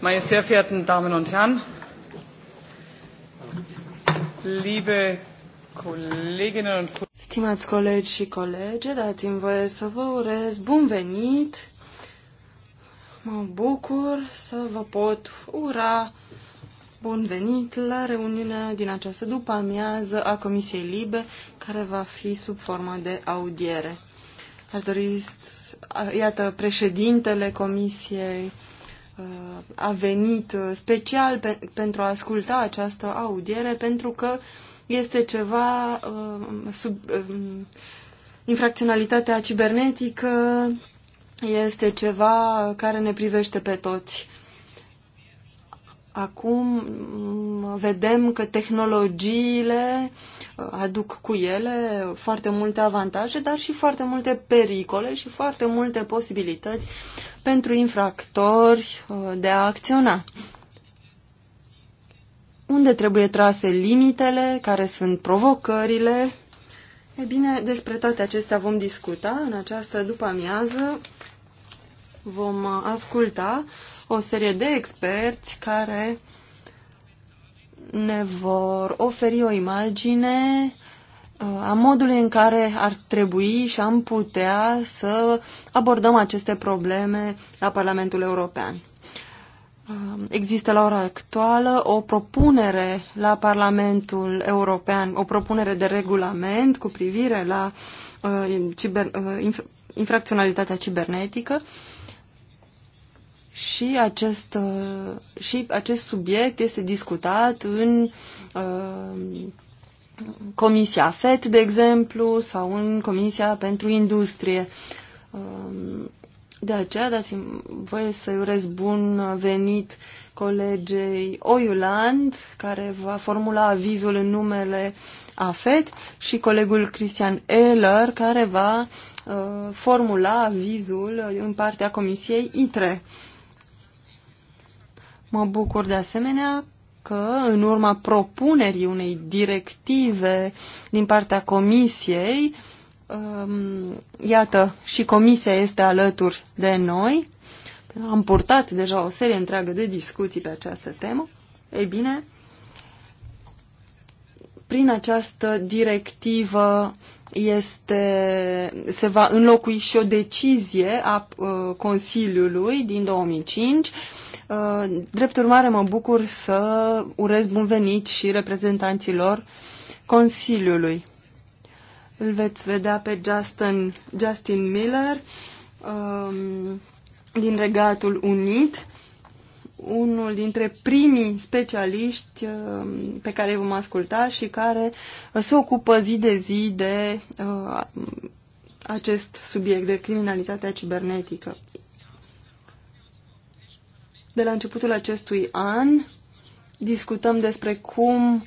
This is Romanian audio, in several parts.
Meine sehr verehrten Damen und Herren, liebe Kolleginnen und Kollegen, Stimați colegi și colege, dați-mi voie să vă urez bun venit. Mă bucur să vă pot ura bun venit la reuniunea din această după amiază a Comisiei Libe, care va fi sub formă de audiere. Aș dori, iată, președintele Comisiei a venit special pe, pentru a asculta această audiere, pentru că este ceva sub infracționalitatea cibernetică este ceva care ne privește pe toți. Acum mm, vedem că tehnologiile uh, aduc cu ele foarte multe avantaje, dar și foarte multe pericole și foarte multe posibilități pentru infractori uh, de a acționa. Unde trebuie trase limitele, care sunt provocările? E bine, despre toate acestea vom discuta în această după-amiază. Vom uh, asculta o serie de experți care ne vor oferi o imagine uh, a modului în care ar trebui și am putea să abordăm aceste probleme la Parlamentul European. Uh, există la ora actuală o propunere la Parlamentul European, o propunere de regulament cu privire la uh, ciber, uh, infracționalitatea cibernetică și acest, uh, și acest subiect este discutat în uh, Comisia FET, de exemplu, sau în Comisia pentru Industrie. Uh, de aceea dați-mi voie să-i urez bun venit colegei Oiuland, care va formula avizul în numele AFET, și colegul Cristian Eller, care va uh, formula avizul în partea Comisiei ITRE. Uh, Mă bucur de asemenea că în urma propunerii unei directive din partea comisiei, um, iată, și comisia este alături de noi, am purtat deja o serie întreagă de discuții pe această temă, e bine, prin această directivă este, se va înlocui și o decizie a uh, Consiliului din 2005 Uh, drept urmare, mă bucur să urez bun venit și reprezentanților Consiliului. Îl veți vedea pe Justin, Justin Miller um, din Regatul Unit, unul dintre primii specialiști um, pe care îi vom asculta și care uh, se ocupă zi de zi de uh, acest subiect de criminalitatea cibernetică. De la începutul acestui an discutăm despre cum uh,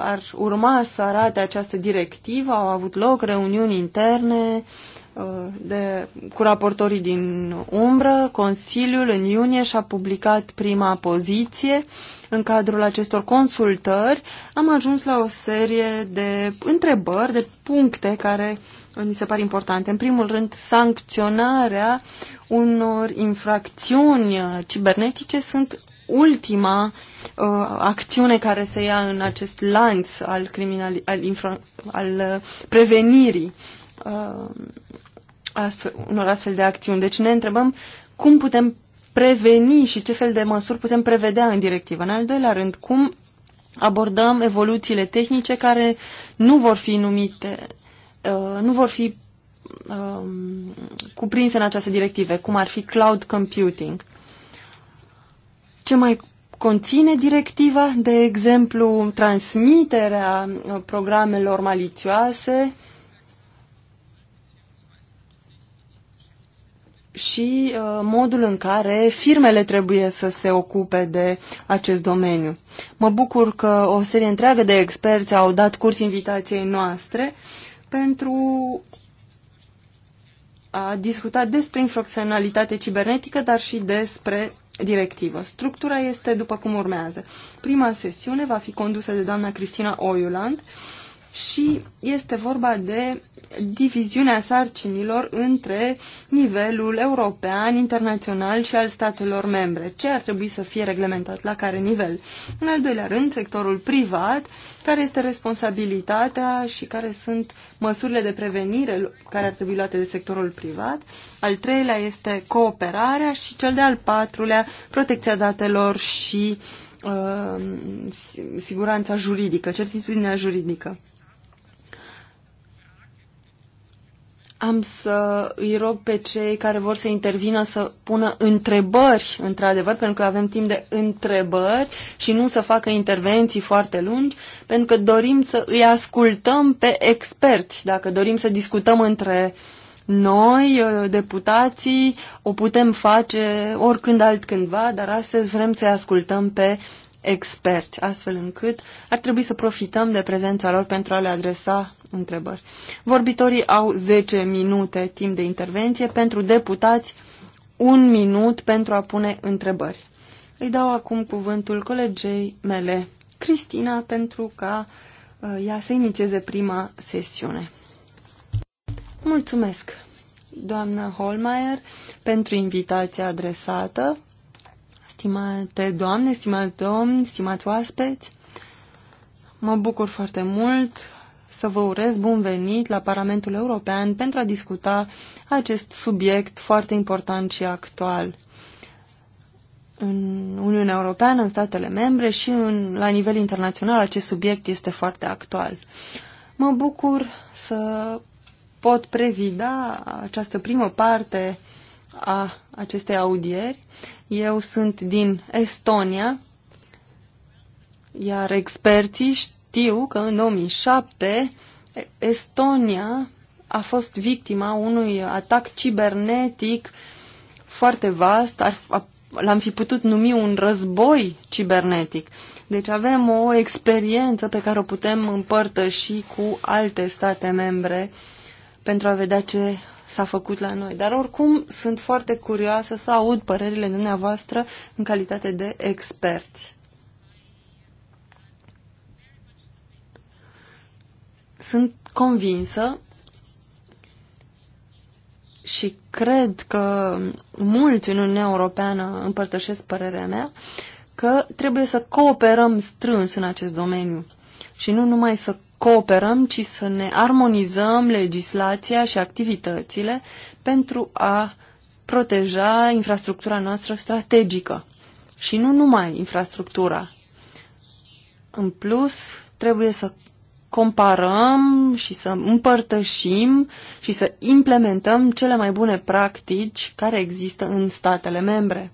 ar urma să arate această directivă. Au avut loc reuniuni interne uh, de, cu raportorii din umbră. Consiliul în iunie și-a publicat prima poziție. În cadrul acestor consultări am ajuns la o serie de întrebări, de puncte care uh, mi se pare importante. În primul rând, sancționarea unor infracțiuni cibernetice sunt ultima uh, acțiune care se ia în acest lanț al, criminali- al, infra- al uh, prevenirii uh, astfel, unor astfel de acțiuni. Deci ne întrebăm cum putem preveni și ce fel de măsuri putem prevedea în directivă. În al doilea rând, cum abordăm evoluțiile tehnice care nu vor fi numite, Uh, nu vor fi um, cuprinse în această directive, cum ar fi cloud computing. Ce mai conține directiva, de exemplu, transmiterea uh, programelor malițioase și uh, modul în care firmele trebuie să se ocupe de acest domeniu. Mă bucur că o serie întreagă de experți au dat curs invitației noastre uh, pentru a discuta despre infracționalitate cibernetică, dar și despre directivă. Structura este după cum urmează. Prima sesiune va fi condusă de doamna Cristina Oiuland și este vorba de diviziunea sarcinilor între nivelul european, internațional și al statelor membre. Ce ar trebui să fie reglementat la care nivel? În al doilea rând, sectorul privat, care este responsabilitatea și care sunt măsurile de prevenire care ar trebui luate de sectorul privat. Al treilea este cooperarea și cel de-al patrulea, protecția datelor și uh, siguranța juridică, certitudinea juridică. Am să îi rog pe cei care vor să intervină să pună întrebări, într-adevăr, pentru că avem timp de întrebări și nu să facă intervenții foarte lungi, pentru că dorim să îi ascultăm pe experți. Dacă dorim să discutăm între noi, uh, deputații, o putem face oricând altcândva, dar astăzi vrem să-i ascultăm pe experți, astfel încât ar trebui să profităm de prezența lor pentru a le adresa întrebări. Vorbitorii au 10 minute timp de intervenție, pentru deputați un minut pentru a pune întrebări. Îi dau acum cuvântul colegei mele, Cristina, pentru ca uh, ea să inițieze prima sesiune. Mulțumesc, doamnă Holmeier, pentru invitația adresată stimate doamne, stimate domni, stimați oaspeți. Mă bucur foarte mult să vă urez bun venit la Parlamentul European pentru a discuta acest subiect foarte important și actual în Uniunea Europeană, în statele membre și în, la nivel internațional acest subiect este foarte actual. Mă bucur să pot prezida această primă parte a acestei audieri. Eu sunt din Estonia, iar experții știu că în 2007 Estonia a fost victima unui atac cibernetic foarte vast, l-am fi putut numi un război cibernetic. Deci avem o experiență pe care o putem împărtăși cu alte state membre pentru a vedea ce s-a făcut la noi. Dar oricum sunt foarte curioasă să aud părerile dumneavoastră în calitate de experți. Sunt convinsă și cred că mulți în Uniunea Europeană împărtășesc părerea mea că trebuie să cooperăm strâns în acest domeniu și nu numai să cooperăm, ci să ne armonizăm legislația și activitățile pentru a proteja infrastructura noastră strategică. Și nu numai infrastructura. În plus, trebuie să comparăm și să împărtășim și să implementăm cele mai bune practici care există în statele membre.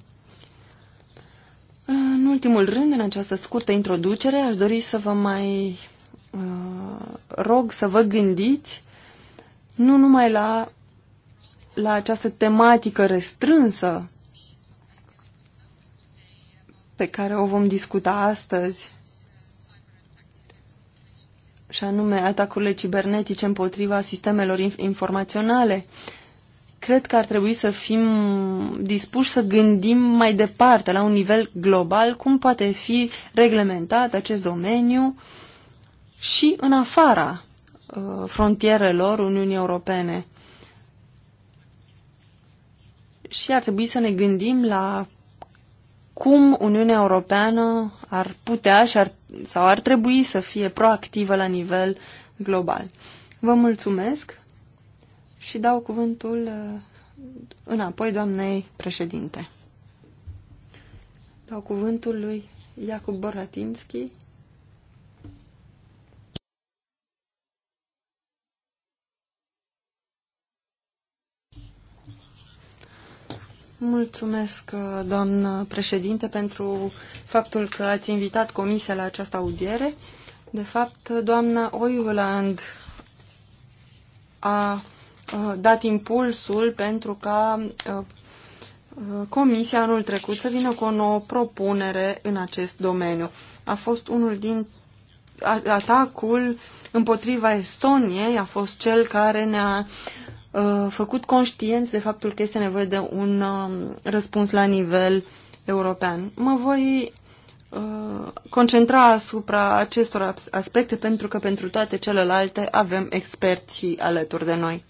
În ultimul rând, în această scurtă introducere, aș dori să vă mai Uh, rog să vă gândiți nu numai la, la această tematică restrânsă pe care o vom discuta astăzi, și anume atacurile cibernetice împotriva sistemelor informaționale, cred că ar trebui să fim dispuși să gândim mai departe, la un nivel global, cum poate fi reglementat acest domeniu uh, și în afara uh, frontierelor Uniunii Europene. Și ar trebui să ne gândim la cum Uniunea Europeană ar putea și ar, sau ar trebui să fie proactivă la nivel global. Vă mulțumesc și dau cuvântul uh, înapoi doamnei președinte. Dau cuvântul lui Iacob Boratinski Mulțumesc, uh, doamnă președinte, pentru faptul că ați invitat comisia la această audiere. De fapt, doamna Oiuland a uh, dat impulsul pentru ca uh, comisia anul trecut să vină cu o nouă propunere în acest domeniu. A fost unul din atacul împotriva Estoniei, a fost cel care ne-a uh, Uh, făcut conștienți de faptul că este nevoie de un um, răspuns la nivel european. Mă voi uh, concentra asupra acestor aspecte pentru că pentru toate celelalte avem experții alături de noi.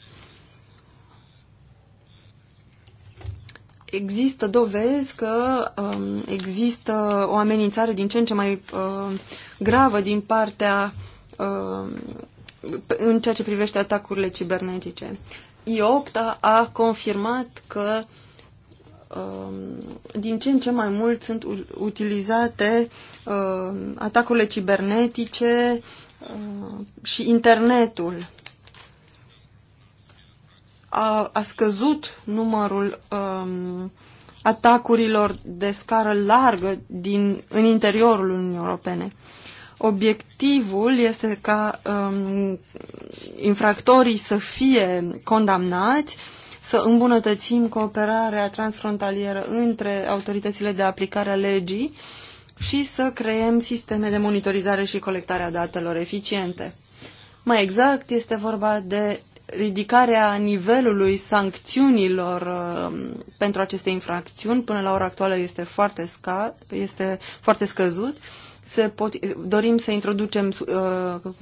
Există dovezi că um, există o amenințare din ce în ce mai uh, gravă din partea uh, în ceea ce privește atacurile cibernetice. IOCTA a confirmat că um, din ce în ce mai mult sunt utilizate um, atacurile cibernetice um, și internetul. A, a scăzut numărul um, atacurilor de scară largă din, în interiorul Uniunii Europene. Obiectivul este ca um, infractorii să fie condamnați, să îmbunătățim cooperarea transfrontalieră între autoritățile de aplicare a legii și să creăm sisteme de monitorizare și colectare a datelor eficiente. Mai exact, este vorba de ridicarea nivelului sancțiunilor uh, pentru aceste infracțiuni până la ora actuală este foarte, sca este foarte scăzut să pot, dorim să introducem uh,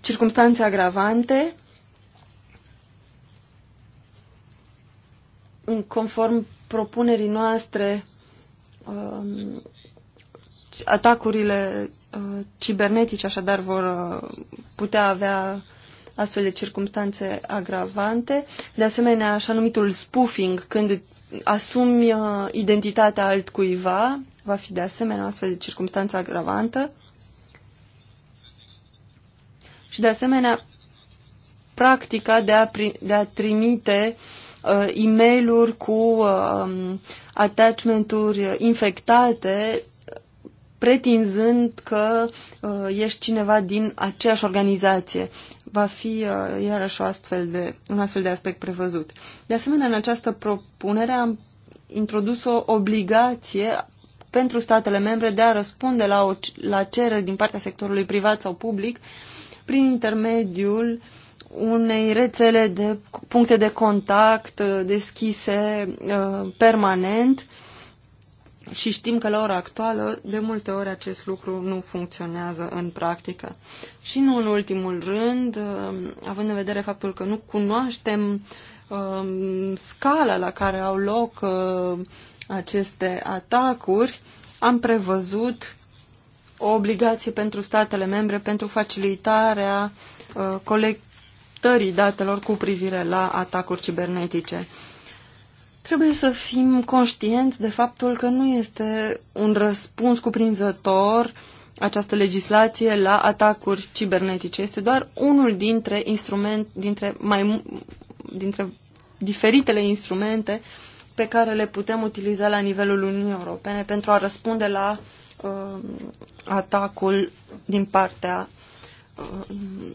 circunstanțe agravante conform propunerii noastre uh, atacurile uh, cibernetice așadar vor uh, putea avea astfel de circumstanțe agravante. De asemenea, așa numitul spoofing, când asumi uh, identitatea altcuiva, va fi de asemenea astfel de circunstanță agravantă și de asemenea practica de a, de a trimite uh, e mail cu uh, attachment-uri infectate pretinzând că uh, ești cineva din aceeași organizație. Va fi uh, iarăși o astfel de, un astfel de aspect prevăzut. De asemenea, în această propunere am introdus o obligație pentru statele membre de a răspunde la, o, la cereri din partea sectorului privat sau public prin intermediul unei rețele de puncte de contact uh, deschise uh, permanent și știm că la ora actuală de multe ori acest lucru nu funcționează în practică. Și nu în ultimul rând, uh, având în vedere faptul că nu cunoaștem um, scala la care au loc aceste atacuri, am prevăzut o obligație pentru statele membre pentru facilitarea uh, colectării datelor cu privire la atacuri cibernetice. Trebuie să fim conștienți de faptul că nu este un răspuns cuprinzător această legislație la atacuri cibernetice. Este doar unul dintre instrumente, dintre, mai, dintre diferitele instrumente uh, pe care le putem utiliza la nivelul Uniunii Europene pentru a răspunde la uh, atacul din partea um,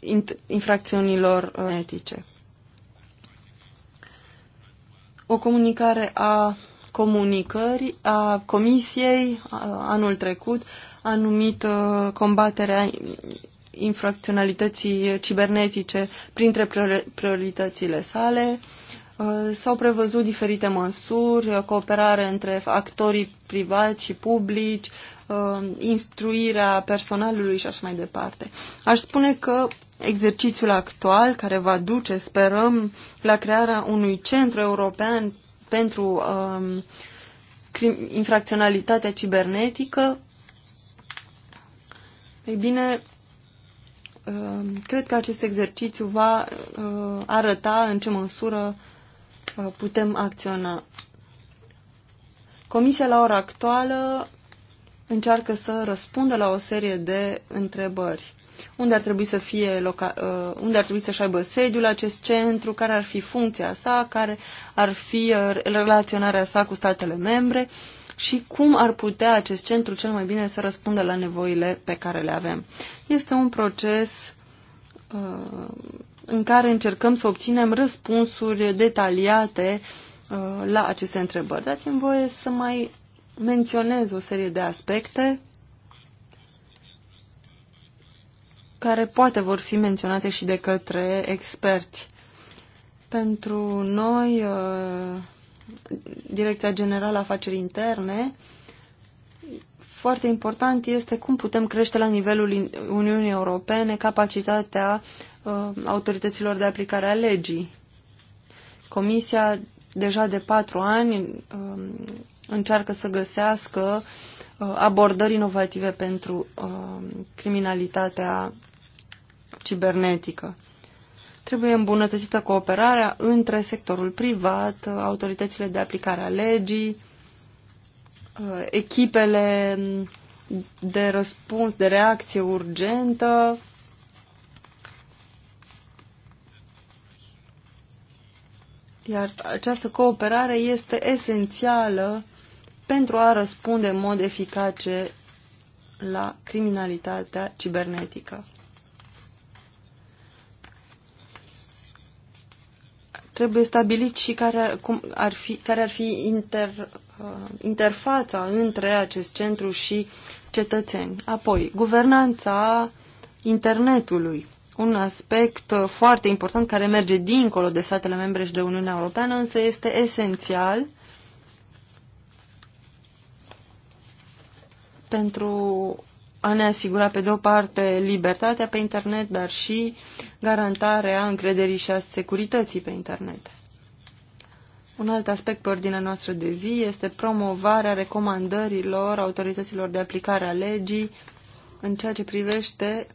uh, infracțiunilor etice. O comunicare a comunicării a Comisiei uh, anul trecut a numit uh, combaterea infracționalității cibernetice printre prioritățile sale. Uh, s-au prevăzut diferite măsuri, uh, cooperare între actorii privați și publici, uh, instruirea personalului și așa mai departe. Aș spune că exercițiul actual, care va duce, sperăm, la crearea unui centru european pentru um, infracționalitatea cibernetică, ei bine, um, cred că acest exercițiu va uh, arăta în ce măsură uh, Uh, putem acționa. Comisia la ora actuală încearcă să răspundă la o serie de întrebări. Unde ar trebui să fie loca, uh, unde ar trebui să aibă sediul acest centru, care ar fi funcția sa, care ar fi uh, relaționarea sa cu statele membre și cum ar putea acest centru cel mai bine să răspundă la nevoile pe care le avem. Este un proces uh, în care încercăm să obținem răspunsuri detaliate uh, la aceste întrebări. Dați-mi voie să mai menționez o serie de aspecte care poate vor fi menționate și de către experți. Pentru noi, uh, Direcția Generală Afaceri Interne foarte important este cum putem crește la nivelul Uniunii Europene capacitatea uh, autorităților de aplicare a legii. Comisia deja de patru ani uh, încearcă să găsească uh, abordări inovative pentru um, criminalitatea cibernetică. Trebuie îmbunătățită cooperarea între sectorul privat, uh, autoritățile de aplicare a legii, Uh, echipele de răspuns, de reacție urgentă. Iar această cooperare este esențială pentru a răspunde în mod eficace la criminalitatea cibernetică. Trebuie stabilit și care ar, cum ar, fi, care ar fi inter, Uh, interfața între acest centru și cetățeni. Apoi, guvernanța internetului, un aspect uh, foarte important care merge dincolo de statele membre și de Uniunea Europeană, însă este esențial pentru a ne asigura pe de o parte libertatea pe internet, dar și garantarea încrederii și a securității pe internet. Un alt aspect pe ordinea noastră de zi este promovarea recomandărilor autorităților de aplicare a legii în ceea ce privește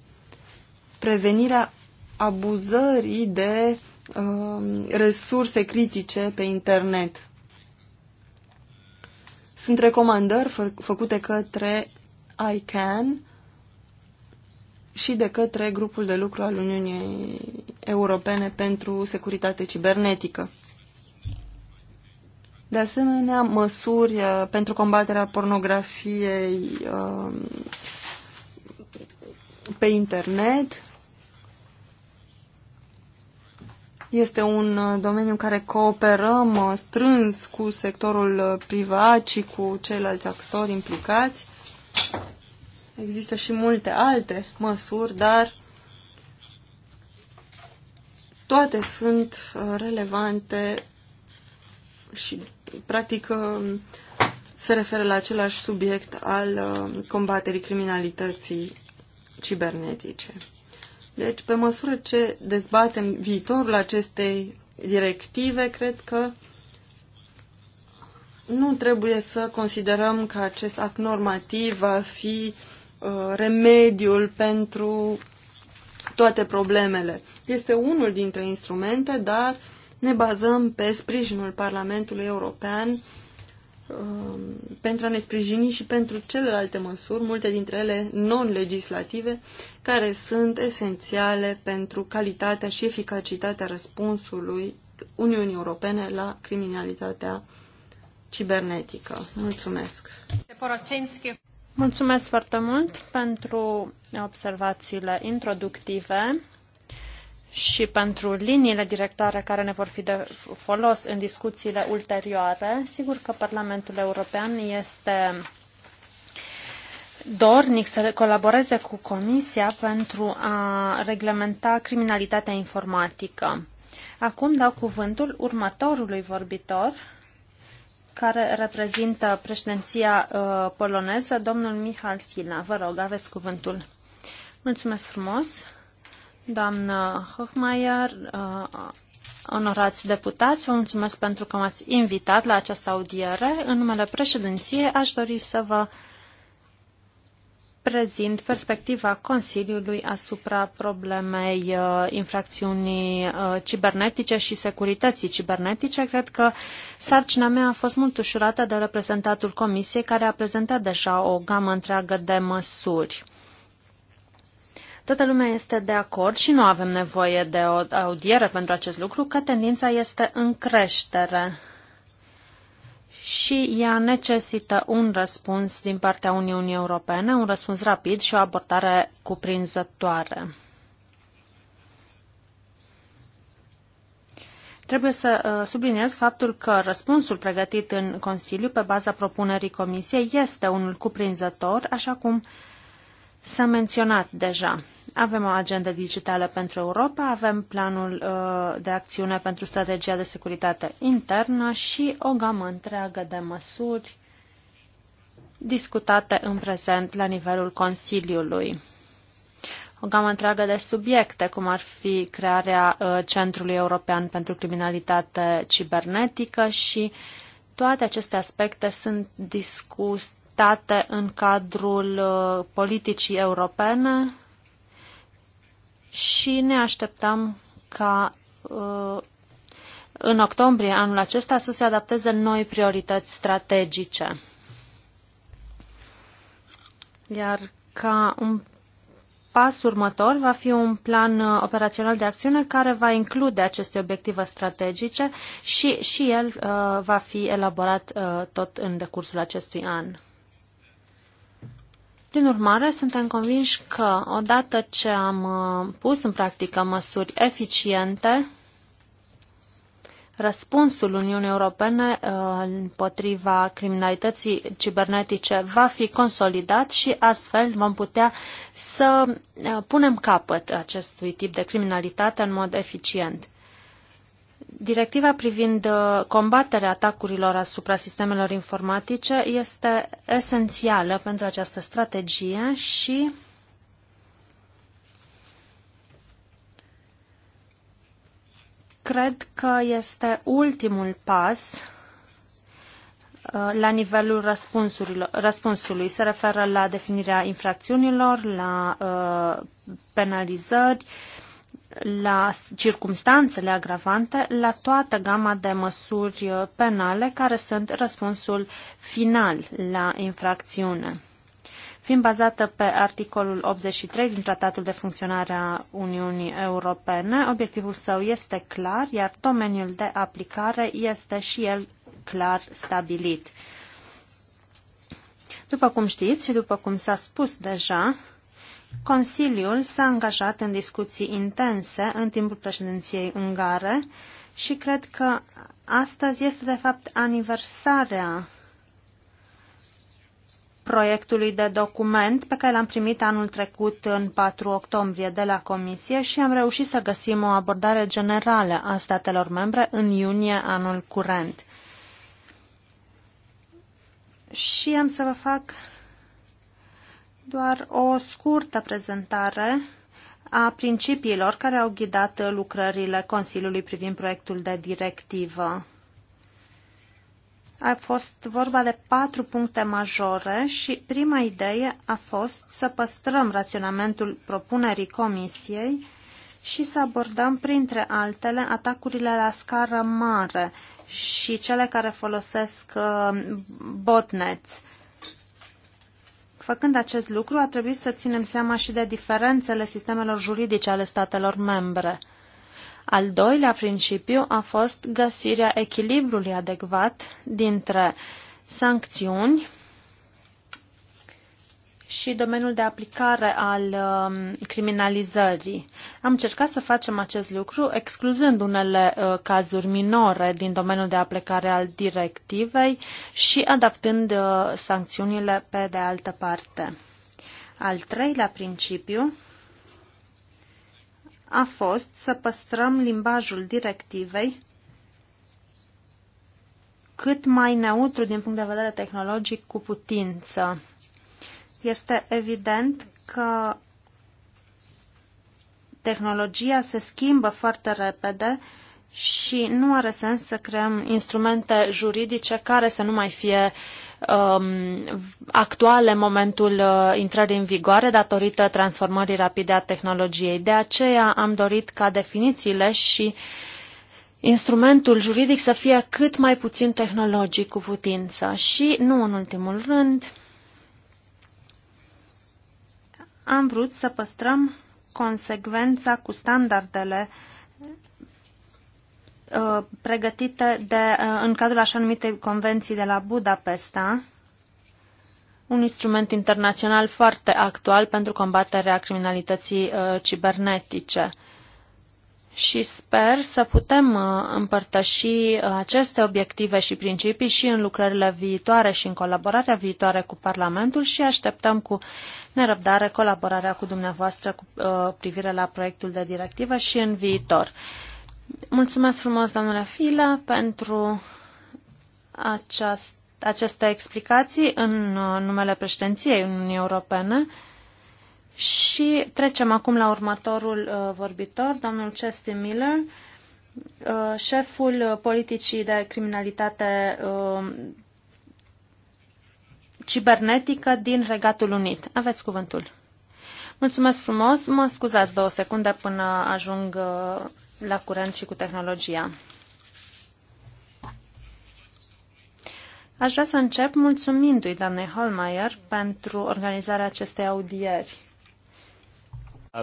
prevenirea abuzării de uh, resurse critice pe internet. Sunt recomandări fă făcute către ICANN și de către grupul de lucru al Uniunii Europene pentru Securitate Cibernetică. De asemenea, măsuri uh, pentru combaterea pornografiei um, pe internet. Este un uh, domeniu în care cooperăm uh, strâns cu sectorul privat și cu ceilalți actori implicați. Există și multe alte măsuri, dar toate sunt relevante și practic uh, se referă la același subiect al uh, combaterii criminalității cibernetice. Deci, pe măsură ce dezbatem viitorul acestei directive, cred că nu trebuie să considerăm că acest act normativ va fi uh, remediul pentru toate problemele. Este unul dintre instrumente, dar ne bazăm pe sprijinul Parlamentului European um, pentru a ne sprijini și pentru celelalte măsuri, multe dintre ele non-legislative, care sunt esențiale pentru calitatea și eficacitatea răspunsului Uniunii Europene la criminalitatea cibernetică. Mulțumesc! Mulțumesc foarte mult pentru observațiile introductive și pentru liniile directoare care ne vor fi de folos în discuțiile ulterioare. Sigur că Parlamentul European este dornic să colaboreze cu Comisia pentru a reglementa criminalitatea informatică. Acum dau cuvântul următorului vorbitor, care reprezintă președinția uh, poloneză, domnul Mihal Fina. Vă rog, aveți cuvântul. Mulțumesc frumos! doamnă Hochmeier, uh, onorați deputați, vă mulțumesc pentru că m-ați invitat la această audiere. În numele președinției aș dori să vă prezint perspectiva Consiliului asupra problemei uh, infracțiunii uh, cibernetice și securității cibernetice. Cred că sarcina mea a fost mult ușurată de reprezentatul Comisiei, care a prezentat deja o gamă întreagă de măsuri. Toată lumea este de acord și nu avem nevoie de o audiere pentru acest lucru, că tendința este în creștere și ea necesită un răspuns din partea Uniunii Europene, un răspuns rapid și o abordare cuprinzătoare. Trebuie să uh, subliniez faptul că răspunsul pregătit în Consiliu pe baza propunerii Comisiei este unul cuprinzător, așa cum uh, S-a menționat deja. Avem o agendă digitală pentru Europa, avem planul uh, de acțiune pentru strategia de securitate internă și o gamă întreagă de măsuri discutate în prezent la nivelul Consiliului. O gamă întreagă de subiecte, cum ar fi crearea uh, Centrului European pentru Criminalitate Cibernetică și toate aceste aspecte sunt discuse tratate în cadrul uh, politicii europene și ne așteptăm ca uh, în octombrie anul acesta să se adapteze noi priorități strategice. Iar ca un pas următor va fi un plan uh, operațional de acțiune care va include aceste obiective strategice și, și el uh, va fi elaborat uh, tot în decursul acestui an. Prin urmare, suntem convinși că odată ce am uh, pus în practică măsuri eficiente, răspunsul Uniunii Europene uh, împotriva criminalității cibernetice va fi consolidat și astfel vom putea să uh, punem capăt acestui tip de criminalitate în mod eficient. Directiva privind uh, combaterea atacurilor asupra sistemelor informatice este esențială pentru această strategie și cred că este ultimul pas uh, la nivelul răspunsului. Se referă la definirea infracțiunilor, la uh, penalizări, la circumstanțele agravante, la toată gama de măsuri penale care sunt răspunsul final la infracțiune. Fiind bazată pe articolul 83 din Tratatul de Funcționare a Uniunii Europene, obiectivul său este clar, iar domeniul de aplicare este și el clar stabilit. După cum știți și după cum s-a spus deja, Consiliul s-a angajat în discuții intense în timpul președinției ungare și cred că astăzi este de fapt aniversarea proiectului de document pe care l-am primit anul trecut în 4 octombrie de la Comisie și am reușit să găsim o abordare generală a statelor membre în iunie anul curent. Și am să vă fac doar o scurtă prezentare a principiilor care au ghidat lucrările Consiliului privind proiectul de directivă. A fost vorba de patru puncte majore și prima idee a fost să păstrăm raționamentul propunerii Comisiei și să abordăm, printre altele, atacurile la scară mare și cele care folosesc uh, botnets. Făcând acest lucru, ar trebui să ținem seama și de diferențele sistemelor juridice ale statelor membre. Al doilea principiu a fost găsirea echilibrului adecvat dintre sancțiuni și domeniul de aplicare al um, criminalizării. Am încercat să facem acest lucru excluzând unele uh, cazuri minore din domeniul de aplicare al directivei și adaptând uh, sancțiunile pe de altă parte. Al treilea principiu a fost să păstrăm limbajul directivei cât mai neutru din punct de vedere tehnologic cu putință. Este evident că tehnologia se schimbă foarte repede și nu are sens să creăm instrumente juridice care să nu mai fie um, actuale în momentul uh, intrării în vigoare datorită transformării rapide a tehnologiei. De aceea am dorit ca definițiile și instrumentul juridic să fie cât mai puțin tehnologic cu putință și, nu în ultimul rând, am vrut să păstrăm consecvența cu standardele uh, pregătite de, uh, în cadrul așa numitei convenții de la Budapesta, un instrument internațional foarte actual pentru combaterea criminalității uh, cibernetice și sper să putem uh, împărtăși uh, aceste obiective și principii și în lucrările viitoare și în colaborarea viitoare cu Parlamentul și așteptăm cu nerăbdare colaborarea cu dumneavoastră cu uh, privire la proiectul de directivă și în viitor. Mulțumesc frumos, domnule Fila, pentru această aceste explicații în numele președinției Uniunii Europene. Și trecem acum la următorul uh, vorbitor, domnul Chesty Miller, uh, șeful politicii de criminalitate uh, cibernetică din Regatul Unit. Aveți cuvântul. Mulțumesc frumos. Mă scuzați două secunde până ajung uh, la curent și cu tehnologia. Aș vrea să încep mulțumindu-i doamnei Holmeier pentru organizarea acestei audieri.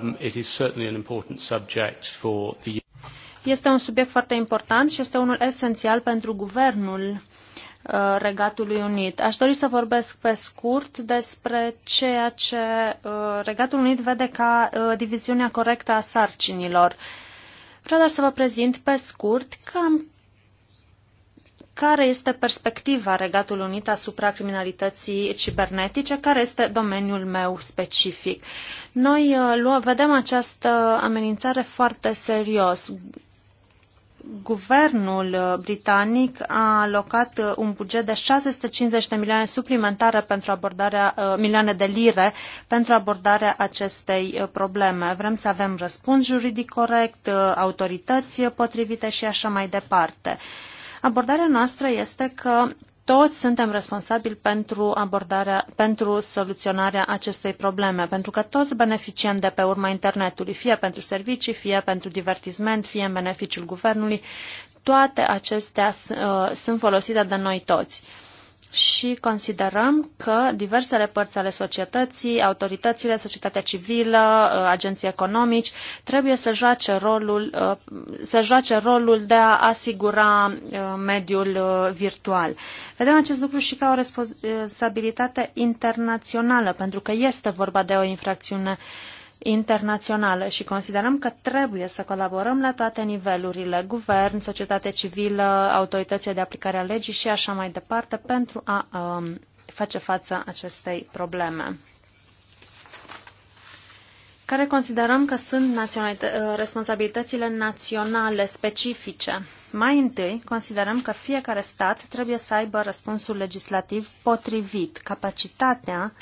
Um, este un subiect foarte important și este unul esențial pentru guvernul uh, Regatului Unit. Aș dori să vorbesc pe scurt despre ceea ce uh, Regatul Unit vede ca uh, diviziunea corectă a sarcinilor. Vreau doar să vă prezint pe scurt cam care este perspectiva Regatul Unit asupra criminalității cibernetice, care este domeniul meu specific. Noi uh, luăm, vedem această amenințare foarte serios. Guvernul uh, britanic a alocat uh, un buget de 650 de milioane suplimentare pentru abordarea, milioane de lire pentru abordarea acestei probleme. Vrem să avem răspuns juridic corect, autorități potrivite și așa mai departe. Abordarea noastră este că toți suntem responsabili pentru, abordarea, pentru soluționarea acestei probleme, pentru că toți beneficiem de pe urma internetului, fie pentru servicii, fie pentru divertisment, fie în beneficiul guvernului. Toate acestea uh, sunt folosite de noi toți. Uh, și considerăm că diversele părți ale societății, autoritățile, societatea civilă, uh, agenții economici, trebuie să joace rolul, uh, să joace rolul de a asigura uh, mediul virtual. Vedem acest lucru și ca o responsabilitate internațională, pentru că este vorba de o infracțiune internațională și considerăm că trebuie să colaborăm la toate nivelurile, guvern, societate civilă, autoritățile de aplicare a legii și așa mai departe, pentru a um, face față acestei probleme care considerăm că sunt uh, responsabilitățile naționale specifice. Mai întâi, considerăm că fiecare stat trebuie să aibă răspunsul legislativ potrivit, capacitatea uh,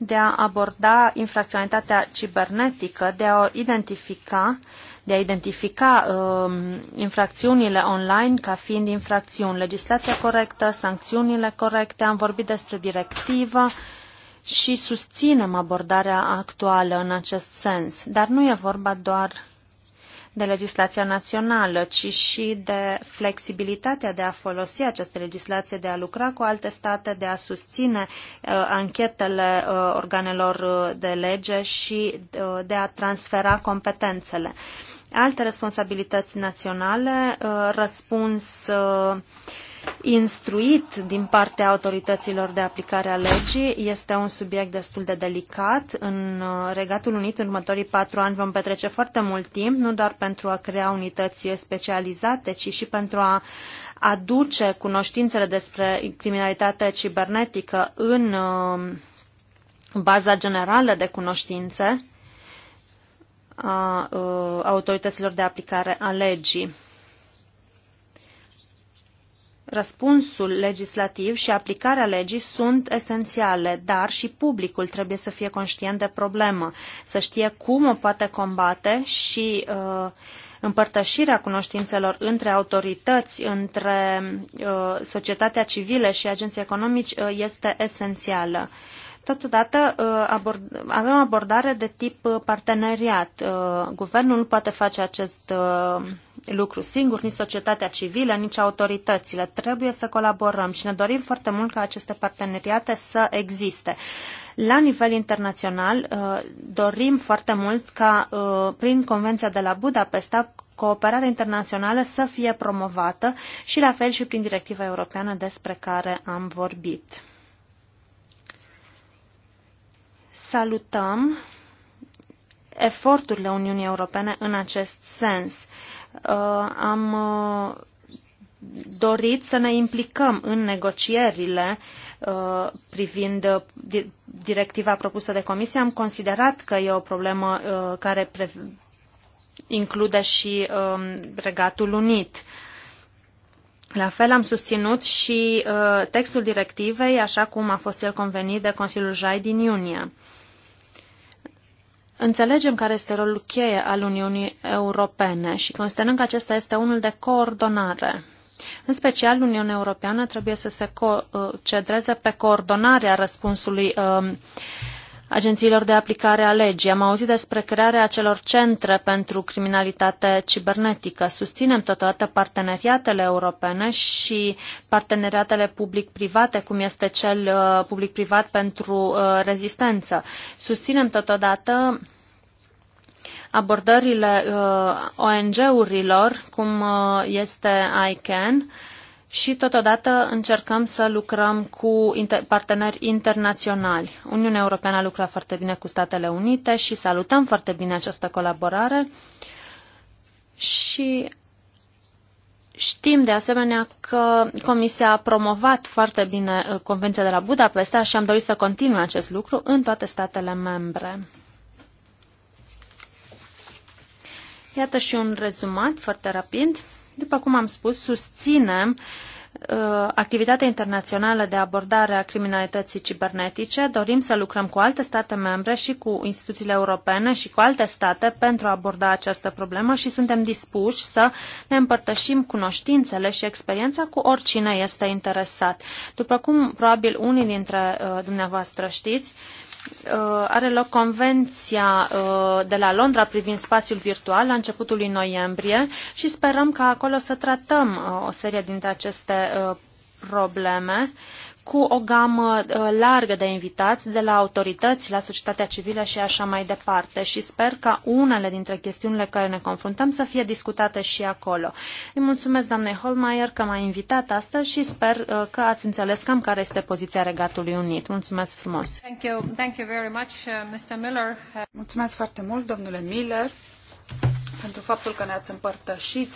de a aborda infracționalitatea cibernetică, de a o identifica, de a identifica um, infracțiunile online ca fiind infracțiuni. Legislația corectă, sancțiunile corecte, am vorbit despre directivă și susținem abordarea actuală în acest sens. Dar nu e vorba doar de legislația națională, ci și de flexibilitatea de a folosi această legislație, de a lucra cu alte state, de a susține uh, anchetele uh, organelor uh, de lege și uh, de a transfera competențele. Uh, alte responsabilități naționale, uh, răspuns uh, instruit din partea autorităților de aplicare a legii. Este un subiect destul de delicat. În uh, Regatul Unit, în următorii patru ani, vom petrece foarte mult timp, nu doar pentru a crea unități specializate, ci și pentru a aduce cunoștințele despre criminalitate cibernetică în baza generală de cunoștințe a uh, autorităților de aplicare a legii. Răspunsul legislativ și aplicarea legii sunt esențiale, dar și publicul trebuie să fie conștient de problemă, să știe cum o poate combate și uh, împărtășirea cunoștințelor între autorități, între uh, societatea civilă și agenții economici uh, este esențială. Uh, Totodată uh, abord, avem abordare de tip uh, parteneriat. Uh, guvernul nu poate face acest lucru singur, nici societatea civilă, nici autoritățile. Trebuie să colaborăm și ne dorim foarte mult ca aceste parteneriate să existe. La nivel internațional, dorim foarte mult ca prin Convenția de la Budapesta cooperarea internațională să fie promovată și la fel și prin directiva europeană despre care am vorbit. salutăm eforturile Uniunii Europene în acest sens. Uh, am uh, dorit să ne implicăm în negocierile uh, privind directiva propusă de Comisie. Am considerat că e o problemă care include și um, Regatul Unit. La fel am susținut și uh, textul directivei, așa cum a fost el convenit de Consiliul Jai din iunie. Înțelegem care este rolul cheie al Uniunii Europene și considerăm că acesta este unul de coordonare. În special, Uniunea Europeană trebuie să se co- uh, cedreze pe coordonarea răspunsului uh, agențiilor de aplicare a legii. Am auzit despre crearea acelor centre pentru criminalitate cibernetică. Susținem totodată parteneriatele europene și parteneriatele public-private, cum este cel uh, public-privat pentru uh, rezistență. Susținem totodată abordările uh, ONG-urilor, cum este ICANN, și totodată încercăm să lucrăm cu inter- parteneri internaționali. Uniunea Europeană lucra foarte bine cu Statele Unite și salutăm foarte bine această colaborare și Știm de asemenea că Comisia a promovat foarte bine uh, Convenția de la Budapesta și am dorit să continue acest lucru în toate statele membre. Iată și un rezumat foarte rapid. După cum am spus, susținem uh, activitatea internațională de abordare a criminalității cibernetice, dorim să lucrăm cu alte state membre și cu instituțiile europene și cu alte state pentru a aborda această problemă și suntem dispuși să ne împărtășim cunoștințele și experiența cu oricine este interesat. După cum probabil unii dintre uh, dumneavoastră știți, Uh, are loc convenția uh, de la Londra privind spațiul virtual la începutul lui noiembrie și sperăm ca acolo să tratăm uh, o serie dintre aceste probleme cu o gamă uh, largă de invitați, de la autorități, la societatea civilă și așa mai departe. Și sper ca unele dintre chestiunile care ne confruntăm să fie discutate și acolo. Îi mulțumesc, doamnei Holmeier, că m-a invitat astăzi și sper uh, că ați înțeles cam care este poziția Regatului Unit. Mulțumesc frumos! Thank you. Thank you very much, uh, Mr. Miller. Mulțumesc foarte mult, domnule Miller, pentru faptul că ne-ați împărtășit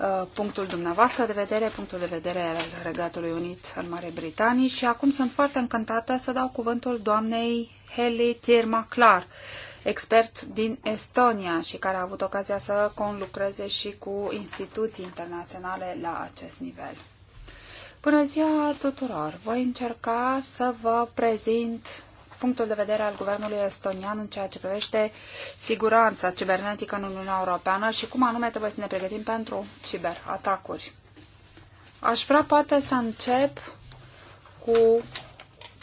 Uh, punctul dumneavoastră de vedere, punctul de vedere al Regatului Unit al Marii Britanii și acum sunt foarte încântată să dau cuvântul doamnei Heli Tirmaclar, expert din Estonia și care a avut ocazia să conlucreze și cu instituții internaționale la acest nivel. Bună ziua tuturor! Voi încerca să vă prezint punctul de vedere al guvernului estonian în ceea ce privește siguranța cibernetică în Uniunea Europeană și cum anume trebuie să ne pregătim pentru ciberatacuri. Aș vrea poate să încep cu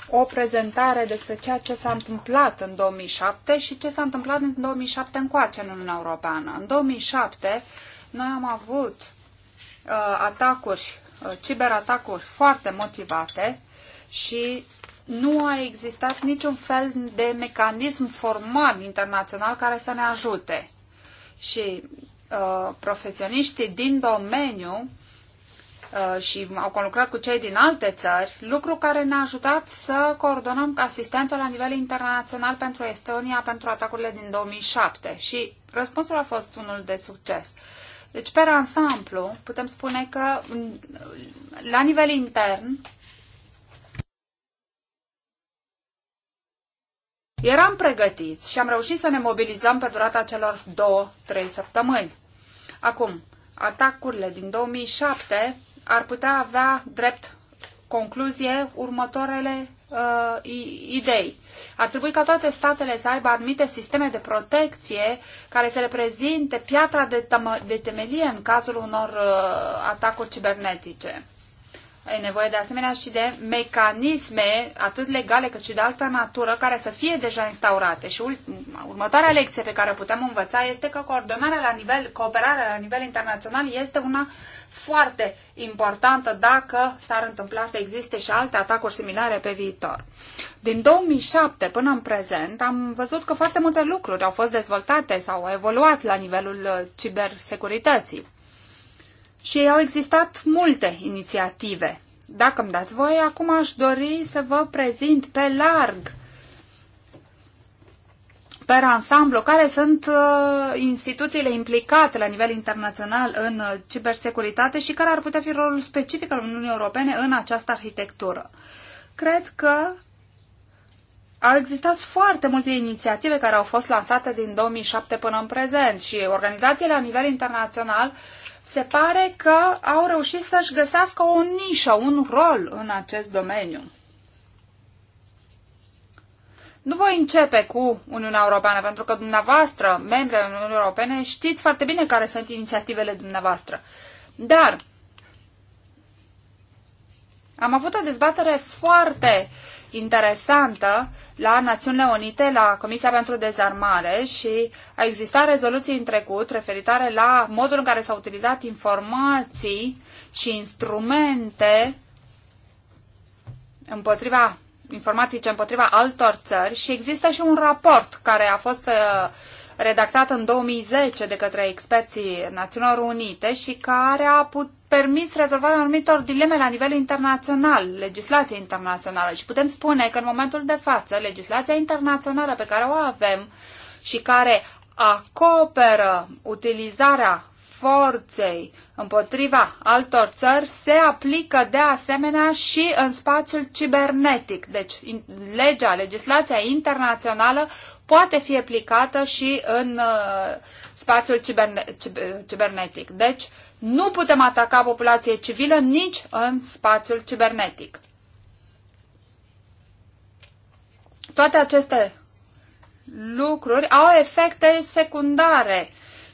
o prezentare despre ceea ce s-a întâmplat în 2007 și ce s-a întâmplat în 2007 încoace în Uniunea Europeană. În 2007 noi am avut uh, atacuri, uh, ciberatacuri foarte motivate și nu a existat niciun fel de mecanism formal internațional care să ne ajute. Și uh, profesioniștii din domeniu uh, și au conlucrat cu cei din alte țări, lucru care ne-a ajutat să coordonăm asistența la nivel internațional pentru Estonia pentru atacurile din 2007 și răspunsul a fost unul de succes. Deci, pe ansamblu, putem spune că la nivel intern, Eram pregătiți și am reușit să ne mobilizăm pe durata celor două, trei săptămâni. Acum, atacurile din 2007 ar putea avea drept concluzie următoarele uh, idei. Ar trebui ca toate statele să aibă anumite sisteme de protecție care să reprezinte piatra de, de temelie în cazul unor uh, atacuri cibernetice. E nevoie de asemenea și de mecanisme, atât legale cât și de altă natură, care să fie deja instaurate. Și următoarea lecție pe care o putem învăța este că coordonarea la nivel, cooperarea la nivel internațional este una foarte importantă dacă s-ar întâmpla să existe și alte atacuri similare pe viitor. Din 2007 până în prezent am văzut că foarte multe lucruri au fost dezvoltate sau au evoluat la nivelul uh, cibersecurității. Și au existat multe inițiative. Dacă îmi dați voie, acum aș dori să vă prezint pe larg, pe ansamblu, care sunt uh, instituțiile implicate la nivel internațional în uh, cibersecuritate și care ar putea fi rolul specific al Uniunii Europene în această arhitectură. Cred că au existat foarte multe inițiative care au fost lansate din 2007 până în prezent și organizațiile la nivel internațional uh, se pare că au reușit să-și găsească o nișă, un rol în acest domeniu. Nu voi începe cu Uniunea Europeană, pentru că dumneavoastră, membri ai Uniunii Europene, știți foarte bine care sunt inițiativele dumneavoastră. Dar am avut o dezbatere foarte uh, interesantă la Națiunile Unite, la Comisia pentru Dezarmare și a existat rezoluții în trecut referitoare la modul în care s-au utilizat informații și instrumente împotriva informatice împotriva altor țări și există și un raport care a fost uh, redactat în 2010 de către experții Națiunilor Unite și care a put, permis rezolvarea anumitor dileme la nivel internațional, legislație internațională. Și putem spune că în momentul de față, legislația internațională pe care o avem și care acoperă utilizarea forței împotriva altor țări se aplică de asemenea și în spațiul cibernetic. Deci legea, legislația internațională poate fi aplicată și în uh, spațiul ciberne cibernetic. Deci nu putem ataca populație civilă nici în spațiul cibernetic. Toate aceste lucruri au efecte secundare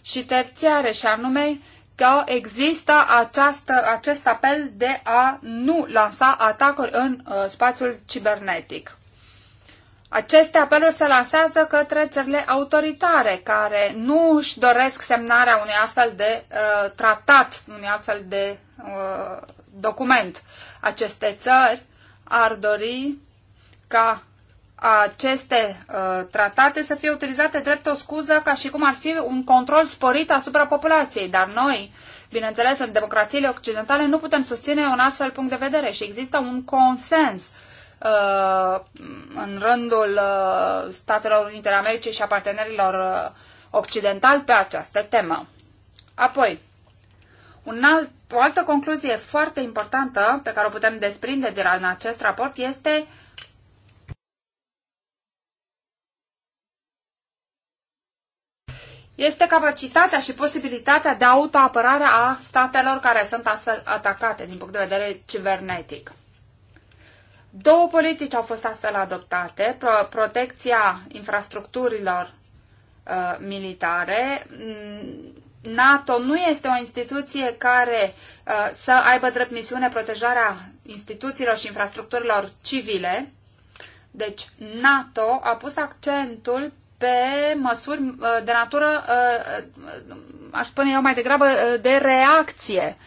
și terțiare, și anume că există această, acest apel de a nu lansa atacuri în uh, spațiul cibernetic. Aceste apeluri se lansează către țările autoritare, care nu își doresc semnarea unui astfel de uh, tratat, unui astfel de uh, document. Aceste țări ar dori ca aceste uh, tratate să fie utilizate drept o scuză ca și cum ar fi un control sporit asupra populației. Dar noi, bineînțeles, în democrațiile occidentale nu putem susține un astfel punct de vedere și există un consens uh, în rândul uh, Statelor Unite ale Americii și a partenerilor uh, occidentali pe această temă. Apoi, un alt, o altă concluzie foarte importantă pe care o putem desprinde din acest raport este uh, este capacitatea și posibilitatea de autoapărare a statelor care sunt astfel atacate din punct de vedere cibernetic. Două politici au fost astfel adoptate, pro- protecția infrastructurilor uh, militare. Mm, NATO nu este o instituție care uh, să aibă drept misiune protejarea instituțiilor și infrastructurilor civile. Deci NATO a pus accentul pe măsuri uh, de natură, uh, aș spune eu mai degrabă, uh, de reacție.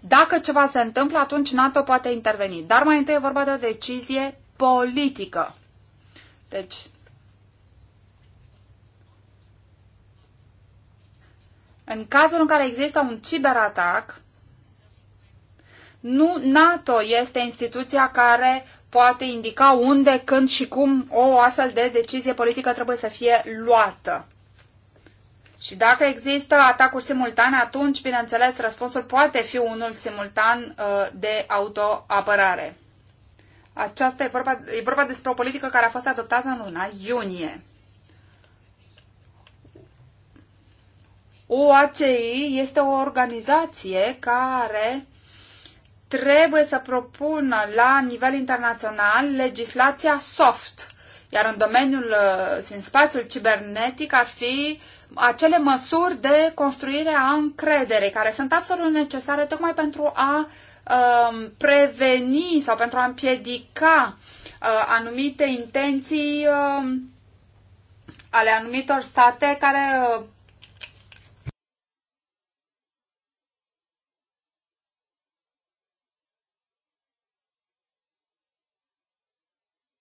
Dacă ceva se întâmplă, atunci NATO poate interveni. Dar mai întâi e vorba de o decizie politică. Deci, în cazul în care există un ciberatac, nu NATO este instituția care poate indica unde, când și cum o astfel de decizie politică trebuie să fie luată. Și dacă există atacuri simultane, atunci, bineînțeles, răspunsul poate fi unul simultan uh, de autoapărare. Aceasta e vorba, e vorba despre o politică care a fost adoptată în luna iunie. OACI este o organizație care trebuie să propună la nivel internațional legislația soft, iar în domeniul, uh, în spațiul cibernetic ar fi acele măsuri de construire a încrederei, care sunt absolut necesare tocmai pentru a um, preveni sau pentru a împiedica uh, anumite intenții uh, ale anumitor state care uh,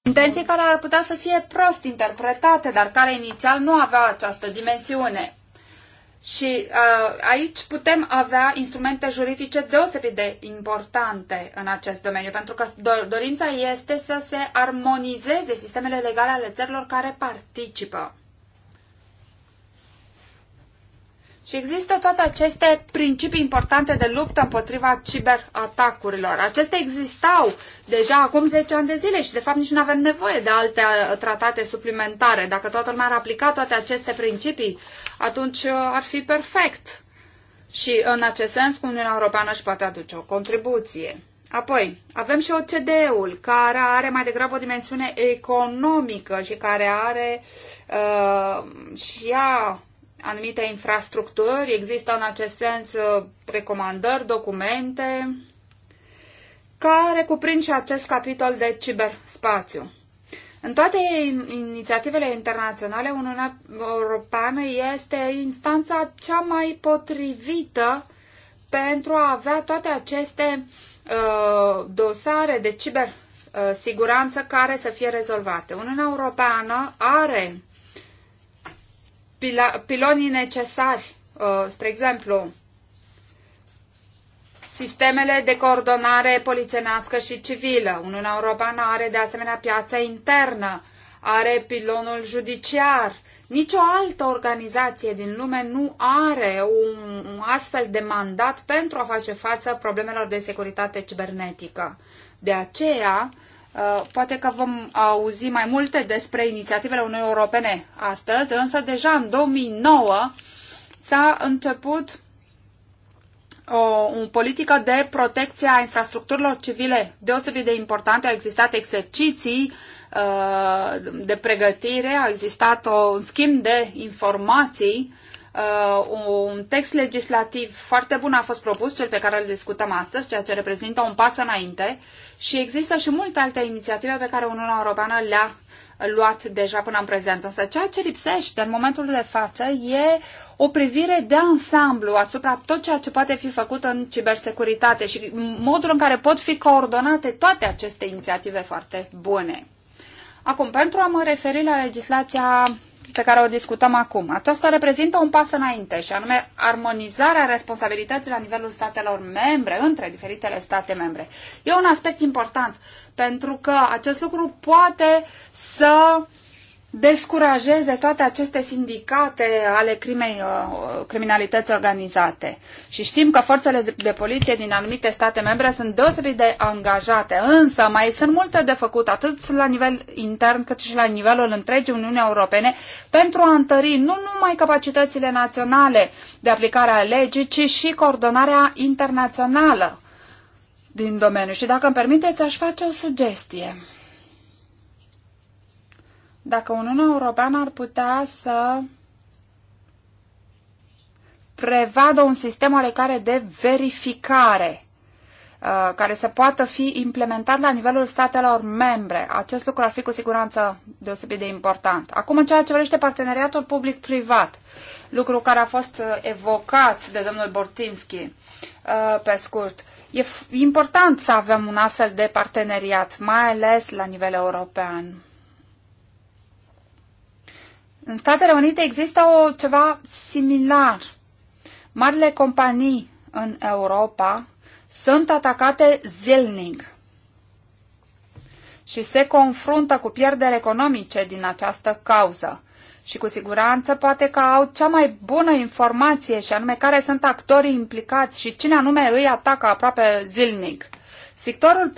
intenții care ar putea să fie prost interpretate, dar care inițial nu aveau această dimensiune. Și uh, aici putem avea instrumente juridice deosebit de importante în acest domeniu, pentru că do- dorința este să se armonizeze sistemele legale ale țărilor care participă. Și există toate aceste principii importante de luptă împotriva ciberatacurilor. Acestea existau deja acum 10 ani de zile și de fapt nici nu avem nevoie de alte uh, tratate suplimentare. Dacă toată lumea ar aplica toate aceste principii, atunci uh, ar fi perfect. Și în acest sens, Uniunea Europeană își poate aduce o contribuție. Apoi, avem și OCDE-ul, care are mai degrabă o dimensiune economică și care are uh, și ea anumite infrastructuri, există în acest sens uh, recomandări, documente, care cuprind și acest capitol de ciberspațiu. În toate inițiativele internaționale, Uniunea Europeană este instanța cea mai potrivită pentru a avea toate aceste uh, dosare de cibersiguranță care să fie rezolvate. Uniunea Europeană are pila, pilonii necesari, uh, spre exemplu, sistemele de coordonare polițenească și civilă. Uniunea Europeană are de asemenea piața internă, are pilonul judiciar. Nicio altă organizație din lume nu are un, un astfel de mandat pentru a face față problemelor de securitate cibernetică. De aceea, uh, Uh, poate că vom auzi mai multe despre inițiativele Uniunii Europene astăzi, însă deja în 2009 s-a început o, uh, o politică de protecție a infrastructurilor civile deosebit de importante. Au existat exerciții uh, de pregătire, a existat o, uh, un schimb de informații Uh, un text legislativ foarte bun a fost propus, cel pe care îl discutăm astăzi, ceea ce reprezintă un pas înainte și există și multe alte inițiative pe care Uniunea Europeană le-a luat deja până în prezent. Însă ceea ce lipsește în momentul de față e o privire de ansamblu asupra tot ceea ce poate fi făcut în cibersecuritate și modul în care pot fi coordonate toate aceste inițiative foarte bune. Acum, pentru a mă referi la legislația pe care o discutăm acum. Aceasta reprezintă un pas înainte și anume armonizarea responsabilității la nivelul statelor membre, între diferitele state membre. E un aspect important pentru că acest lucru poate să uh, descurajeze toate aceste sindicate ale crimei, uh, criminalității organizate. Și știm că forțele de poliție din anumite state membre sunt deosebit de angajate, însă mai sunt multe de făcut atât la nivel intern cât și la nivelul întregii Uniunii Europene pentru a întări nu numai capacitățile naționale de aplicare a legii, ci și coordonarea internațională din domeniu. Și dacă îmi permiteți, aș face o sugestie dacă Uniunea Europeană ar putea să prevadă un sistem oarecare de verificare uh, care să poată fi implementat la nivelul statelor membre. Acest lucru ar fi cu siguranță deosebit de important. Acum, în ceea ce vrește parteneriatul public-privat, lucru care a fost uh, evocat de domnul Bortinski uh, pe scurt, e important să avem un astfel de parteneriat, mai ales la nivel european. În Statele Unite există o, ceva similar. Marile companii în Europa sunt atacate zilnic și se confruntă cu pierderi economice din această cauză. Și cu siguranță poate că au cea mai bună informație și anume care sunt actorii implicați și cine anume îi atacă aproape zilnic. Sectorul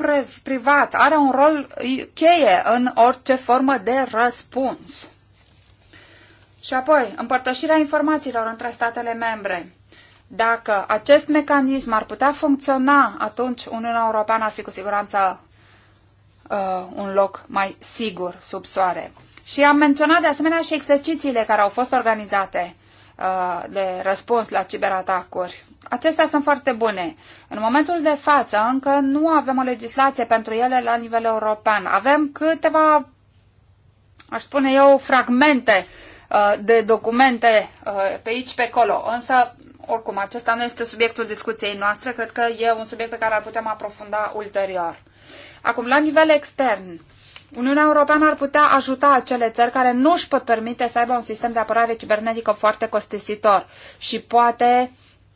privat are un rol cheie în orice formă de răspuns. Și apoi, împărtășirea informațiilor între statele membre. Dacă acest mecanism ar putea funcționa, atunci Uniunea Europeană ar fi cu siguranță uh, un loc mai sigur sub soare. Și am menționat de asemenea și exercițiile care au fost organizate uh, de răspuns la ciberatacuri. Acestea sunt foarte bune. În momentul de față încă nu avem o legislație pentru ele la nivel european. Avem câteva, aș spune eu, fragmente Uh, de documente uh, pe aici, pe acolo. Însă, oricum, acesta nu este subiectul discuției noastre, cred că e un subiect pe care ar putem aprofunda ulterior. Acum, la nivel extern, Uniunea Europeană ar putea ajuta acele țări care nu își pot permite să aibă un sistem de apărare cibernetică foarte costisitor și poate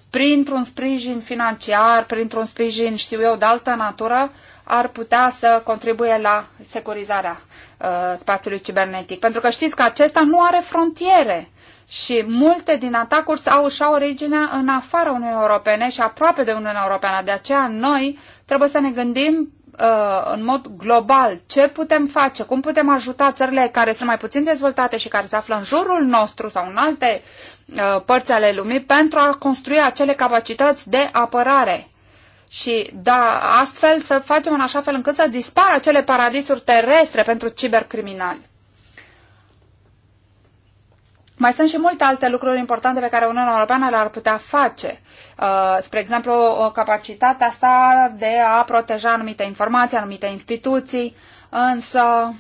printr-un sprijin financiar, printr-un sprijin, știu eu, de altă natură, ar putea să contribuie la securizarea uh, spațiului cibernetic. Pentru că știți că acesta nu are frontiere și multe din atacuri au și au originea în afara Uniunii Europene și aproape de Uniunea Europeană. De aceea noi trebuie să ne gândim uh, în mod global ce putem face, cum putem ajuta țările care sunt mai puțin dezvoltate și care se află în jurul nostru sau în alte uh, părți ale lumii pentru a construi acele capacități de apărare și da, astfel să facem în așa fel încât să dispară acele paradisuri terestre pentru cibercriminali. Mai sunt și multe alte lucruri importante pe care Uniunea Europeană le-ar putea face. Uh, spre exemplu, capacitatea sa de a proteja anumite informații, anumite instituții, însă,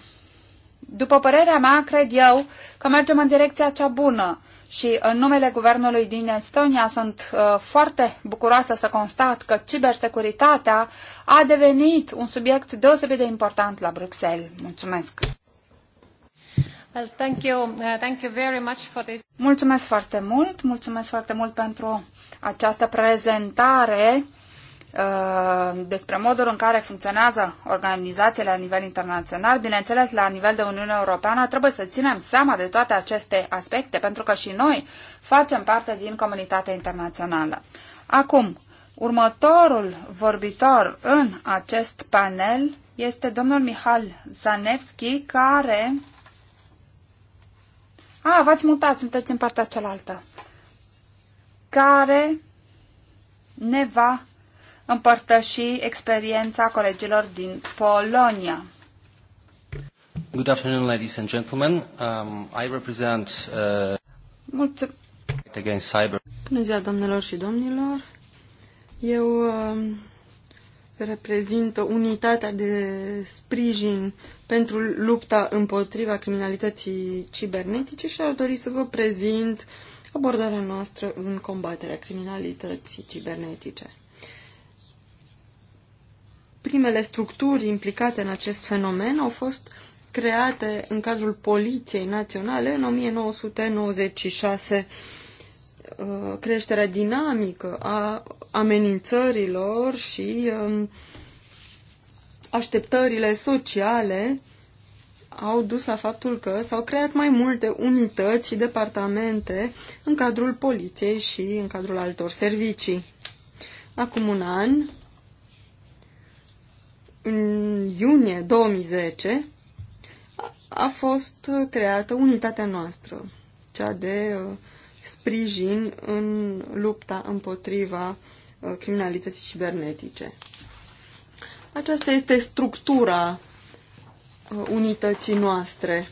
după părerea mea, cred eu că mergem în direcția cea bună și în numele guvernului din Estonia sunt uh, foarte bucuroasă să constat că cibersecuritatea a devenit un subiect deosebit de important la Bruxelles. Mulțumesc! Well, thank you. Uh, thank you very much for this. Mulțumesc foarte mult, mulțumesc foarte mult pentru această prezentare Uh, despre modul în care funcționează organizațiile la nivel internațional, bineînțeles, la nivel de Uniune Europeană, trebuie să ținem seama de toate aceste aspecte, pentru că și noi facem parte din comunitatea internațională. Acum, următorul vorbitor în acest panel este domnul Mihal Zanevski, care... A, v-ați mutat, sunteți în partea cealaltă. Care ne va împărtăși experiența colegilor din Polonia. Good afternoon, ladies and gentlemen. Um, I represent uh, Mulțumesc. against cyber. Bună ziua, domnilor și domnilor. Eu uh, reprezint unitatea de sprijin pentru lupta împotriva criminalității cibernetice și ar dori să vă prezint abordarea noastră în combaterea criminalității cibernetice primele structuri implicate în acest fenomen au fost create în cadrul Poliției Naționale în 1996. Uh, creșterea dinamică a amenințărilor și um, așteptările sociale au dus la faptul că s-au creat mai multe unități și departamente în cadrul poliției și în cadrul altor servicii. Acum un an, în iunie 2010 a fost creată unitatea noastră, cea de uh, sprijin în lupta împotriva uh, criminalității cibernetice. Aceasta este structura uh, unității noastre.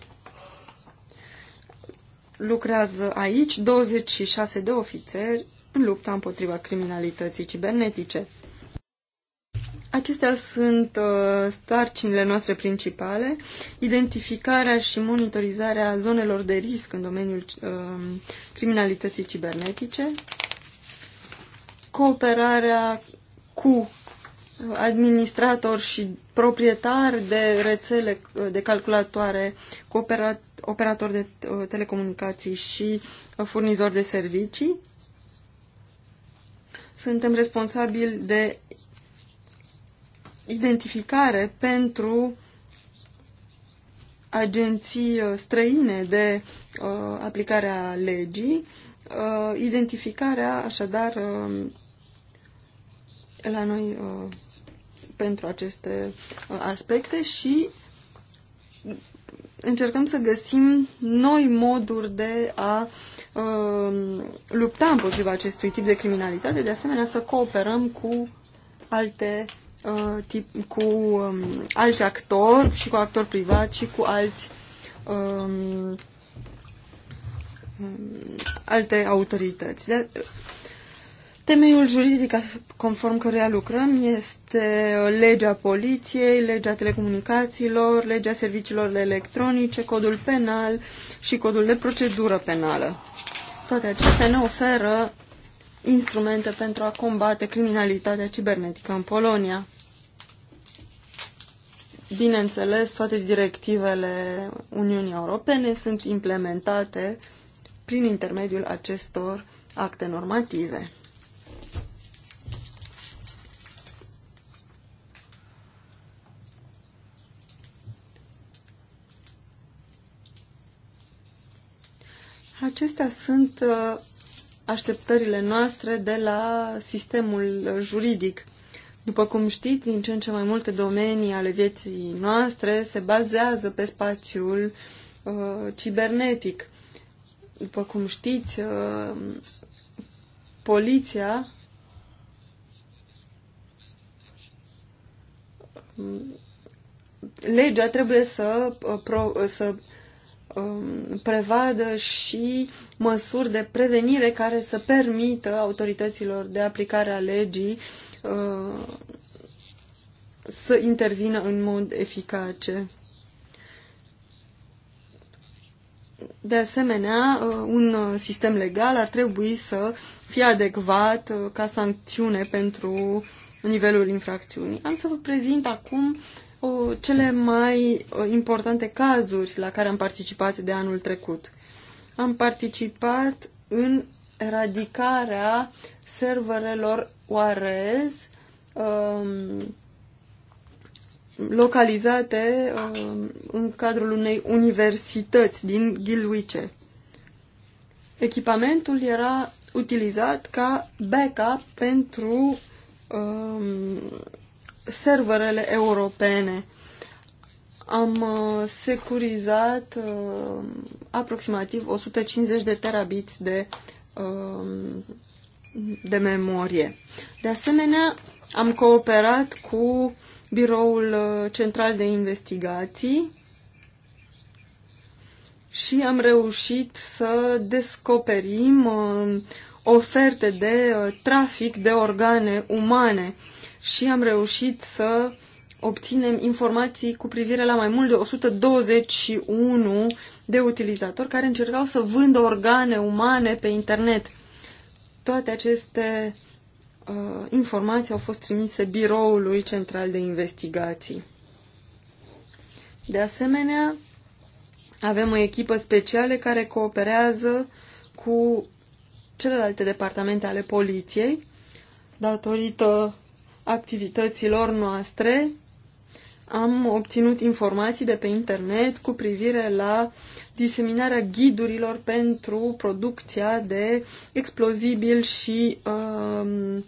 Lucrează aici 26 de ofițeri în lupta împotriva criminalității cibernetice. Acestea sunt uh, starcinile noastre principale, identificarea și monitorizarea zonelor de risc în domeniul uh, criminalității cibernetice, cooperarea cu uh, administratori și proprietari de rețele uh, de calculatoare, cu operatori de uh, telecomunicații și furnizori de servicii. Suntem responsabili de identificare pentru agenții uh, străine de uh, aplicare a legii, uh, identificarea așadar uh, la noi uh, pentru aceste uh, aspecte și încercăm să găsim noi moduri de a uh, lupta împotriva acestui tip de criminalitate, de asemenea să cooperăm cu alte uh, Uh, tip, cu um, alți actori și cu actori privați și cu alți um, um alte autorități. De Temeiul juridic conform căruia lucrăm este legea poliției, legea telecomunicațiilor, legea serviciilor electronice, codul penal și codul de procedură penală. Toate acestea ne oferă instrumente pentru a combate criminalitatea cibernetică în Polonia. Bineînțeles, toate directivele Uniunii Europene sunt implementate prin intermediul acestor acte normative. Acestea sunt uh, așteptările noastre de la sistemul juridic după cum știți, din ce în ce mai multe domenii ale vieții noastre se bazează pe spațiul uh, cibernetic. După cum știți, uh, poliția mm, legea trebuie să, uh, uh, să um, prevadă și măsuri de prevenire care să permită autorităților de aplicare a legii Uh, să intervină în mod eficace. De asemenea, uh, un uh, sistem legal ar trebui să fie adecvat ca sancțiune pentru nivelul infracțiunii. Am să vă prezint acum cele mai importante cazuri la care am participat de anul trecut. Am participat în eradicarea serverelor OARES um, localizate um, în cadrul unei universități din Gilwice. Echipamentul era utilizat ca backup pentru um, serverele europene. Am uh, securizat uh, aproximativ 150 de terabits de Um, de memorie. De asemenea, am cooperat cu Biroul uh, Central de Investigații și am reușit să descoperim uh, oferte de uh, trafic de organe umane și am reușit să obținem informații cu privire la mai mult de 121 de utilizatori care încercau să vândă organe umane pe internet. Toate aceste uh, informații au fost trimise biroului central de investigații. De asemenea, avem o echipă specială care cooperează cu celelalte departamente ale poliției datorită activităților noastre am obținut informații de pe internet cu privire la diseminarea ghidurilor pentru producția de explozibil și um,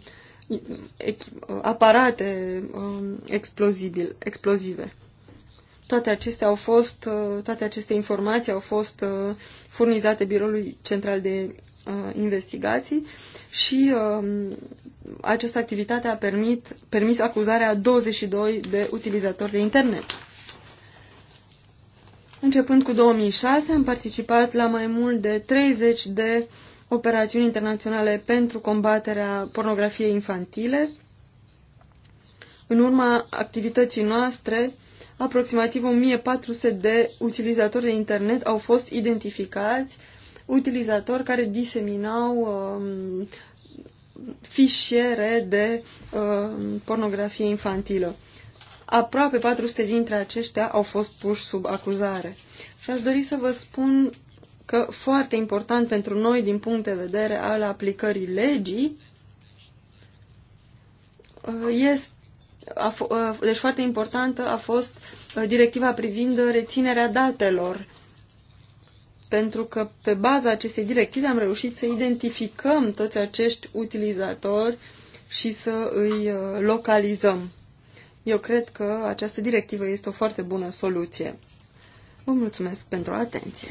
aparate um, explozibil, explozive. Toate acestea au fost, uh, toate aceste informații au fost uh, furnizate Biroului Central de uh, Investigații și um, această activitate a permit, permis acuzarea 22 de utilizatori de internet. Începând cu 2006, am participat la mai mult de 30 de operațiuni internaționale pentru combaterea pornografiei infantile. În urma activității noastre, aproximativ 1400 de utilizatori de internet au fost identificați, utilizatori care diseminau um, fișiere de um, pornografie infantilă aproape 400 dintre aceștia au fost puși sub acuzare. Și aș dori să vă spun că foarte important pentru noi din punct de vedere al aplicării legii uh, este a uh, deci foarte importantă a fost uh, directiva privind reținerea datelor. Pentru că pe baza acestei directive am reușit să identificăm toți acești utilizatori și să îi localizăm. Eu cred că această directivă este o foarte bună soluție. Vă mulțumesc pentru atenție.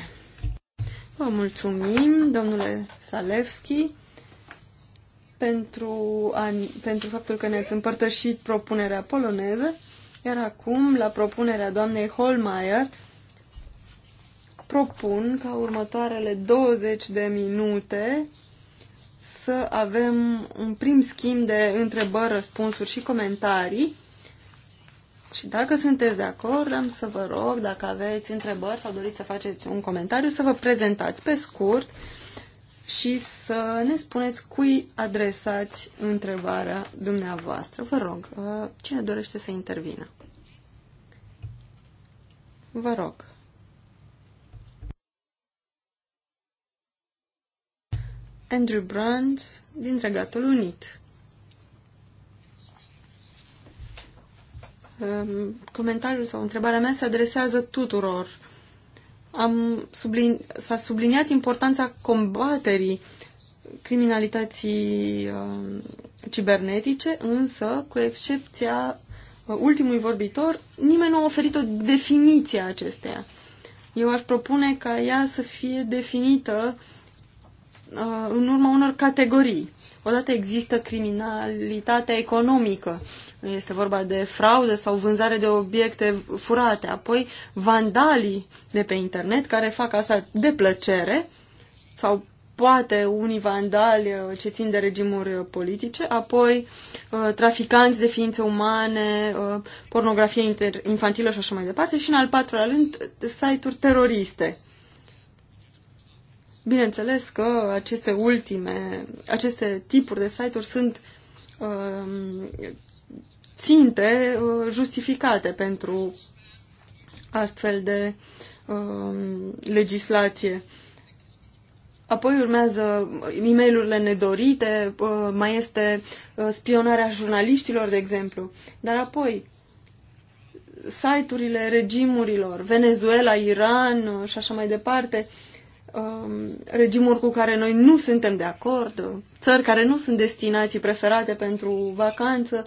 Vă mulțumim, domnule Salevski, pentru, pentru faptul că ne-ați împărtășit propunerea poloneză, iar acum, la propunerea doamnei Holmeier, propun ca următoarele 20 de minute să avem un prim schimb de întrebări, răspunsuri și comentarii și dacă sunteți de acord, am să vă rog, dacă aveți întrebări sau doriți să faceți un comentariu, să vă prezentați pe scurt și să ne spuneți cui adresați întrebarea dumneavoastră. Vă rog, uh, cine dorește să intervină? Vă rog. Andrew Brandt din Regatul Unit. Ehm, comentariul sau întrebarea mea se adresează tuturor. Am sublin... S-a subliniat importanța combaterii criminalității uh, cibernetice, însă, cu excepția uh, ultimului vorbitor, nimeni nu a oferit o definiție a acesteia. Eu aș propune ca ea să fie definită uh, în urma unor categorii. Odată există criminalitatea economică, este vorba de fraude sau vânzare de obiecte furate, apoi vandalii de pe internet care fac asta de plăcere sau poate unii vandali uh, ce țin de regimuri uh, politice, apoi uh, traficanți de ființe umane, pornografie infantilă și așa mai departe și în al patrulea rând site-uri teroriste. Bineînțeles că aceste ultime, aceste tipuri de site-uri sunt ținte uh, justificate pentru astfel de um, legislație. Apoi urmează e mail nedorite, uh, mai este uh, spionarea jurnaliștilor, de exemplu. Dar apoi, site-urile regimurilor, Venezuela, Iran și așa mai departe, um, regimuri cu care noi nu suntem de acord, țări care nu sunt destinații preferate pentru vacanță,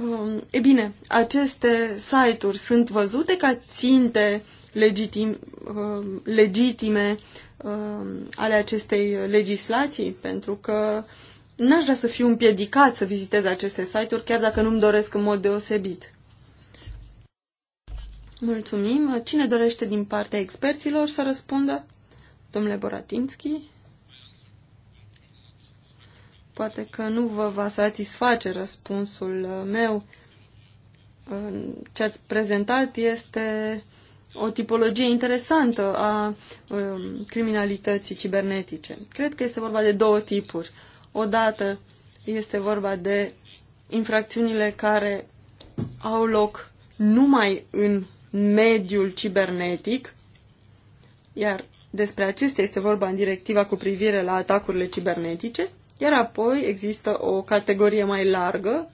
Um, e bine, aceste site-uri sunt văzute ca ținte legitim, um, legitime um, ale acestei legislații, pentru că n-aș vrea să fiu împiedicat să vizitez aceste site-uri, chiar dacă nu-mi doresc în mod deosebit. Mulțumim. Cine dorește din partea experților să răspundă? Domnule Boratinski? Poate că nu vă va satisface răspunsul uh, meu. Ce ați prezentat este o tipologie interesantă a um, criminalității cibernetice. Cred că este vorba de două tipuri. Odată este vorba de infracțiunile care au loc numai în mediul cibernetic, iar despre acestea este vorba în directiva cu privire la atacurile cibernetice, iar apoi există o categorie mai largă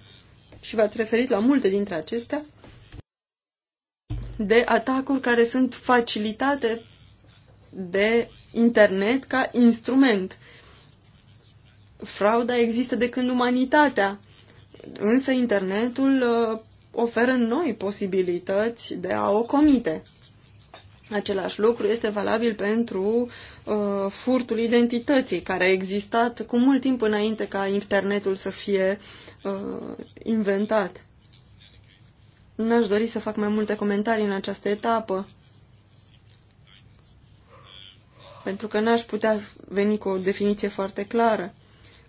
și v-ați referit la multe dintre acestea de atacuri care sunt facilitate de internet ca instrument. Frauda există de când umanitatea, însă internetul uh, oferă noi posibilități de a o comite. Același lucru este valabil pentru uh, furtul identității, care a existat cu mult timp înainte ca internetul să fie uh, inventat. N-aș dori să fac mai multe comentarii în această etapă, pentru că n-aș putea veni cu o definiție foarte clară.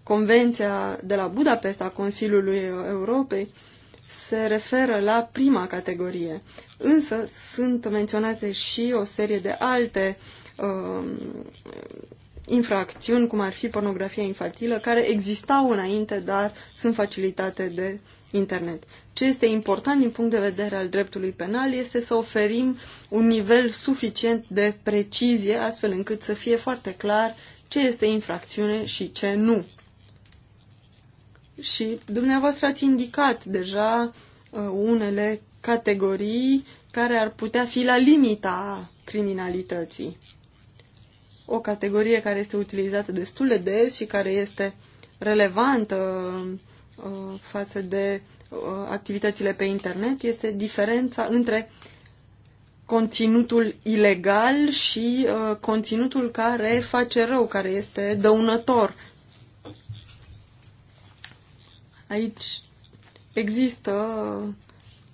Convenția de la Budapesta a Consiliului Europei se referă la prima categorie însă sunt menționate și o serie de alte uh, infracțiuni, cum ar fi pornografia infantilă, care existau înainte, dar sunt facilitate de internet. Ce este important din punct de vedere al dreptului penal este să oferim un nivel suficient de precizie, astfel încât să fie foarte clar ce este infracțiune și ce nu. Și dumneavoastră ați indicat deja uh, unele categorii care ar putea fi la limita criminalității. O categorie care este utilizată destul de des și care este relevantă uh, față de uh, activitățile pe internet este diferența între conținutul ilegal și uh, conținutul care face rău, care este dăunător. Aici există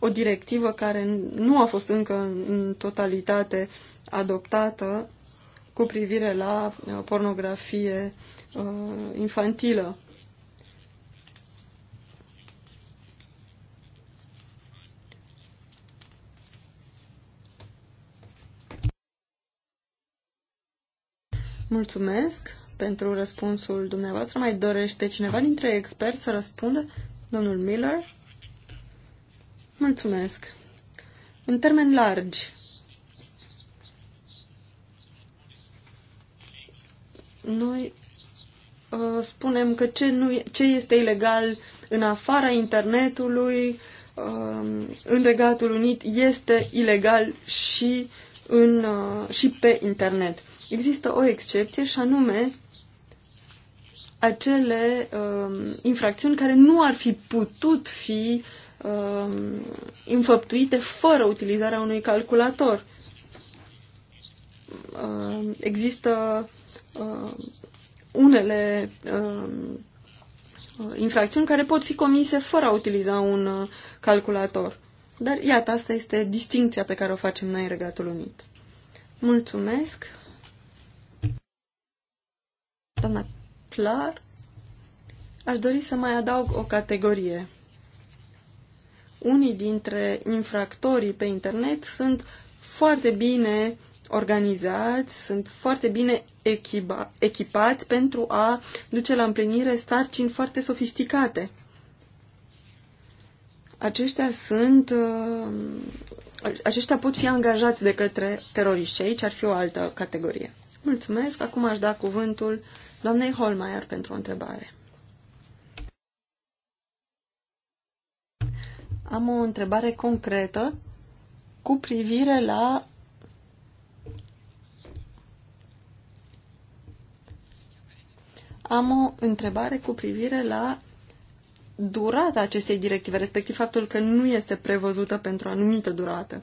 o directivă care nu a fost încă în totalitate adoptată cu privire la uh, pornografie uh, infantilă. Mulțumesc pentru răspunsul dumneavoastră. Mai dorește cineva dintre experți să răspundă? Domnul Miller? Mulțumesc. În termeni largi, noi uh, spunem că ce, nu, ce este ilegal în afara internetului, uh, în Regatul Unit, este ilegal și, în, uh, și pe internet. Există o excepție și anume acele uh, infracțiuni care nu ar fi putut fi uh, uh, înfăptuite fără utilizarea unui calculator. Uh, există uh, unele uh, infracțiuni care pot fi comise fără a utiliza un uh, calculator. Dar iată, asta este distinția pe care o facem noi în Regatul Unit. Mulțumesc! Doamna Clar, aș dori să mai adaug o categorie unii dintre infractorii pe internet sunt foarte bine organizați, sunt foarte bine echipa, echipați pentru a duce la împlinire starcini foarte sofisticate. Aceștia sunt uh, aceștia pot fi angajați de către teroriști. Aici ar fi o altă categorie. Mulțumesc. Acum aș da cuvântul doamnei Holmeier pentru o întrebare. Am o întrebare concretă cu privire la Am o întrebare cu privire la durata acestei directive, respectiv faptul că nu este prevăzută pentru o anumită durată.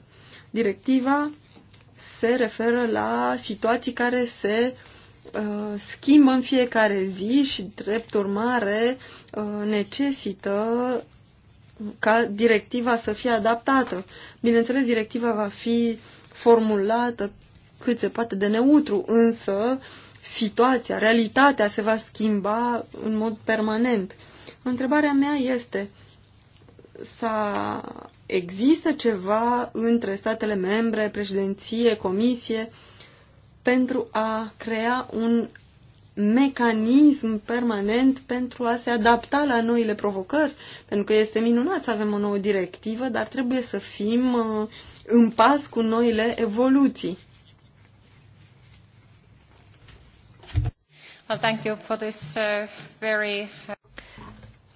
Directiva se referă la situații care se uh, schimbă în fiecare zi și, drept urmare, uh, necesită ca directiva să fie adaptată. Bineînțeles, directiva va fi formulată cât se poate de neutru, însă situația, realitatea se va schimba în mod permanent. Întrebarea mea este, să există ceva între statele membre, președinție, comisie, pentru a crea un mecanism permanent pentru a se adapta la noile provocări, pentru că este minunat să avem o nouă directivă, dar trebuie să fim uh, în pas cu noile evoluții. Well, thank you for this, uh, very... Uh,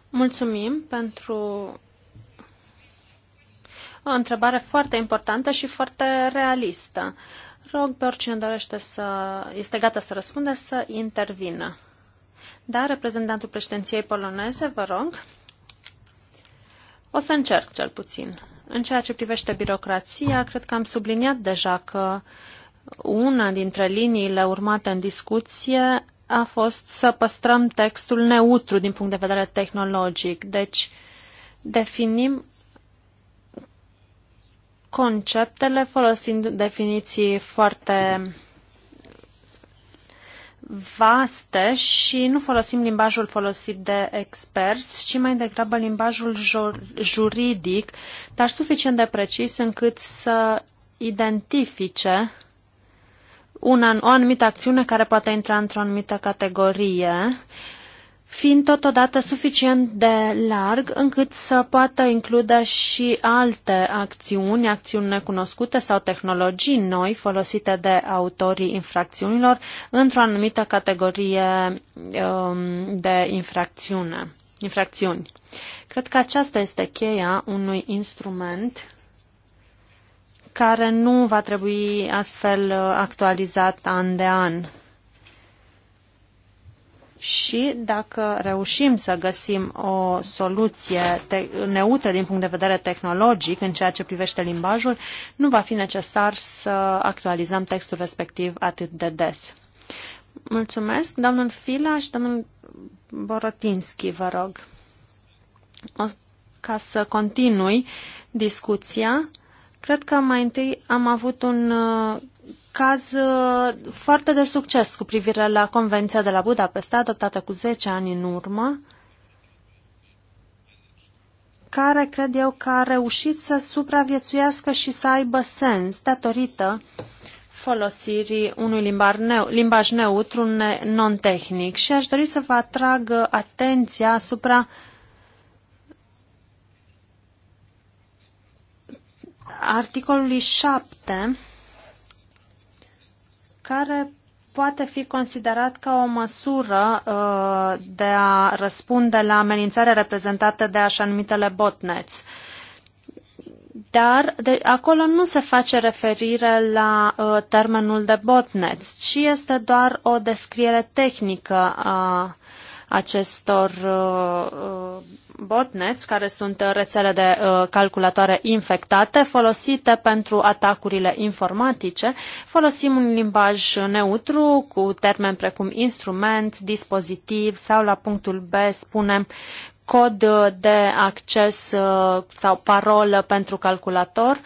Mulțumim pentru o întrebare foarte importantă și foarte realistă. Uh, rog pe oricine dorește să este gata să răspundă să intervină. Da, reprezentantul președinției poloneze, vă rog. O să încerc cel puțin. În ceea ce privește birocrația, cred că am subliniat deja că una dintre liniile urmate în discuție a fost să păstrăm textul neutru din punct de vedere tehnologic. Deci, definim conceptele folosind definiții foarte vaste și nu folosim limbajul folosit de experți, ci mai degrabă limbajul juridic, dar suficient de precis încât să identifice un an, o anumită acțiune care poate intra într-o anumită categorie fiind totodată suficient de larg încât să poată include și alte acțiuni, acțiuni necunoscute sau tehnologii noi folosite de autorii infracțiunilor într-o anumită categorie um, de infracțiune, infracțiuni. Cred că aceasta este cheia unui instrument care nu va trebui astfel uh, actualizat an de an și dacă reușim să găsim o soluție neutră din punct de vedere tehnologic în ceea ce privește limbajul, nu va fi necesar să actualizăm textul respectiv atât de des. Mulțumesc. Domnul Fila și domnul Borotinski, vă rog. O, ca să continui discuția, cred că mai întâi am avut un caz uh, foarte de succes cu privire la Convenția de la Budapest adoptată cu 10 ani în urmă, care cred eu că a reușit să supraviețuiască și să aibă sens datorită folosirii unui limbaj neutru, non-tehnic. Și aș dori să vă atrag atenția asupra articolului 7 care poate fi considerat ca o măsură uh, de a răspunde la amenințarea reprezentată de așa numitele botnets. Dar de, acolo nu se face referire la uh, termenul de botnet, ci este doar o descriere tehnică a acestor uh, uh, botnets care sunt uh, rețele de calculatoare infectate, folosite pentru atacurile informatice. Folosim un limbaj neutru cu termeni precum instrument, dispozitiv sau la punctul B spunem cod de acces sau parolă pentru calculator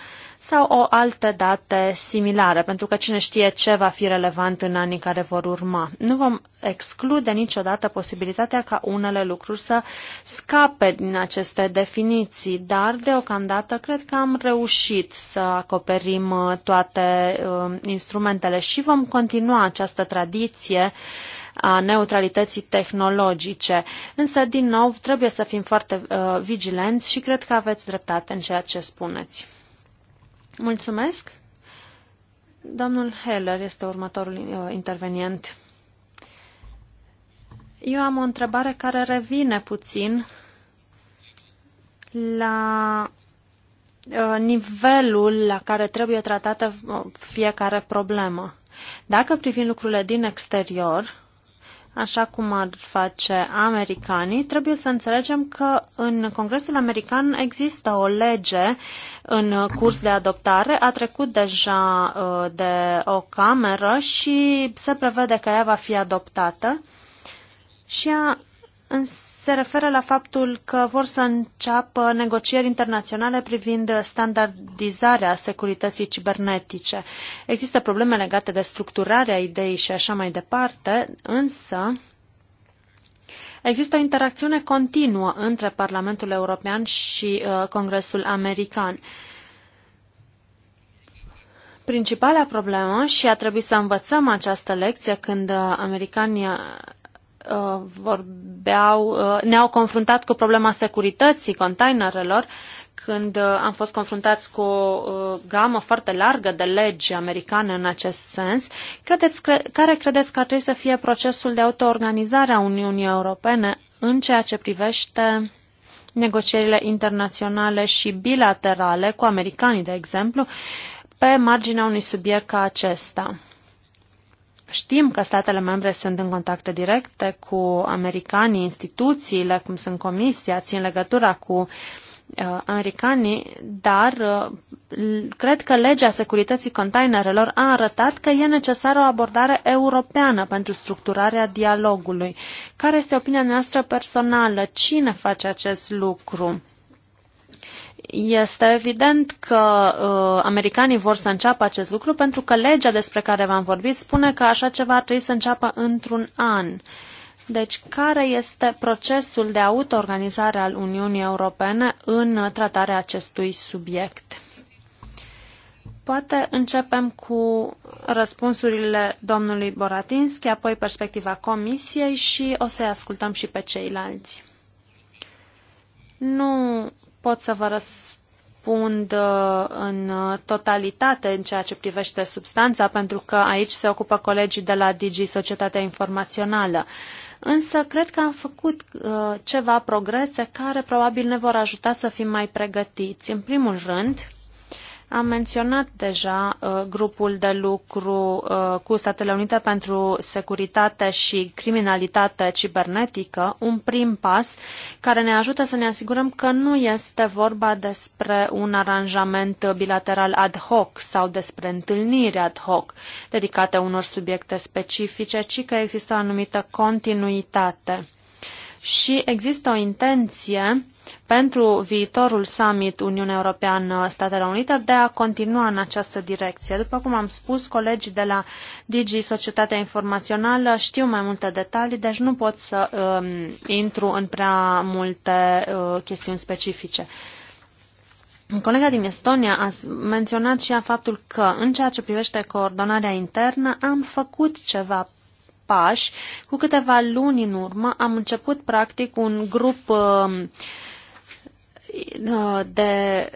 sau o altă dată similară, pentru că cine știe ce va fi relevant în anii care vor urma. Nu vom exclude niciodată posibilitatea ca unele lucruri să scape din aceste definiții, dar deocamdată cred că am reușit să acoperim uh, toate uh, instrumentele și vom continua această tradiție a neutralității tehnologice. Însă, din nou, trebuie să fim foarte uh, vigilenți și cred că aveți dreptate în ceea ce spuneți. Mulțumesc. Domnul Heller este următorul uh, intervenient. Eu am o întrebare care revine puțin la uh, nivelul la care trebuie tratată uh, fiecare problemă. Dacă privim lucrurile din exterior, așa cum ar face americanii, trebuie să înțelegem că în Congresul American există o lege în curs de adoptare, a trecut deja uh, de o cameră și se prevede că ea va fi adoptată și a, se referă la faptul că vor să înceapă negocieri internaționale privind standardizarea securității cibernetice. Există probleme legate de structurarea ideii și așa mai departe, însă Există o interacțiune continuă între Parlamentul European și uh, Congresul American. Principala problemă, și a trebuit să învățăm această lecție când uh, americanii Uh, vorbeau, uh, ne-au confruntat cu problema securității containerelor când uh, am fost confruntați cu o gamă foarte largă de legi americane în acest sens. Credeți, cre, care credeți că ar trebui să fie procesul de autoorganizare a Uniunii Europene în ceea ce privește negocierile internaționale și bilaterale cu americanii, de exemplu, pe marginea unui subiect ca acesta? Știm că statele membre sunt în contacte directe cu americanii, instituțiile, cum sunt comisia, țin legătura cu uh, americanii, dar uh, cred că legea securității containerelor a arătat că e necesară o abordare europeană pentru structurarea dialogului. Care este opinia noastră personală? Cine face acest lucru? Este evident că uh, americanii vor să înceapă acest lucru pentru că legea despre care v-am vorbit spune că așa ceva ar trebui să înceapă într-un an. Deci, care este procesul de autoorganizare al Uniunii Europene în tratarea acestui subiect? Poate începem cu răspunsurile domnului Boratinski, apoi perspectiva comisiei și o să-i ascultăm și pe ceilalți. Nu pot să vă răspund uh, în uh, totalitate în ceea ce privește substanța, pentru că aici se ocupă colegii de la Digi Societatea Informațională. Însă cred că am făcut uh, ceva progrese care probabil ne vor ajuta să fim mai pregătiți. În primul rând, am menționat deja uh, grupul de lucru uh, cu Statele Unite pentru securitate și criminalitate cibernetică, un prim pas care ne ajută să ne asigurăm că nu este vorba despre un aranjament bilateral ad hoc sau despre întâlniri ad hoc dedicate unor subiecte specifice, ci că există o anumită continuitate și există o intenție pentru viitorul summit Uniunea Europeană-Statele Unite de a continua în această direcție. După cum am spus, colegii de la Digi Societatea Informațională știu mai multe detalii, deci nu pot să um, intru în prea multe uh, chestiuni specifice. Colega din Estonia a menționat și a faptul că, în ceea ce privește coordonarea internă, am făcut ceva pași. Cu câteva luni în urmă am început practic un grup uh, uh, de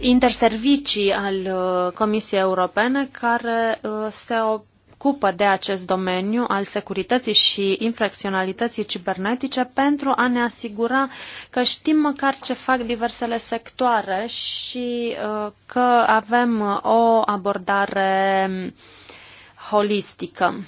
interservicii al uh, Comisiei Europene care se ocupă de acest domeniu al securității și infracționalității cibernetice pentru a ne asigura că știm măcar ce fac diversele sectoare și că avem o abordare um, holistică.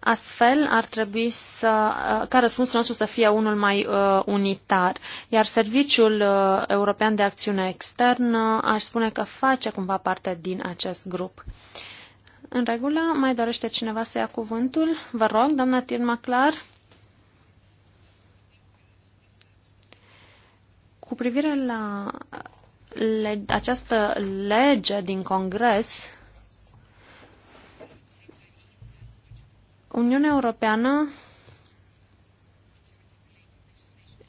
Astfel, ar trebui să, uh, ca răspunsul nostru să fie unul mai uh, unitar. Iar Serviciul uh, European de Acțiune Externă aș spune că face cumva parte din acest grup. În regulă, mai dorește cineva să ia cuvântul? Vă rog, doamna Tirma Clar. Cu privire la le- această lege din Congres, Uniunea Europeană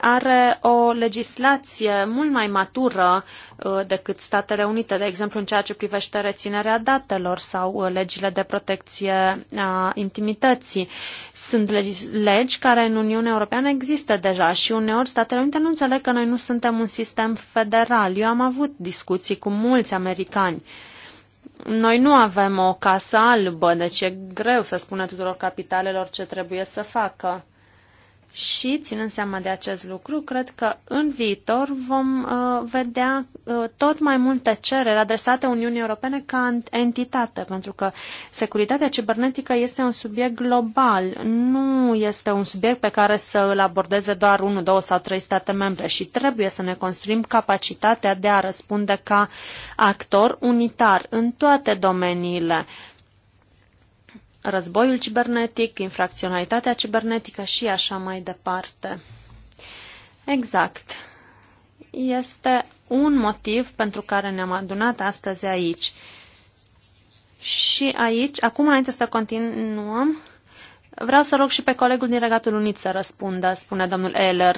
are o legislație mult mai matură uh, decât Statele Unite, de exemplu în ceea ce privește reținerea datelor sau uh, legile de protecție a intimității. Sunt legi care în Uniunea Europeană există deja și uneori Statele Unite nu înțeleg că noi nu suntem un sistem federal. Eu am avut discuții cu mulți americani noi nu avem o casă albă, deci e greu să spună tuturor capitalelor ce trebuie să facă. Și, ținând seama de acest lucru, cred că în viitor vom uh, vedea uh, tot mai multe cereri adresate Uniunii Europene ca entitate, pentru că securitatea cibernetică este un subiect global, nu este un subiect pe care să îl abordeze doar unul, două sau trei state membre și trebuie să ne construim capacitatea de a răspunde ca actor unitar în toate domeniile. Uh, războiul cibernetic, infracționalitatea cibernetică și așa mai departe. Exact. Este un motiv pentru care ne-am adunat astăzi aici. Și aici, acum înainte să continuăm, vreau să rog și pe colegul din Regatul Unit să răspundă, spune domnul Eller.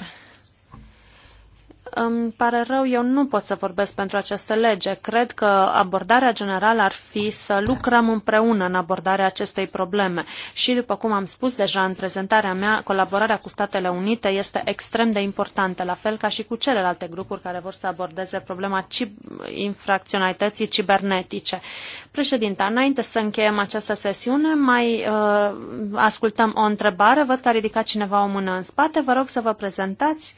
Îmi pare rău, eu nu pot să vorbesc pentru această lege. Cred că abordarea generală ar fi să lucrăm împreună în abordarea acestei probleme. Și, după cum am spus deja în prezentarea mea, colaborarea cu Statele Unite este extrem de importantă, la fel ca și cu celelalte grupuri care vor să abordeze problema cib- infracționalității cibernetice. Președinta, înainte să încheiem această sesiune, mai uh, ascultăm o întrebare. Văd că a ridicat cineva o mână în spate. Vă rog să vă prezentați.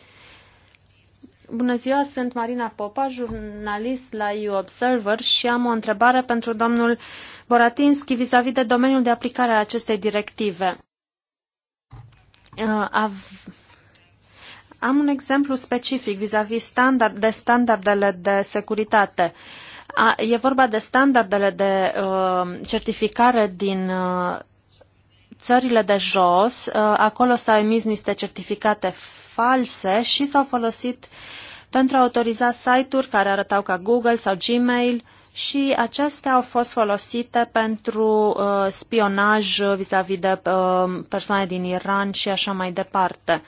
Bună ziua, sunt Marina Popa, jurnalist la EU Observer și am o întrebare pentru domnul Boratinski vis-a-vis -vis de domeniul de aplicare a acestei directive. Uh, av- am un exemplu specific vis-a-vis -vis standard, de standardele de securitate. A, e vorba de standardele de uh, certificare din uh, țările de jos, uh, acolo s-au emis niște certificate false și s-au folosit pentru a autoriza site-uri care arătau ca Google sau Gmail și acestea au fost folosite pentru uh, spionaj vis-a-vis -vis de uh, persoane din Iran și așa mai departe.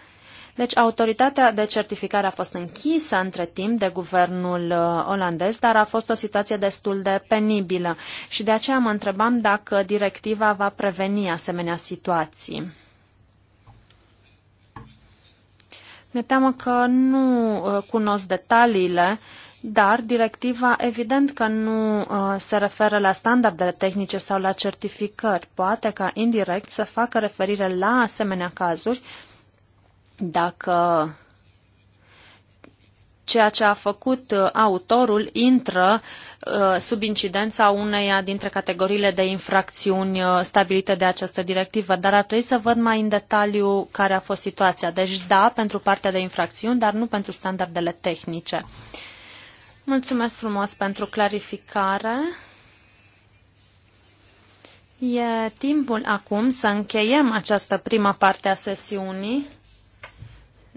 Deci autoritatea de certificare a fost închisă între timp de guvernul uh, olandez, dar a fost o situație destul de penibilă și de aceea mă întrebam dacă directiva va preveni asemenea situații. Mi-e teamă că nu uh, cunosc detaliile, dar directiva evident că nu uh, se referă la standardele tehnice sau la certificări. Poate ca indirect să facă referire la asemenea cazuri, dacă ceea ce a făcut uh, autorul intră uh, sub incidența uneia dintre categoriile de infracțiuni uh, stabilite de această directivă, dar ar trebui să văd mai în detaliu care a fost situația. Deci da, pentru partea de infracțiuni, dar nu pentru standardele tehnice. Mulțumesc frumos pentru clarificare. E timpul acum să încheiem această prima parte a sesiunii.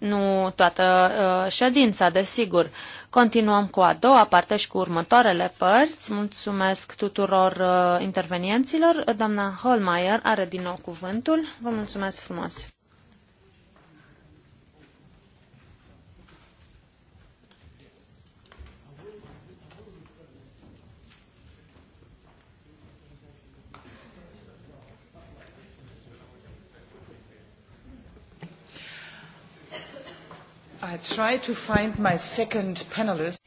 Nu toată uh, ședința, desigur. Continuăm cu a doua parte și cu următoarele părți. Mulțumesc tuturor uh, intervenienților. Doamna Holmeier are din nou cuvântul. Vă mulțumesc frumos. I try to find my second panelist.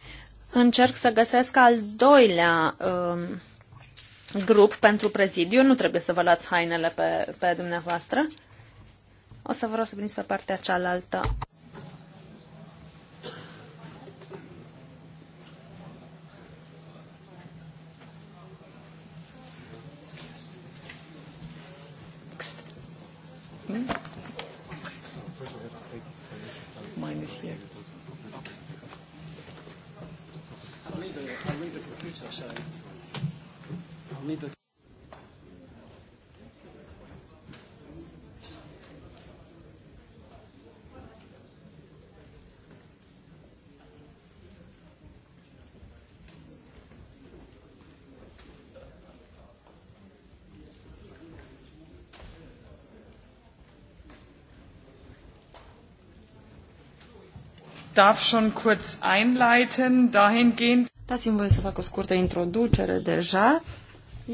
Încerc să găsesc al doilea um, grup pentru prezidiu. Nu trebuie să vă luați hainele pe, pe dumneavoastră. O să vă rog să veniți pe partea cealaltă. Hmm? minutes or darf schon kurz einleiten dahingehend Dați-mi voie să fac o scurtă introducere deja.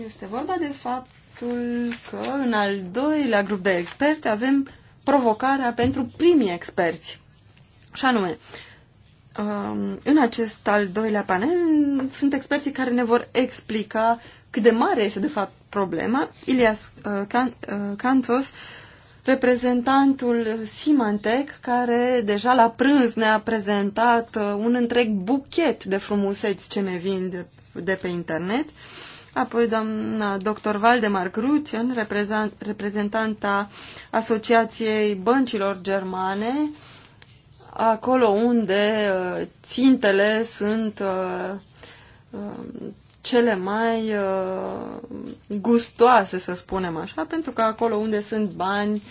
Este vorba de faptul că în al doilea grup de experți avem provocarea pentru primii experți. Și anume, um, în acest al doilea panel sunt experții care ne vor explica cât de mare este de fapt problema. Ilias uh, uh, Cantos reprezentantul Simantec, care deja la prânz ne-a prezentat uh, un întreg buchet de frumuseți ce ne vin de, de pe internet. Apoi doamna dr. Valdemar Grutian, reprezentanta Asociației Băncilor Germane, acolo unde uh, țintele sunt uh, cele mai uh, gustoase, să spunem așa, pentru că acolo unde sunt bani,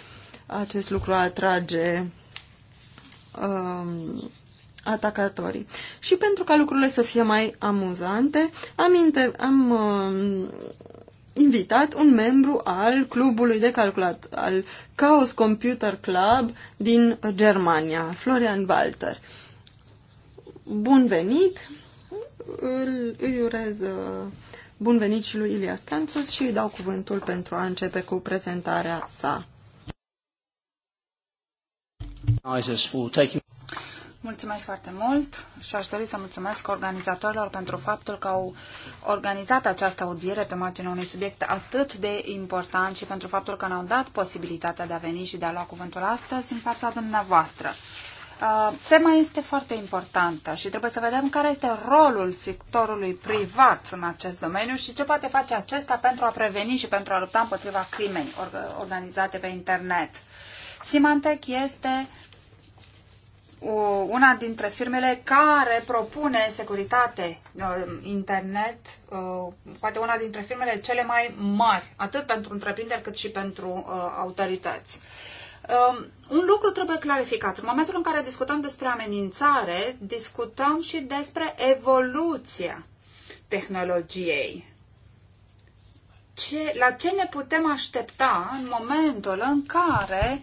acest lucru atrage uh, atacatorii. Și pentru ca lucrurile să fie mai amuzante, am, inter- am uh, invitat un membru al clubului de calculat, al Chaos Computer Club din Germania, Florian Walter. Bun venit! îl, îi urez uh, bun venit și lui Ilias Canțus și îi dau cuvântul pentru a începe cu prezentarea sa. Mulțumesc foarte mult și aș dori să mulțumesc organizatorilor pentru faptul că au organizat această audiere pe marginea unui subiect atât de important și pentru faptul că ne-au dat posibilitatea de a veni și de a lua cuvântul astăzi în fața dumneavoastră. Uh, tema este foarte importantă și trebuie să vedem care este rolul sectorului privat în acest domeniu și ce poate face acesta pentru a preveni și pentru a lupta împotriva crimei organizate pe internet. Symantec este una dintre firmele care propune securitate uh, internet, uh, poate una dintre firmele cele mai mari, atât pentru întreprinderi cât și pentru autorități. Um, un lucru trebuie clarificat. În momentul în care discutăm despre amenințare, discutăm și despre evoluția tehnologiei. Ce, la ce ne putem aștepta în momentul în care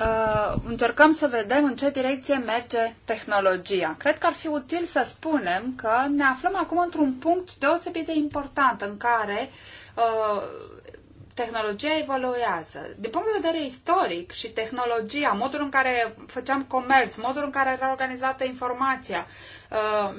uh, încercăm să vedem în ce direcție merge tehnologia? Cred că ar fi util să spunem că ne aflăm acum într-un punct deosebit de important în care uh, tehnologia evoluează. Din punct de vedere istoric și tehnologia, modul în care făceam comerț, modul în care era organizată informația, uh,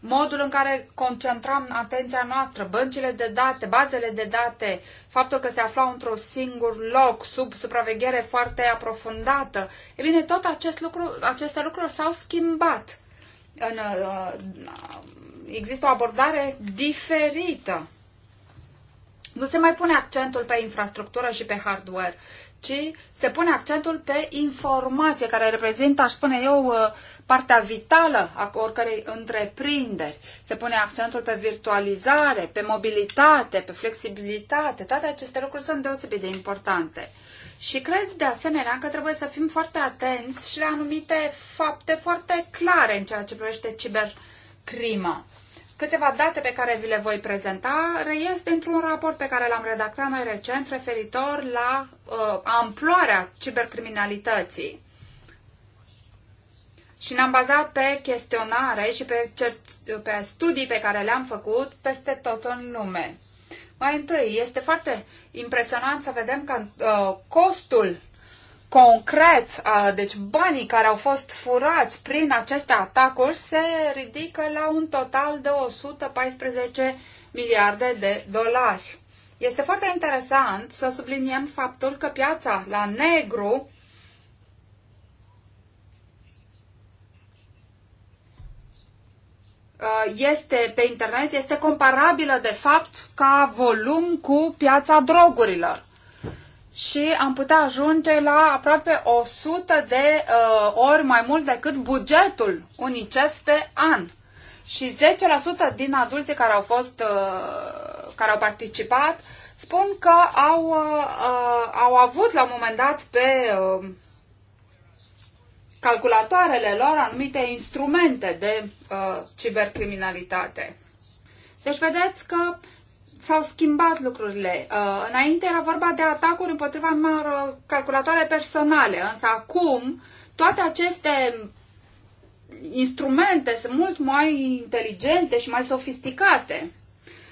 modul în care concentram atenția noastră, băncile de date, bazele de date, faptul că se aflau într-un singur loc, sub supraveghere foarte aprofundată. E bine, tot acest lucru, aceste lucruri s-au schimbat. În, uh, există o abordare diferită nu se mai pune accentul pe infrastructură și pe hardware, ci se pune accentul pe informație, care reprezintă, aș spune eu, uh, partea vitală a oricărei întreprinderi. Se pune accentul pe virtualizare, pe mobilitate, pe flexibilitate. Toate aceste lucruri sunt deosebit de importante. Și cred de asemenea că trebuie să fim foarte atenți și la anumite fapte foarte clare în ceea ce privește cibercrima. Câteva date pe care vi le voi prezenta reies dintr-un raport pe care l-am redactat mai recent referitor la uh, amploarea cibercriminalității. Și ne-am bazat pe chestionare și pe, pe studii pe care le-am făcut peste tot în lume. Mai întâi, este foarte impresionant să vedem că uh, costul concret, deci banii care au fost furați prin aceste atacuri se ridică la un total de 114 miliarde de dolari. Este foarte interesant să subliniem faptul că piața la negru este pe internet este comparabilă de fapt ca volum cu piața drogurilor și am putea ajunge la aproape 100 de uh, ori mai mult decât bugetul UNICEF pe an. Și 10% din adulții care au fost, uh, care au participat, spun că au, uh, uh, au avut la un moment dat pe uh, calculatoarele lor anumite instrumente de uh, cibercriminalitate. Deci vedeți că uh, s-au schimbat lucrurile. Uh, înainte era vorba de atacuri împotriva numărul calculatoare personale, însă acum toate aceste instrumente sunt mult mai inteligente și mai sofisticate.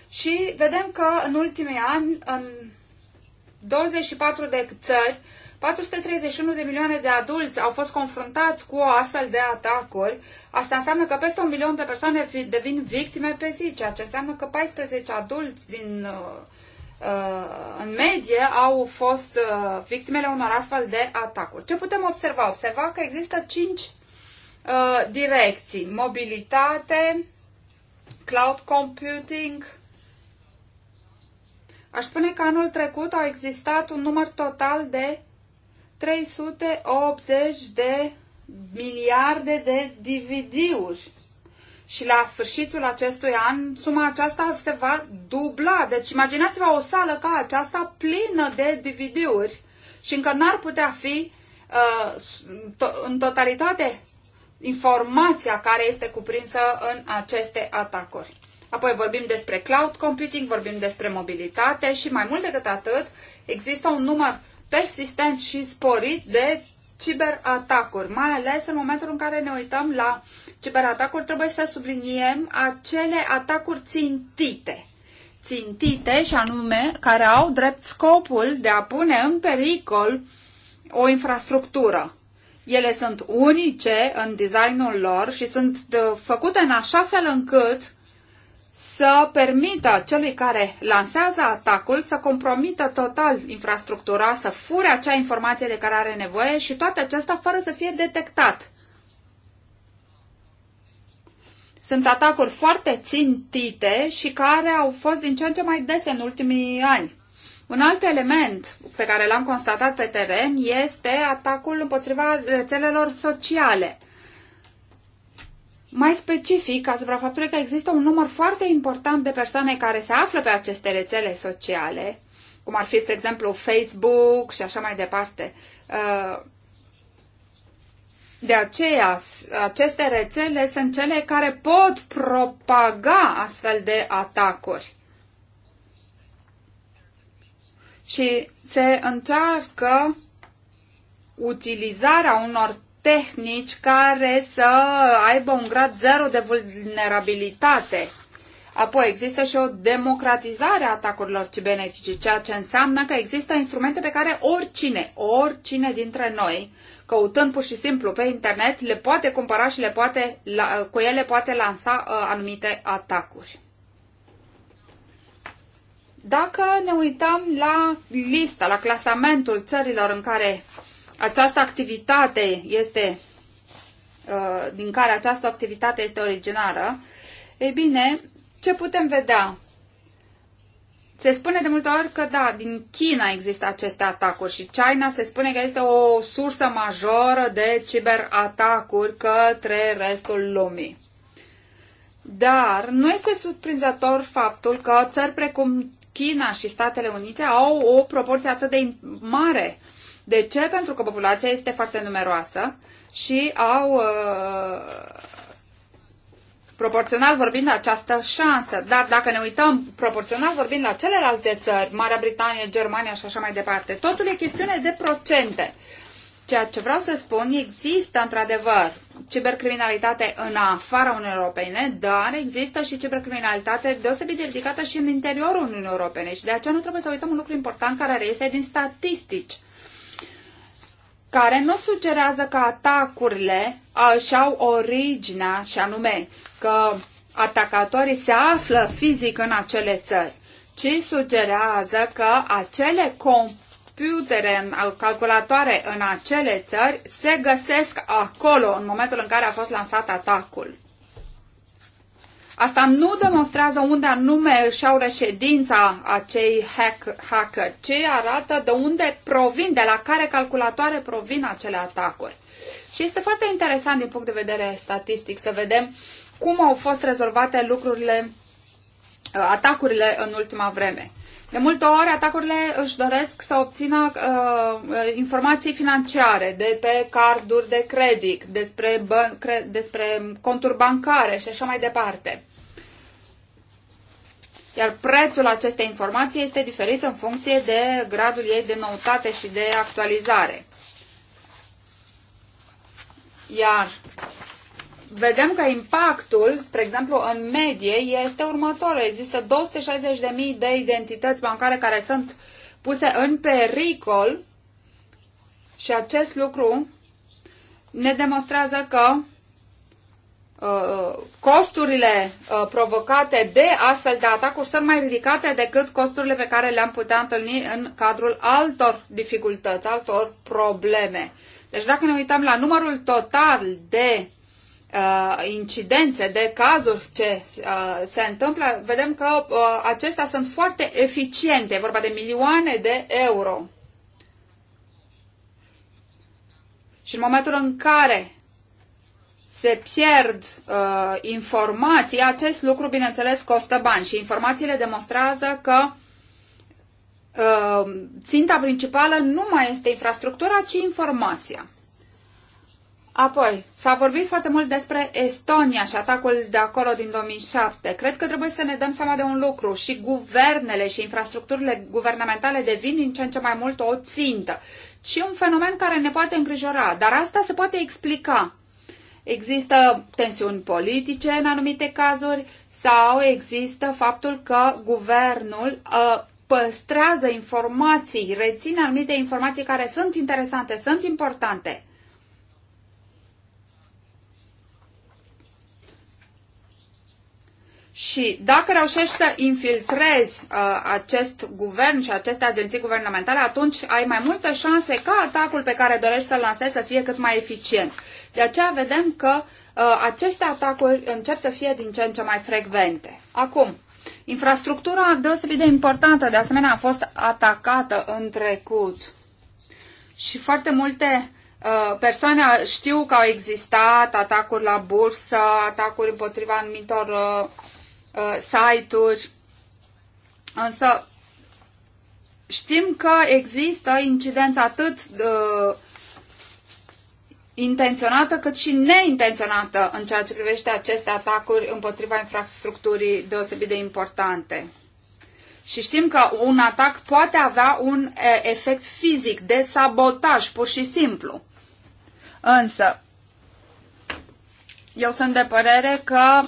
Și vedem că în ultimii ani, în 24 de țări, 431 de milioane de adulți au fost confruntați cu astfel de atacuri. Asta înseamnă că peste un milion de persoane devin victime pe zi, ceea ce înseamnă că 14 adulți din, uh, uh, în medie au fost uh, victimele unor astfel de atacuri. Ce putem observa? Observa că există 5 direcții. Mobilitate, cloud computing, Aș spune că anul trecut au existat un număr total de 380 de miliarde de DVD-uri. Și la sfârșitul acestui an, suma aceasta se va dubla. Deci imaginați-vă o sală ca aceasta plină de DVD-uri și încă n-ar putea fi uh, to- în totalitate informația care este cuprinsă în aceste atacuri. Apoi vorbim despre cloud computing, vorbim despre mobilitate și mai mult decât atât, există un număr persistent și sporit de ciberatacuri, mai ales în momentul în care ne uităm la ciberatacuri, trebuie să subliniem acele atacuri țintite. Țintite și anume care au drept scopul de a pune în pericol o infrastructură. Ele sunt unice în designul lor și sunt uh, făcute în așa fel încât să permită celui care lansează atacul să compromită total infrastructura, să fure acea informație de care are nevoie și toate acestea fără să fie detectat. Sunt atacuri foarte țintite și care au fost din ce în ce mai dese în ultimii ani. Un alt element pe care l-am constatat pe teren este atacul împotriva rețelelor sociale – mai specific asupra faptului că există un număr foarte important de persoane care se află pe aceste rețele sociale, cum ar fi, spre exemplu, Facebook și așa mai departe. Uh, de aceea, aceste rețele sunt cele care pot propaga astfel de atacuri. Și se încearcă utilizarea unor tehnici care să aibă un grad zero de vulnerabilitate. Apoi există și o democratizare a atacurilor cibernetice, ceea ce înseamnă că există instrumente pe care oricine, oricine dintre noi, căutând pur și simplu pe internet, le poate cumpăra și le poate, cu ele poate lansa uh, anumite atacuri. Dacă ne uităm la lista, la clasamentul țărilor în care această activitate este, uh, din care această activitate este originară, e bine, ce putem vedea? Se spune de multe ori că da, din China există aceste atacuri și China se spune că este o sursă majoră de ciberatacuri către restul lumii. Dar nu este surprinzător faptul că țări precum China și Statele Unite au o proporție atât de mare de ce? Pentru că populația este foarte numeroasă și au, uh, proporțional vorbind, această șansă. Dar dacă ne uităm proporțional vorbind la celelalte țări, Marea Britanie, Germania și așa mai departe, totul e chestiune de procente. Ceea ce vreau să spun, există într-adevăr cibercriminalitate în afara Uniunii Europene, dar există și cibercriminalitate deosebit de ridicată și în interiorul Uniunii Europene și de aceea nu trebuie să uităm un lucru important care reiese din statistici care nu sugerează că atacurile își au originea și anume că atacatorii se află fizic în acele țări, ci sugerează că acele computere, calculatoare în acele țări se găsesc acolo în momentul în care a fost lansat atacul. Asta nu demonstrează unde anume își au reședința acei hack, hacker, ci arată de unde provin, de la care calculatoare provin acele atacuri. Și este foarte interesant din punct de vedere statistic să vedem cum au fost rezolvate lucrurile, uh, atacurile în ultima vreme. De multe ori, atacurile își doresc să obțină uh, uh, informații financiare de pe carduri de credit, despre, ban- cre- despre conturi bancare și așa mai departe. Iar prețul acestei informații este diferit în funcție de gradul ei de noutate și de actualizare. Iar vedem că impactul, spre exemplu, în medie este următorul. Există 260.000 de identități bancare care sunt puse în pericol și acest lucru ne demonstrează că uh, costurile uh, provocate de astfel de atacuri sunt mai ridicate decât costurile pe care le-am putea întâlni în cadrul altor dificultăți, altor probleme. Deci dacă ne uităm la numărul total de uh, incidențe, de cazuri ce uh, se întâmplă, vedem că uh, acestea sunt foarte eficiente, e vorba de milioane de euro. Și în momentul în care se pierd uh, informații, acest lucru, bineînțeles, costă bani și informațiile demonstrează că uh, ținta principală nu mai este infrastructura, ci informația. Apoi, s-a vorbit foarte mult despre Estonia și atacul de acolo din 2007. Cred că trebuie să ne dăm seama de un lucru. Și guvernele și infrastructurile guvernamentale devin din ce în ce mai mult o țintă. Și un fenomen care ne poate îngrijora, dar asta se poate explica. Există tensiuni politice în anumite cazuri sau există faptul că guvernul uh, păstrează informații, reține anumite informații care sunt interesante, sunt importante Și dacă reușești să infiltrezi uh, acest guvern și aceste agenții guvernamentale, atunci ai mai multe șanse ca atacul pe care dorești să-l lansezi să fie cât mai eficient. De aceea vedem că uh, aceste atacuri încep să fie din ce în ce mai frecvente. Acum, infrastructura deosebit de importantă, de asemenea, a fost atacată în trecut. Și foarte multe uh, persoane știu că au existat atacuri la bursă, atacuri împotriva anumitor uh, uh, site-uri, însă știm că există incidență atât de intenționată cât și neintenționată în ceea ce privește aceste atacuri împotriva infrastructurii deosebit de importante. Și știm că un atac poate avea un efect fizic de sabotaj, pur și simplu. Însă, eu sunt de părere că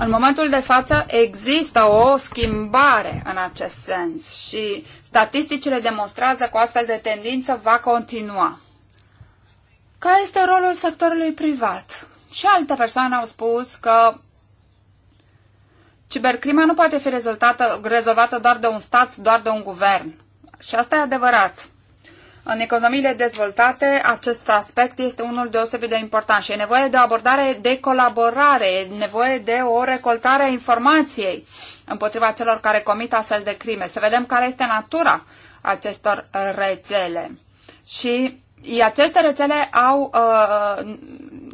în momentul de față există o schimbare în acest sens și statisticile demonstrează că o astfel de tendință va continua. Care este rolul sectorului privat? Și alte persoane au spus că cibercrima nu poate fi rezolvată, rezolvată doar de un stat, doar de un guvern. Și asta e adevărat. În economiile dezvoltate, acest aspect este unul deosebit de important și e nevoie de o abordare de colaborare, e nevoie de o recoltare a informației împotriva celor care comit astfel de crime. Să vedem care este natura acestor rețele. Și aceste rețele au, uh, uh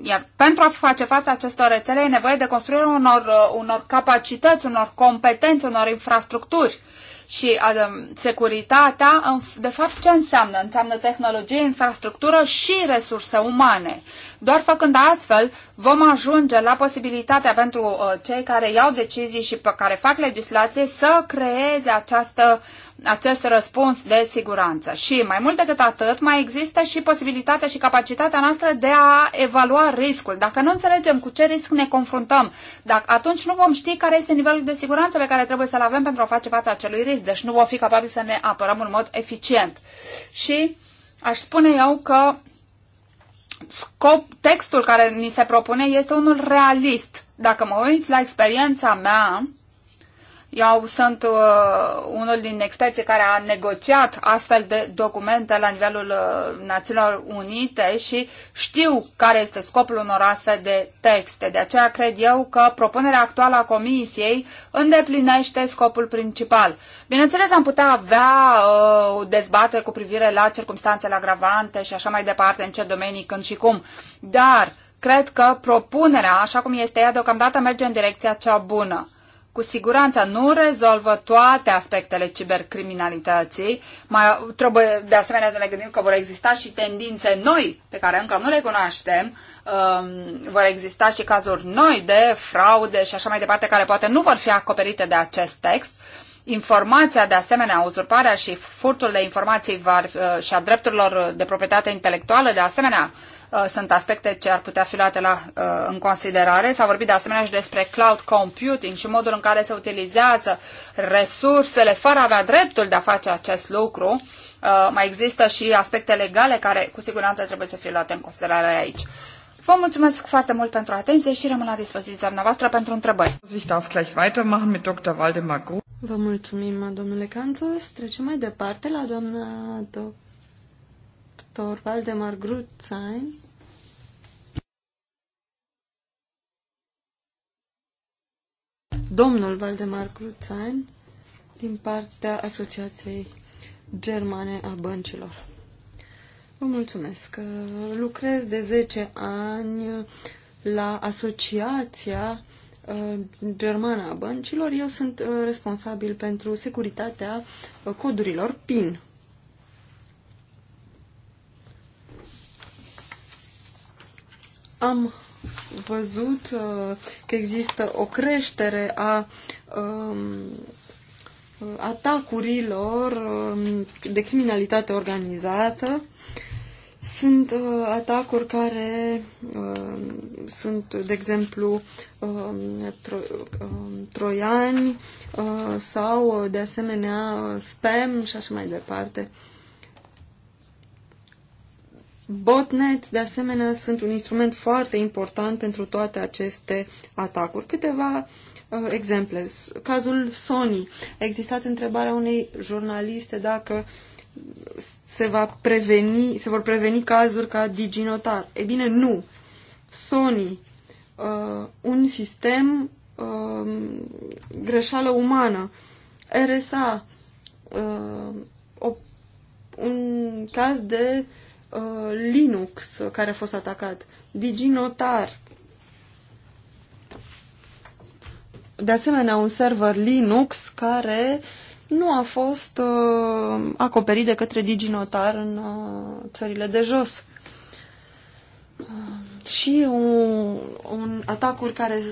iar pentru a face față acestor rețele e nevoie de construirea unor, uh, unor capacități, unor competențe, unor infrastructuri și um, securitatea, de fapt, ce înseamnă? Înseamnă tehnologie, infrastructură și resurse umane. Doar făcând astfel, vom ajunge la posibilitatea pentru uh, cei care iau decizii și pe care fac legislație să creeze această acest răspuns de siguranță. Și mai mult decât atât, mai există și posibilitatea și capacitatea noastră de a evalua riscul. Dacă nu înțelegem cu ce risc ne confruntăm, dacă, atunci nu vom ști care este nivelul de siguranță pe care trebuie să-l avem pentru a face față acelui risc. Deci nu vom fi capabili să ne apărăm în mod eficient. Și aș spune eu că scop, textul care ni se propune este unul realist. Dacă mă uit la experiența mea, eu sunt uh, unul din experții care a negociat astfel de documente la nivelul uh, Națiunilor Unite și știu care este scopul unor astfel de texte. De aceea cred eu că propunerea actuală a Comisiei îndeplinește scopul principal. Bineînțeles, am putea avea uh, o dezbatere cu privire la circumstanțele agravante și așa mai departe, în ce domenii, când și cum, dar cred că propunerea, așa cum este ea deocamdată, merge în direcția cea bună cu siguranță nu rezolvă toate aspectele cibercriminalității. Mai trebuie de asemenea să ne gândim că vor exista și tendințe noi pe care încă nu le cunoaștem, um, vor exista și cazuri noi de fraude și așa mai departe care poate nu vor fi acoperite de acest text. Informația, de asemenea, uzurparea și furtul de informații var, uh, și a drepturilor de proprietate intelectuală, de asemenea, uh, Uh, sunt aspecte ce ar putea fi luate la, uh, în considerare. S-a vorbit de asemenea și despre cloud computing și modul în care se utilizează resursele fără a avea dreptul de a face acest lucru. Uh, mai există și aspecte legale care cu siguranță trebuie să fie luate în considerare aici. Vă mulțumesc foarte mult pentru atenție și rămân la dispoziția noastră pentru întrebări. Vă mulțumim, domnule Canțos. Trecem mai departe la doamna doctor Valdemar Grutzain, domnul Valdemar Cruțan din partea Asociației Germane a Băncilor. Vă mulțumesc. Lucrez de 10 ani la Asociația uh, Germană a Băncilor. Eu sunt uh, responsabil pentru securitatea uh, codurilor PIN. Am văzut uh, că există o creștere a um, atacurilor um, de criminalitate organizată. Sunt uh, atacuri care um, sunt, de exemplu, troiani uh, sau, de asemenea, spam și așa mai departe. Botnet, de asemenea, sunt un instrument foarte important pentru toate aceste atacuri. Câteva uh, exemple. Cazul Sony. A existat întrebarea unei jurnaliste dacă se, va preveni, se vor preveni cazuri ca DigiNotar. E bine, nu. Sony, uh, un sistem uh, greșeală umană. RSA, uh, o, un caz de uh, Uh, Linux uh, care a fost atacat, DigiNotar. De asemenea, un server Linux care nu a fost uh, acoperit de către DigiNotar în țările de jos și un, un atacuri care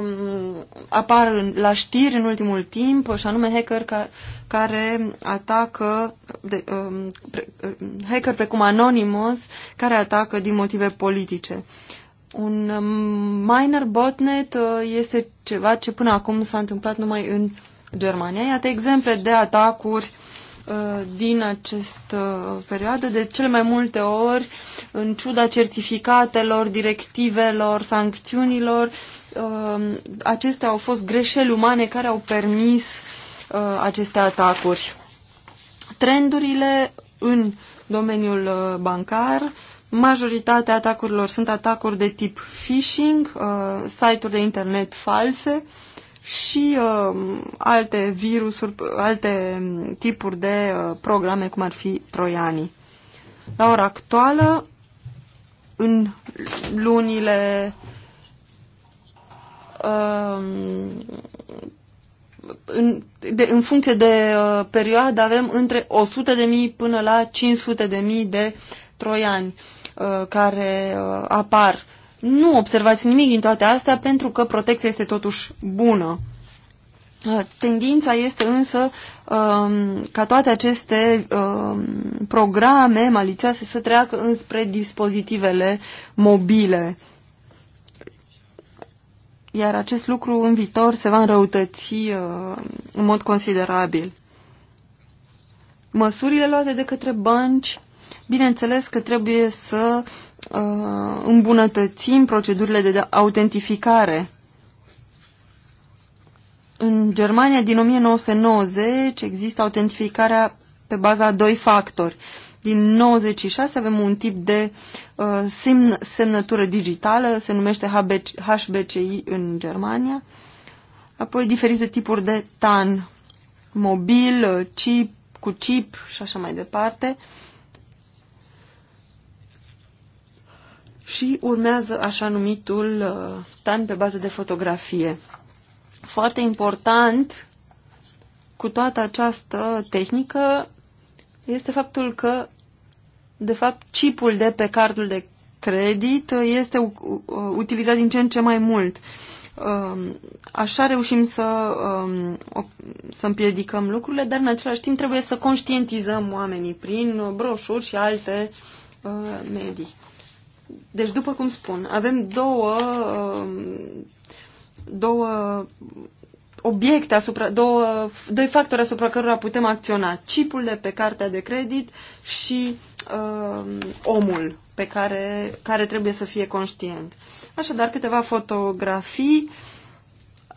um, apar în, la știri în ultimul timp, și anume hacker care, care atacă, de, um, pre, um, hacker precum Anonymous, care atacă din motive politice. Un um, minor botnet uh, este ceva ce până acum s-a întâmplat numai în Germania. Iată exemple de atacuri uh, Uh, din această uh, perioadă, de cele mai multe ori, în ciuda certificatelor, directivelor, sancțiunilor, uh, acestea au fost greșeli umane care au permis aceste atacuri. Trendurile în domeniul bancar, majoritatea atacurilor sunt atacuri de tip phishing, site-uri de internet false, și uh, alte virusuri, alte tipuri de uh, programe, cum ar fi troianii. La ora actuală, în lunile uh, în, de, în funcție de uh, perioadă avem între 100.000 până la 500.000 de troiani uh, care uh, apar nu observați nimic din toate astea pentru că protecția este totuși bună. Uh, tendința este însă um, ca toate aceste um, programe malicioase să treacă înspre dispozitivele mobile. Iar acest lucru în viitor se va înrăutăți uh, în mod considerabil. Măsurile luate de către bănci, bineînțeles că trebuie să uh, Uh, îmbunătățim procedurile de autentificare. În Germania, din 1990, există autentificarea pe baza a doi factori. Din 96 avem un tip de uh, semn, semnătură digitală, se numește HBC, HBCI în Germania, apoi diferite tipuri de TAN, mobil, uh, chip, cu chip și așa mai departe. Uh, și urmează așa numitul uh, tan pe bază de fotografie. Foarte important cu toată această tehnică este faptul că, de fapt, chipul de pe cardul de credit uh, este uh, utilizat din ce în ce mai mult. Um, așa reușim să, um, să împiedicăm lucrurile, dar în același timp trebuie să conștientizăm oamenii prin broșuri și alte uh, medii. Deci, după cum spun, avem două, um, două obiecte asupra, două, doi factori asupra cărora putem acționa. Cipul de pe cartea de credit și uh, omul pe care, care trebuie să fie conștient. Așadar, câteva fotografii,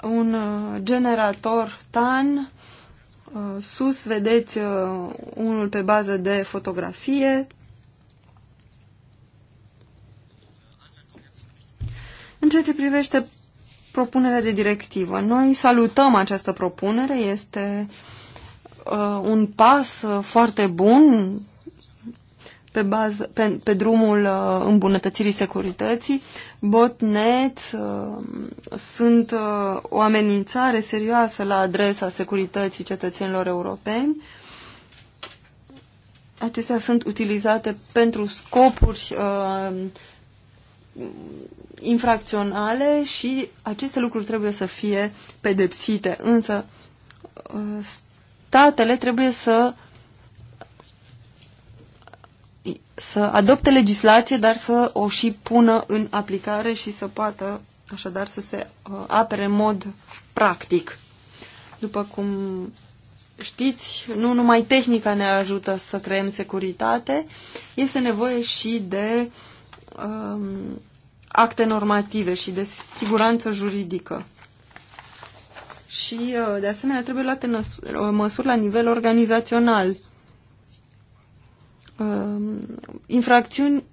un uh, generator TAN, uh, sus vedeți uh, unul pe bază de fotografie, În ceea ce privește propunerea de directivă, noi salutăm această propunere, este uh, un pas uh, foarte bun pe, bază, pe, pe drumul uh, îmbunătățirii securității. Botnet uh, sunt uh, o amenințare serioasă la adresa securității cetățenilor europeni. Acestea sunt utilizate pentru scopuri uh, infracționale și aceste lucruri trebuie să fie pedepsite. Însă uh, statele trebuie să să adopte legislație, dar să o și pună în aplicare și să poată așadar să se uh, apere în mod practic. După cum știți, nu numai tehnica ne ajută să creăm securitate, este nevoie și de um, acte normative și de siguranță juridică. Și, uh, de asemenea, trebuie luate uh, măsuri la nivel organizațional. Um, infracțiuni,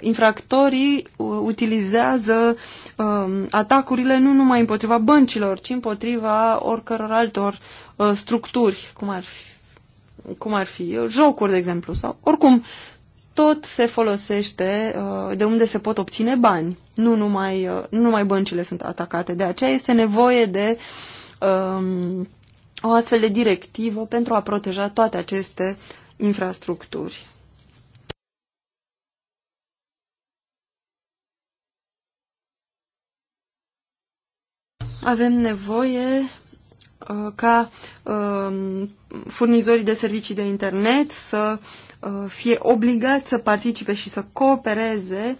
infractorii uh, utilizează um, atacurile nu numai împotriva băncilor, ci împotriva oricăror altor structuri, cum ar fi, cum ar fi jocuri, de exemplu, sau oricum tot se folosește uh, de unde se pot obține bani. Nu numai, uh, nu numai băncile sunt atacate. De aceea este nevoie de um, o astfel de directivă pentru a proteja toate aceste infrastructuri. Avem nevoie uh, ca uh, furnizorii de servicii de internet să uh, Uh, fie obligat să participe și să coopereze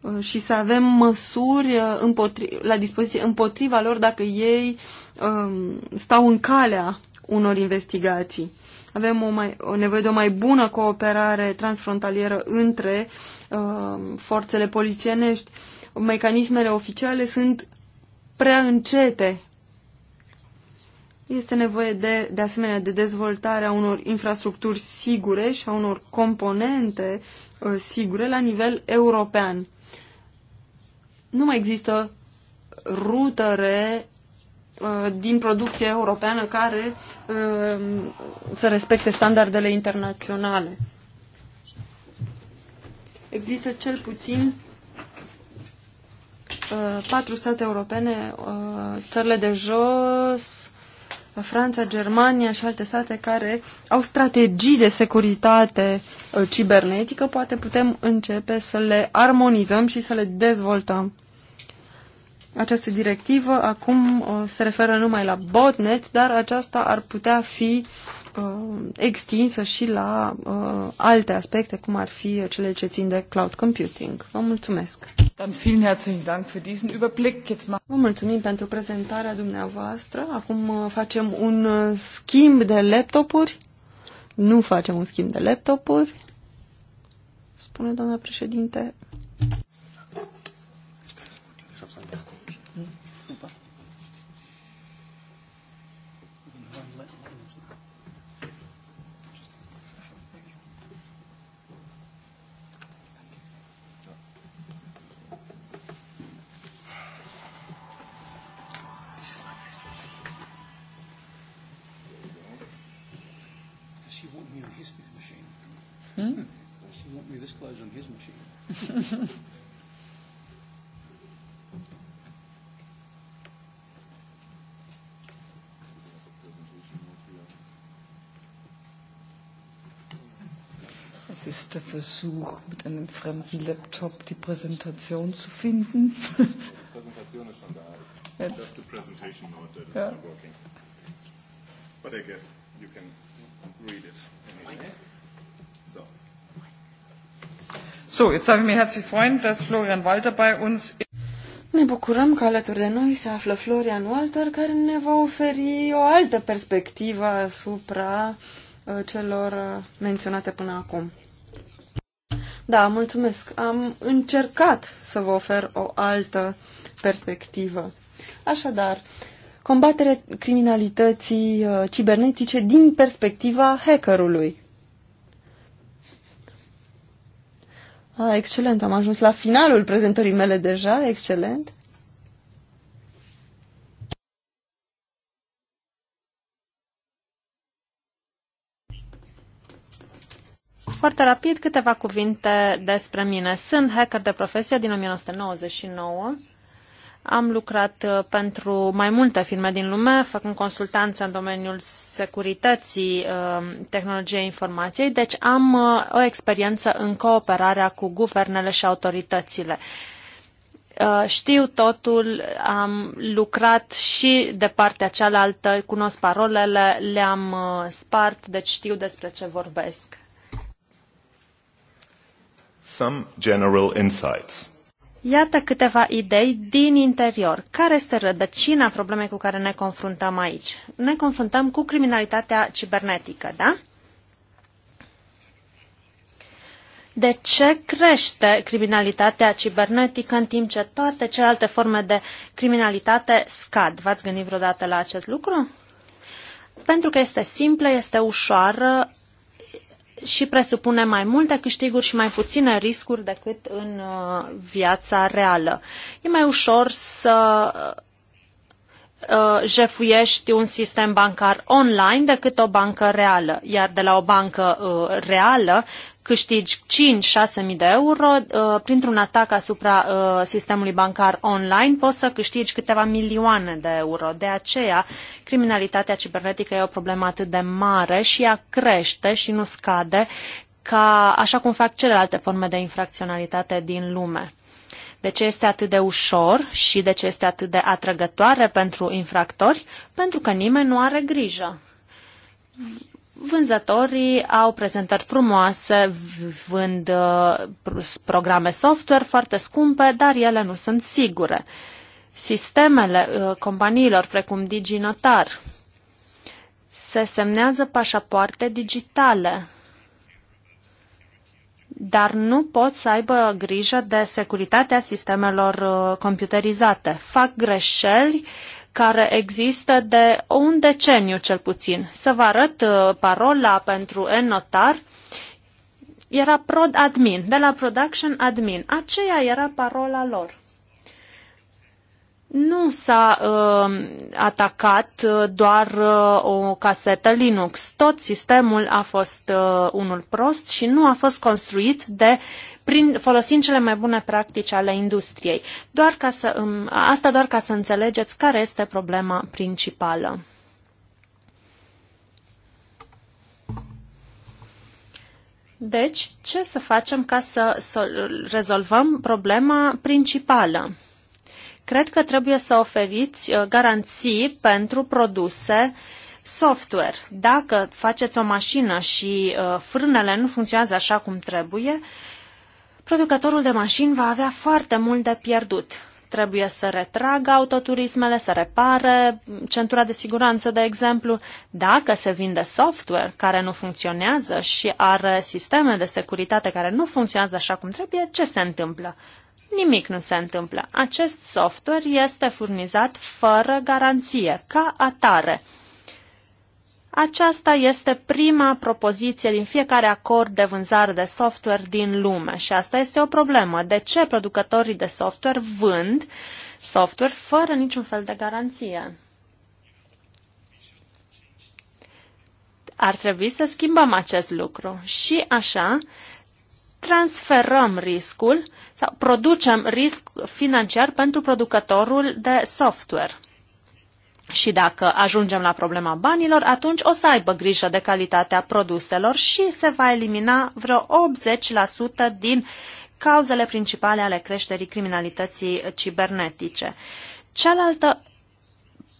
uh, și să avem măsuri uh, la dispoziție împotriva lor dacă ei um, stau în calea unor investigații. Avem o, mai, o nevoie de o mai bună cooperare transfrontalieră între uh, forțele polițienești. Mecanismele oficiale sunt prea încete este nevoie de, de asemenea de dezvoltarea unor infrastructuri sigure și a unor componente uh, sigure la nivel european. Nu mai există rutere uh, din producție europeană care uh, să respecte standardele internaționale. Există cel puțin uh, patru state europene, țările de jos, Franța, Germania și alte state care au strategii de securitate uh, cibernetică, poate putem începe să le armonizăm și să le dezvoltăm. Această directivă acum uh, se referă numai la botnet, dar aceasta ar putea fi Uh, extinsă și la uh, alte aspecte, cum ar fi cele ce țin de cloud computing. Vă mulțumesc! Vă mulțumim pentru prezentarea dumneavoastră. Acum uh, facem un schimb de laptopuri. Nu facem un schimb de laptopuri. Spune doamna președinte. Es ist der Versuch, mit einem fremden Laptop die Präsentation zu finden. Die Präsentation ist schon da. Just the presentation note that is ja. not working. But I guess you can read it. Anyway. So, jetzt darf ich mich herzlich freuen, dass Florian Walter bei uns ne bucurăm că alături de noi se află Florian Walter, care ne va oferi o altă perspectivă asupra uh, celor uh, menționate până acum. Da, mulțumesc. Am încercat să vă ofer o altă perspectivă. Așadar, combaterea criminalității uh, cibernetice din perspectiva hackerului. Ah, excelent, am ajuns la finalul prezentării mele deja, excelent. Foarte rapid, câteva cuvinte despre mine. Sunt hacker de profesie din 1999 am lucrat uh, pentru mai multe firme din lume, făcând consultanță în domeniul securității uh, tehnologiei informației, deci am uh, o experiență în cooperarea cu guvernele și autoritățile. Știu totul, am lucrat și de partea cealaltă, cunosc parolele, le-am spart, deci știu despre ce vorbesc. Some general insights. Iată câteva idei din interior. Care este rădăcina problemei cu care ne confruntăm aici? Ne confruntăm cu criminalitatea cibernetică, da? De ce crește criminalitatea cibernetică în timp ce toate celelalte forme de criminalitate scad? V-ați gândit vreodată la acest lucru? Pentru că este simplă, este ușoară, și presupune mai multe câștiguri și mai puține riscuri decât în uh, viața reală. E mai ușor să uh, jefuiești un sistem bancar online decât o bancă reală. Iar de la o bancă uh, reală câștigi 5 6000 mii de euro, uh, printr-un atac asupra uh, sistemului bancar online poți să câștigi câteva milioane de euro. De aceea, criminalitatea cibernetică e o problemă atât de mare și ea crește și nu scade, ca așa cum fac celelalte forme de infracționalitate din lume. De ce este atât de ușor și de ce este atât de atrăgătoare pentru infractori? Pentru că nimeni nu are grijă. Vânzătorii au prezentări frumoase, vând uh, programe software foarte scumpe, dar ele nu sunt sigure. Sistemele uh, companiilor precum DigiNotar se semnează pașapoarte digitale dar nu pot să aibă grijă de securitatea sistemelor uh, computerizate. Fac greșeli care există de un deceniu cel puțin. Să vă arăt uh, parola pentru e-notar. Era prod admin, de la production admin. Aceea era parola lor nu s-a uh, atacat uh, doar uh, o casetă Linux. Tot sistemul a fost uh, unul prost și nu a fost construit de prin, folosind cele mai bune practici ale industriei. Doar ca să, um, asta doar ca să înțelegeți care este problema principală. Deci, ce să facem ca să rezolvăm problema principală? Cred că trebuie să oferiți uh, garanții pentru produse software. Dacă faceți o mașină și uh, frânele nu funcționează așa cum trebuie, producătorul de mașini va avea foarte mult de pierdut. Trebuie să retragă autoturismele, să repare centura de siguranță, de exemplu. Dacă se vinde software care nu funcționează și are sisteme de securitate care nu funcționează așa cum trebuie, ce se întâmplă? nimic nu se întâmplă. Acest software este furnizat fără garanție, ca atare. Aceasta este prima propoziție din fiecare acord de vânzare de software din lume și asta este o problemă. De ce producătorii de software vând software fără niciun fel de garanție? Ar trebui să schimbăm acest lucru și așa transferăm riscul sau producem risc financiar pentru producătorul de software. Și dacă ajungem la problema banilor, atunci o să aibă grijă de calitatea produselor și se va elimina vreo 80% din cauzele principale ale creșterii criminalității cibernetice. Cealaltă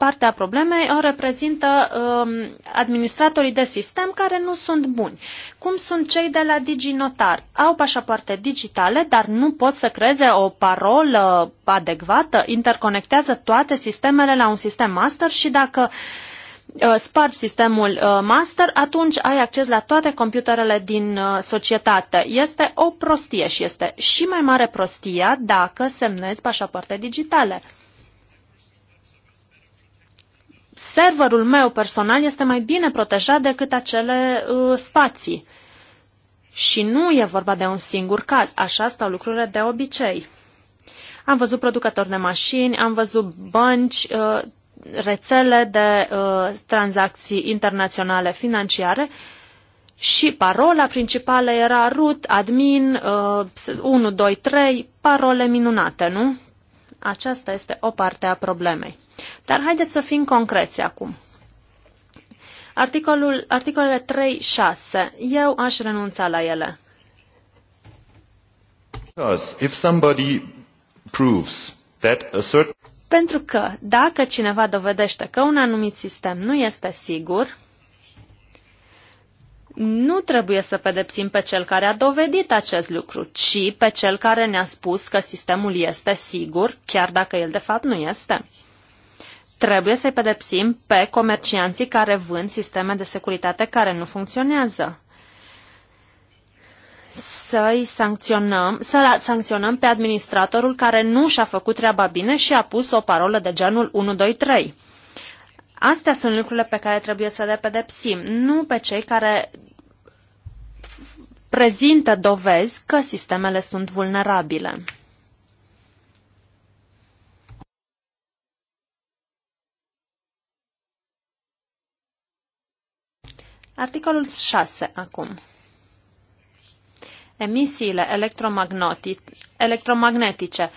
parte a problemei o reprezintă um, administratorii de sistem care nu sunt buni, cum sunt cei de la DigiNotar. Au pașapoarte digitale, dar nu pot să creeze o parolă adecvată, interconectează toate sistemele la un sistem master și dacă uh, spargi sistemul uh, master, atunci ai acces la toate computerele din uh, societate. Este o prostie și este și mai mare prostia dacă semnezi pașapoarte digitale serverul meu personal este mai bine protejat decât acele uh, spații. Și nu e vorba de un singur caz, așa stau lucrurile de obicei. Am văzut producători de mașini, am văzut bănci, uh, rețele de uh, tranzacții internaționale financiare și parola principală era root, admin, uh, 1, 2, 3, parole minunate, nu? Aceasta este o parte a problemei. Dar haideți să fim concreți acum. Articolul, articolele 3-6. Eu aș renunța la ele. If somebody proves that a certain... Pentru că dacă cineva dovedește că un anumit sistem nu este sigur, nu trebuie să pedepsim pe cel care a dovedit acest lucru, ci pe cel care ne-a spus că sistemul este sigur, chiar dacă el de fapt nu este. Trebuie să-i pedepsim pe comercianții care vând sisteme de securitate care nu funcționează. Să-i sancționăm, să sancționăm pe administratorul care nu și-a făcut treaba bine și a pus o parolă de genul 123 Astea sunt lucrurile pe care trebuie să le pedepsim, nu pe cei care prezintă dovezi că sistemele sunt vulnerabile. Articolul 6 acum. Emisiile electromagnetice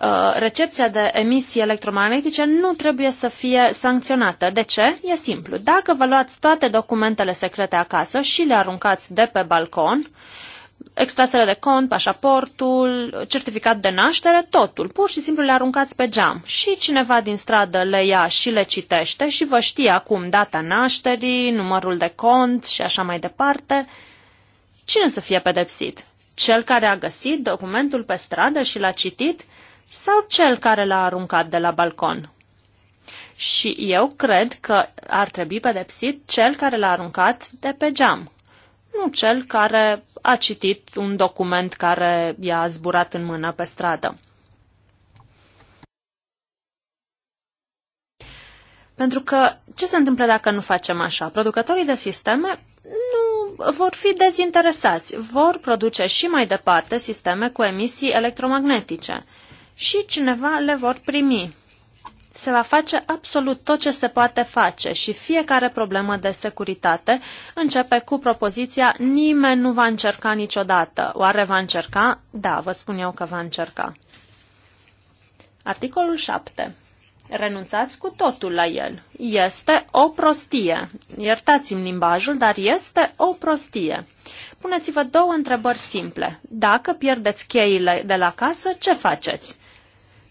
Uh, recepția de emisii electromagnetice nu trebuie să fie sancționată. De ce? E simplu. Dacă vă luați toate documentele secrete acasă și le aruncați de pe balcon, extrasele de cont, pașaportul, certificat de naștere, totul. Pur și simplu le aruncați pe geam. Și cineva din stradă le ia și le citește și vă știe acum data nașterii, numărul de cont și așa mai departe. Cine să fie pedepsit? Cel care a găsit documentul pe stradă și l-a citit? sau cel care l-a aruncat de la balcon? Și eu cred că ar trebui pedepsit cel care l-a aruncat de pe geam, nu cel care a citit un document care i-a zburat în mână pe stradă. Pentru că ce se întâmplă dacă nu facem așa? Producătorii de sisteme nu vor fi dezinteresați, vor produce și mai departe sisteme cu emisii electromagnetice și cineva le vor primi. Se va face absolut tot ce se poate face și fiecare problemă de securitate începe cu propoziția nimeni nu va încerca niciodată. Oare va încerca? Da, vă spun eu că va încerca. Articolul 7. Renunțați cu totul la el. Este o prostie. Iertați-mi limbajul, dar este o prostie. Puneți-vă două întrebări simple. Dacă pierdeți cheile de la casă, ce faceți?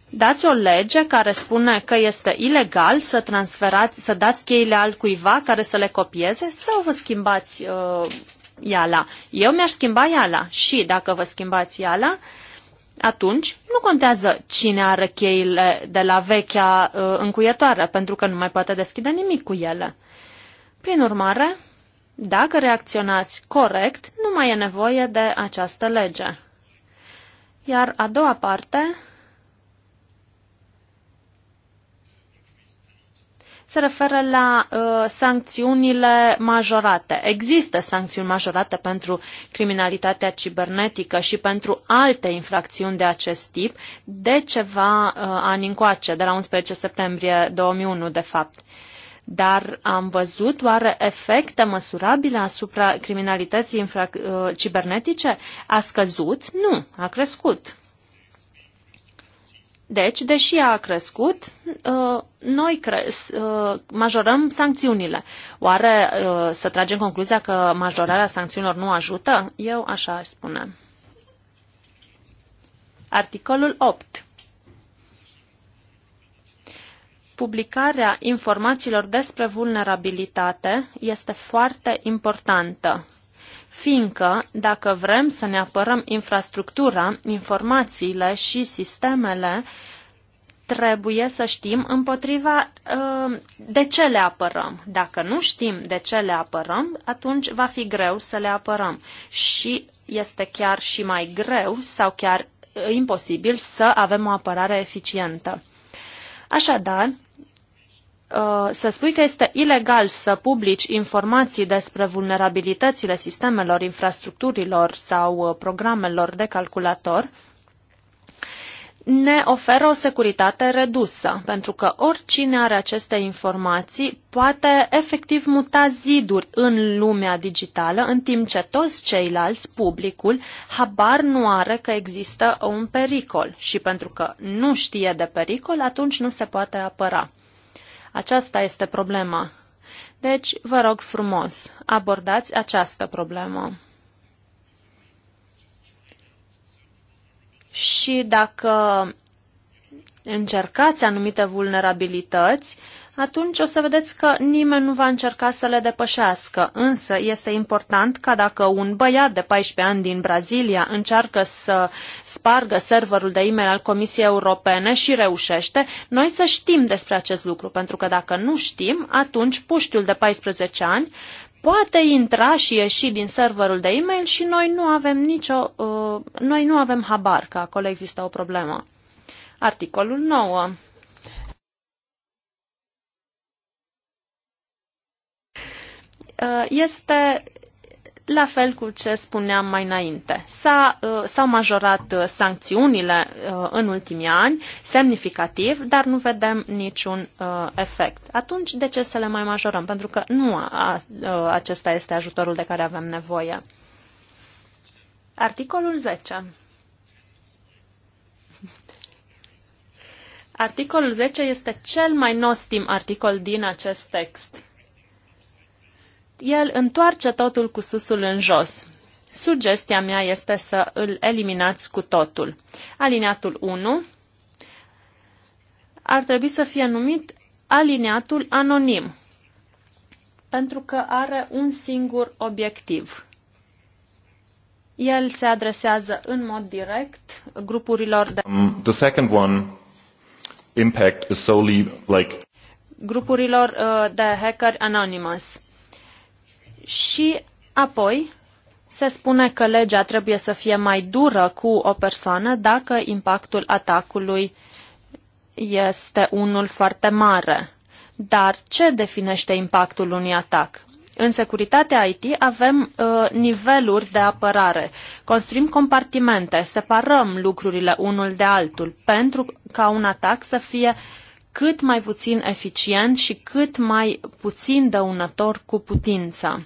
dați o lege care spune că este ilegal să, transferați, să dați cheile altcuiva care să le copieze sau vă schimbați uh, iala? Eu mi-aș schimba iala și dacă vă schimbați iala, atunci nu contează cine are cheile de la vechea uh, încuietoare, pentru că nu mai poate deschide nimic cu ele. Prin urmare, dacă reacționați corect, nu mai e nevoie de această lege. Iar a doua parte se referă la uh, sancțiunile majorate. Există sancțiuni majorate pentru criminalitatea cibernetică și pentru alte infracțiuni de acest tip de ceva uh, ani încoace, de la 11 septembrie 2001, de fapt. Dar am văzut oare efecte măsurabile asupra criminalității infra- uh, cibernetice? A scăzut? Nu, a crescut. Deci, deși a crescut, uh, noi cre- uh, majorăm sancțiunile. Oare uh, să tragem concluzia că majorarea sancțiunilor nu ajută? Eu așa aș spune. Articolul 8. Publicarea informațiilor despre vulnerabilitate este foarte importantă fiindcă dacă vrem să ne apărăm infrastructura, informațiile și sistemele, trebuie să știm împotriva uh, de ce le apărăm. Dacă nu știm de ce le apărăm, atunci va fi greu să le apărăm și este chiar și mai greu sau chiar uh, imposibil să avem o apărare eficientă. Așadar, Uh, să spui că este ilegal să publici informații despre vulnerabilitățile sistemelor, infrastructurilor sau uh, programelor de calculator, ne oferă o securitate redusă, pentru că oricine are aceste informații poate efectiv muta ziduri în lumea digitală, în timp ce toți ceilalți, publicul, habar nu are că există un pericol și pentru că nu știe de pericol, atunci nu se poate apăra. Aceasta este problema. Deci, vă rog frumos, abordați această problemă. Și dacă încercați anumite vulnerabilități, uh, atunci o să vedeți că nimeni nu va încerca să le depășească. Însă este important ca dacă un băiat de 14 ani din Brazilia încearcă să spargă serverul de e-mail al Comisiei Europene și reușește, noi să știm despre acest lucru, pentru că dacă nu știm, atunci puștiul de 14 ani poate intra și ieși din serverul de e-mail și noi nu avem nicio, uh, noi nu avem habar că acolo există o problemă. Articolul 9. Uh, este la fel cu ce spuneam mai înainte. S-a, uh, s-au majorat uh, sancțiunile în ultimii ani, semnificativ, dar nu vedem niciun efect. Atunci, de ce să le mai majorăm? Pentru că nu a, acesta este ajutorul de care avem nevoie. Articolul 10. Articolul 10 este cel mai nostim articol din acest text el întoarce totul cu susul în jos. Sugestia mea este să îl eliminați cu totul. Alineatul 1 ar trebui să fie numit alineatul anonim, pentru că are un singur obiectiv. El se adresează în mod direct grupurilor de... Um, the second one, impact is solely like... Grupurilor uh, de hacker anonymous. Și apoi se spune că legea trebuie să fie mai dură cu o persoană dacă impactul atacului este unul foarte mare. Dar ce definește impactul unui atac? În securitatea IT avem uh, niveluri de apărare. Construim compartimente, separăm lucrurile unul de altul pentru ca un atac să fie cât mai puțin eficient și cât mai puțin dăunător cu putință.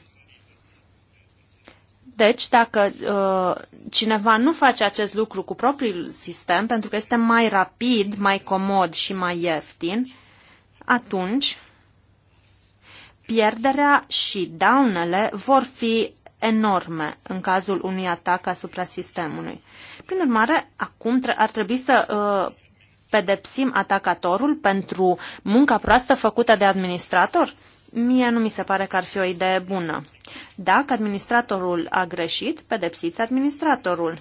Deci, dacă uh, cineva nu face acest lucru cu propriul sistem, pentru că este mai rapid, mai comod și mai ieftin, atunci pierderea și daunele vor fi enorme în cazul unui atac asupra sistemului. Prin urmare, acum ar trebui să uh, pedepsim atacatorul pentru munca proastă făcută de administrator? Mie nu mi se pare că ar fi o idee bună. Dacă administratorul a greșit, pedepsiți administratorul.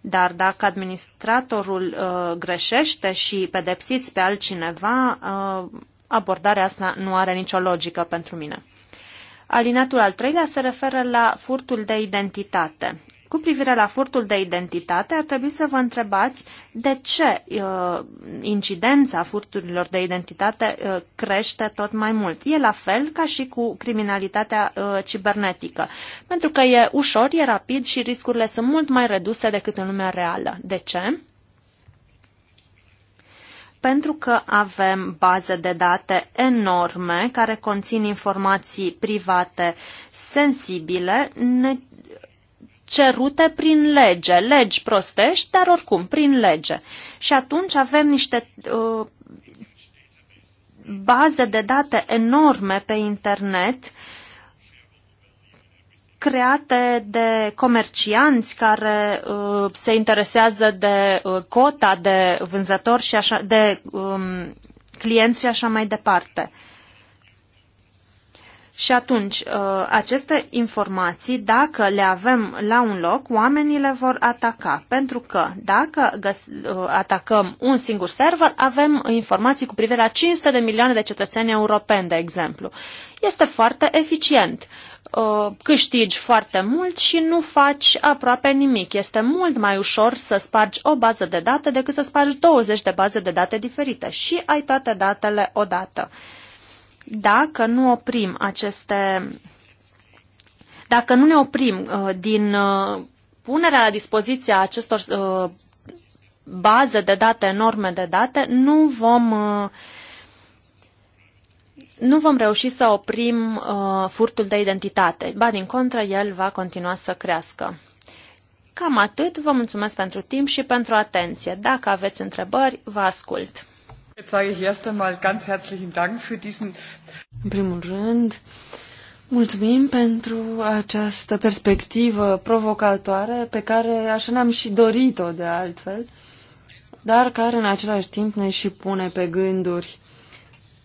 Dar dacă administratorul uh, greșește și pedepsiți pe altcineva, uh, abordarea asta nu are nicio logică pentru mine. Alinatul al treilea se referă la furtul de identitate. Cu privire la furtul de identitate, ar trebui să vă întrebați de ce uh, incidența furturilor de identitate uh, crește tot mai mult. E la fel ca și cu criminalitatea uh, cibernetică, pentru că e ușor, e rapid și riscurile sunt mult mai reduse decât în lumea reală. De ce? pentru că avem baze de date enorme care conțin informații private sensibile, ne cerute prin lege, legi prostești, dar oricum prin lege. Și atunci avem niște uh, baze de date enorme pe internet create de comercianți care uh, se interesează de uh, cota de vânzători și așa, de um, clienți și așa mai departe. Uh, și atunci, uh, aceste informații, dacă le avem la un loc, oamenii le vor ataca. Pentru că dacă uh, atacăm un singur server, avem informații cu privire la 500 de milioane de cetățeni europeni, de exemplu. Este foarte eficient. Uh, câștigi foarte mult și nu faci aproape nimic. Este mult mai ușor să spargi o bază de date decât să spargi 20 de baze de date diferite și ai toate datele odată dacă nu oprim aceste. Dacă nu ne oprim uh, din uh, punerea la dispoziția acestor uh, baze de date, norme de date, nu vom, nu vom reuși să oprim furtul de identitate. Ba, din contră, el va continua să crească. Cam atât, vă mulțumesc pentru timp și pentru atenție. Dacă aveți întrebări, vă ascult. În primul rând, mulțumim pentru această perspectivă provocatoare pe care așa ne-am și dorit-o de altfel, dar care în același timp ne și pune pe gânduri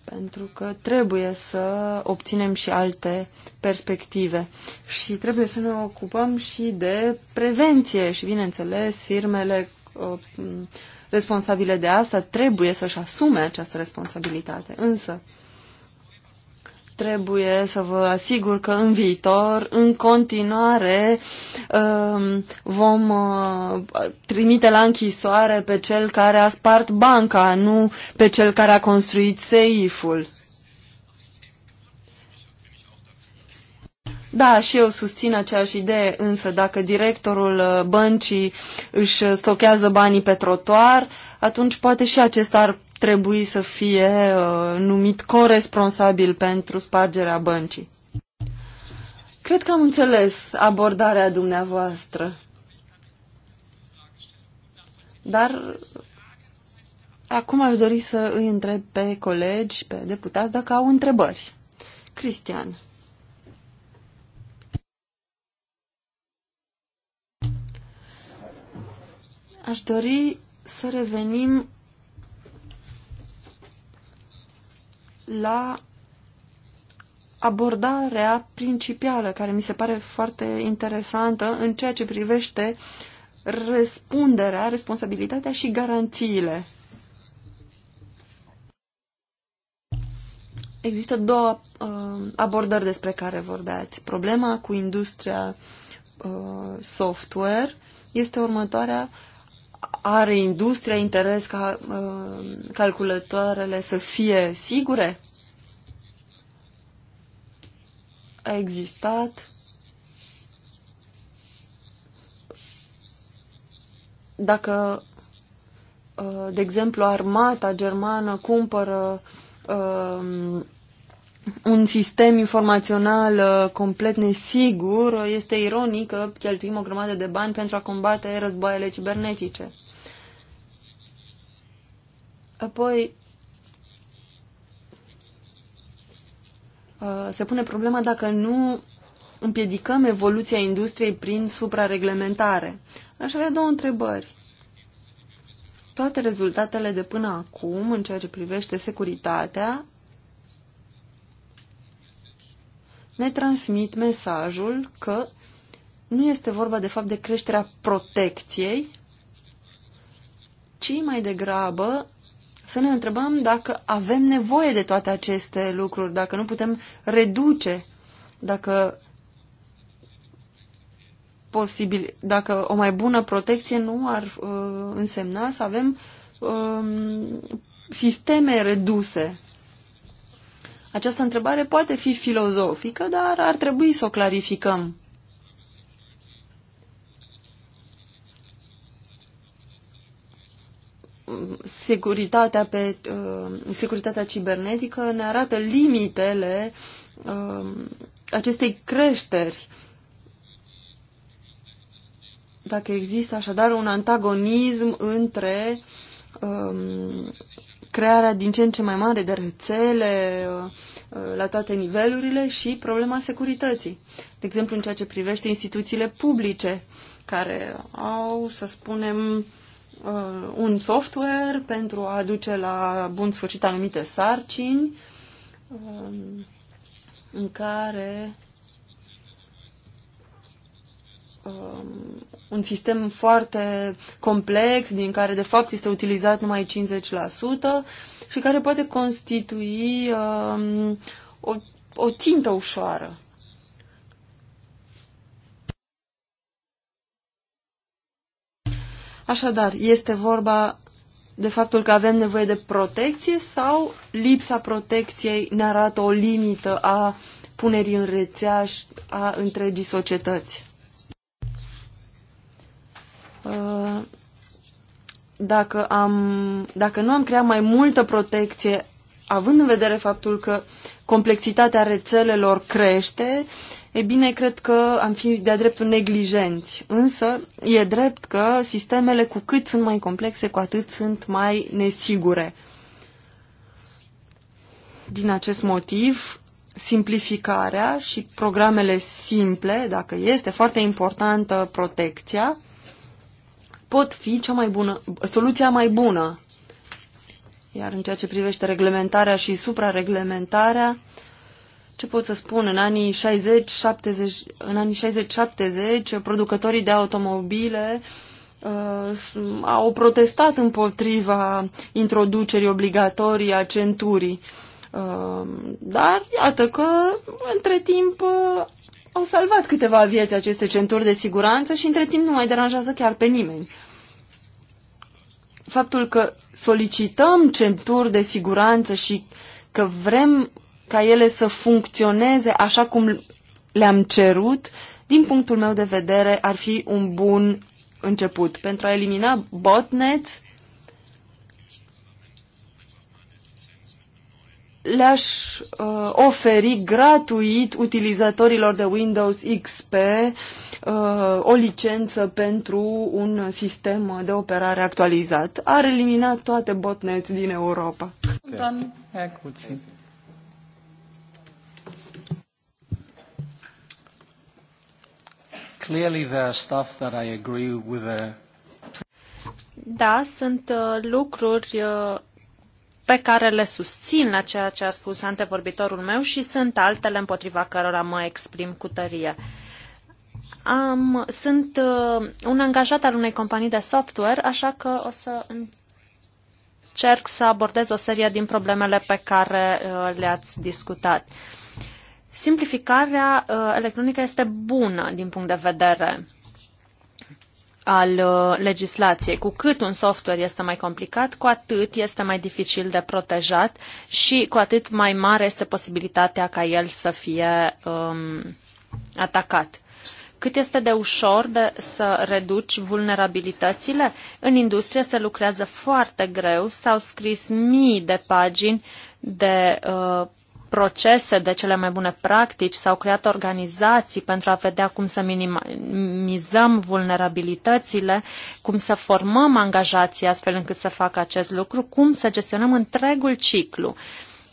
pentru că trebuie să obținem și alte perspective și trebuie să ne ocupăm și de prevenție și, bineînțeles, firmele uh, responsabile de asta trebuie să-și asume această responsabilitate. Însă, trebuie să vă asigur că în viitor, în continuare, um, vom uh, trimite la închisoare pe cel care a spart banca, nu pe cel care a construit seiful. Da, și eu susțin aceeași idee, însă dacă directorul uh, băncii își uh, stochează banii pe trotuar, atunci poate și acesta ar trebui să fie uh, numit coresponsabil pentru spargerea băncii. Cred că am înțeles abordarea dumneavoastră. Dar acum aș dori să îi întreb pe colegi, pe deputați, dacă au întrebări. Cristian. Aș dori să revenim la abordarea principală care mi se pare foarte interesantă în ceea ce privește răspunderea, responsabilitatea și garanțiile. Există două uh, abordări despre care vorbeați. Problema cu industria uh, software este următoarea. Uh, are industria interes ca uh, calculatoarele să fie sigure? A existat dacă uh, de exemplu armata germană cumpără uh, un sistem informațional uh, complet nesigur, este ironic că cheltuim o grămadă de bani pentru a combate războaiele cibernetice. Apoi, uh, se pune problema dacă nu împiedicăm evoluția industriei prin suprareglementare. Aș avea două întrebări. Toate rezultatele de până acum în ceea ce privește securitatea ne transmit mesajul că nu este vorba de fapt de creșterea protecției, ci mai degrabă să ne întrebăm dacă avem nevoie de toate aceste lucruri, dacă nu putem reduce, dacă posibil, dacă o mai bună protecție nu ar uh, însemna să avem uh, sisteme reduse această întrebare poate fi filozofică, dar ar trebui să o clarificăm. Securitatea, pe, uh, securitatea cibernetică ne arată limitele uh, acestei creșteri dacă există așadar un antagonism între um, crearea din ce în ce mai mare de rețele uh, uh, la toate nivelurile și problema securității. De exemplu, în ceea ce privește instituțiile publice, care au, să spunem, uh, un software pentru a aduce la bun sfârșit anumite sarcini în care um, un sistem foarte complex, din care de fapt este utilizat numai 50% și care poate constitui um, o, o țintă ușoară. Așadar, este vorba de faptul că avem nevoie de protecție sau lipsa protecției ne arată o limită a punerii în rețea a întregii societăți? Uh, dacă, am, dacă nu am creat mai multă protecție, având în vedere faptul că complexitatea rețelelor crește, e bine, cred că am fi de-a dreptul neglijenți. Însă, e drept că sistemele, cu cât sunt mai complexe, cu atât sunt mai nesigure. Din acest motiv, simplificarea și programele simple, dacă este foarte importantă protecția, pot fi cea mai bună, soluția mai bună. Iar în ceea ce privește reglementarea și suprareglementarea, ce pot să spun, în anii 60-70, în anii 60-70, producătorii de automobile uh, au protestat împotriva introducerii obligatorii a centurii. Uh, dar iată că între timp uh, au salvat câteva vieți aceste centuri de siguranță și între timp nu mai deranjează chiar pe nimeni. Faptul că solicităm centuri de siguranță și că vrem ca ele să funcționeze așa cum le-am cerut, din punctul meu de vedere, ar fi un bun început. Pentru a elimina botnet, le-aș uh, oferi gratuit utilizatorilor de Windows XP uh, o licență pentru un sistem de operare actualizat. Ar elimina toate botnets din Europa. Okay. Clearly there stuff that I agree with the... Uh, da, sunt uh, lucruri uh, pe care le susțin la ceea ce a spus antevorbitorul meu și sunt altele împotriva cărora mă exprim cu tărie. Am, sunt uh, un angajat al unei companii de software, așa că o să încerc să abordez o serie din problemele pe care uh, le-ați discutat. Simplificarea uh, electronică este bună din punct de vedere al uh, legislației. Cu cât un software este mai complicat, cu atât este mai dificil de protejat și cu atât mai mare este posibilitatea ca el să fie um, atacat. Cât este de ușor de să reduci vulnerabilitățile? În industrie se lucrează foarte greu, s-au scris mii de pagini de uh, procese de cele mai bune practici, s-au creat organizații pentru a vedea cum să minimizăm vulnerabilitățile, cum să formăm angajații astfel încât să facă acest lucru, cum să gestionăm întregul ciclu.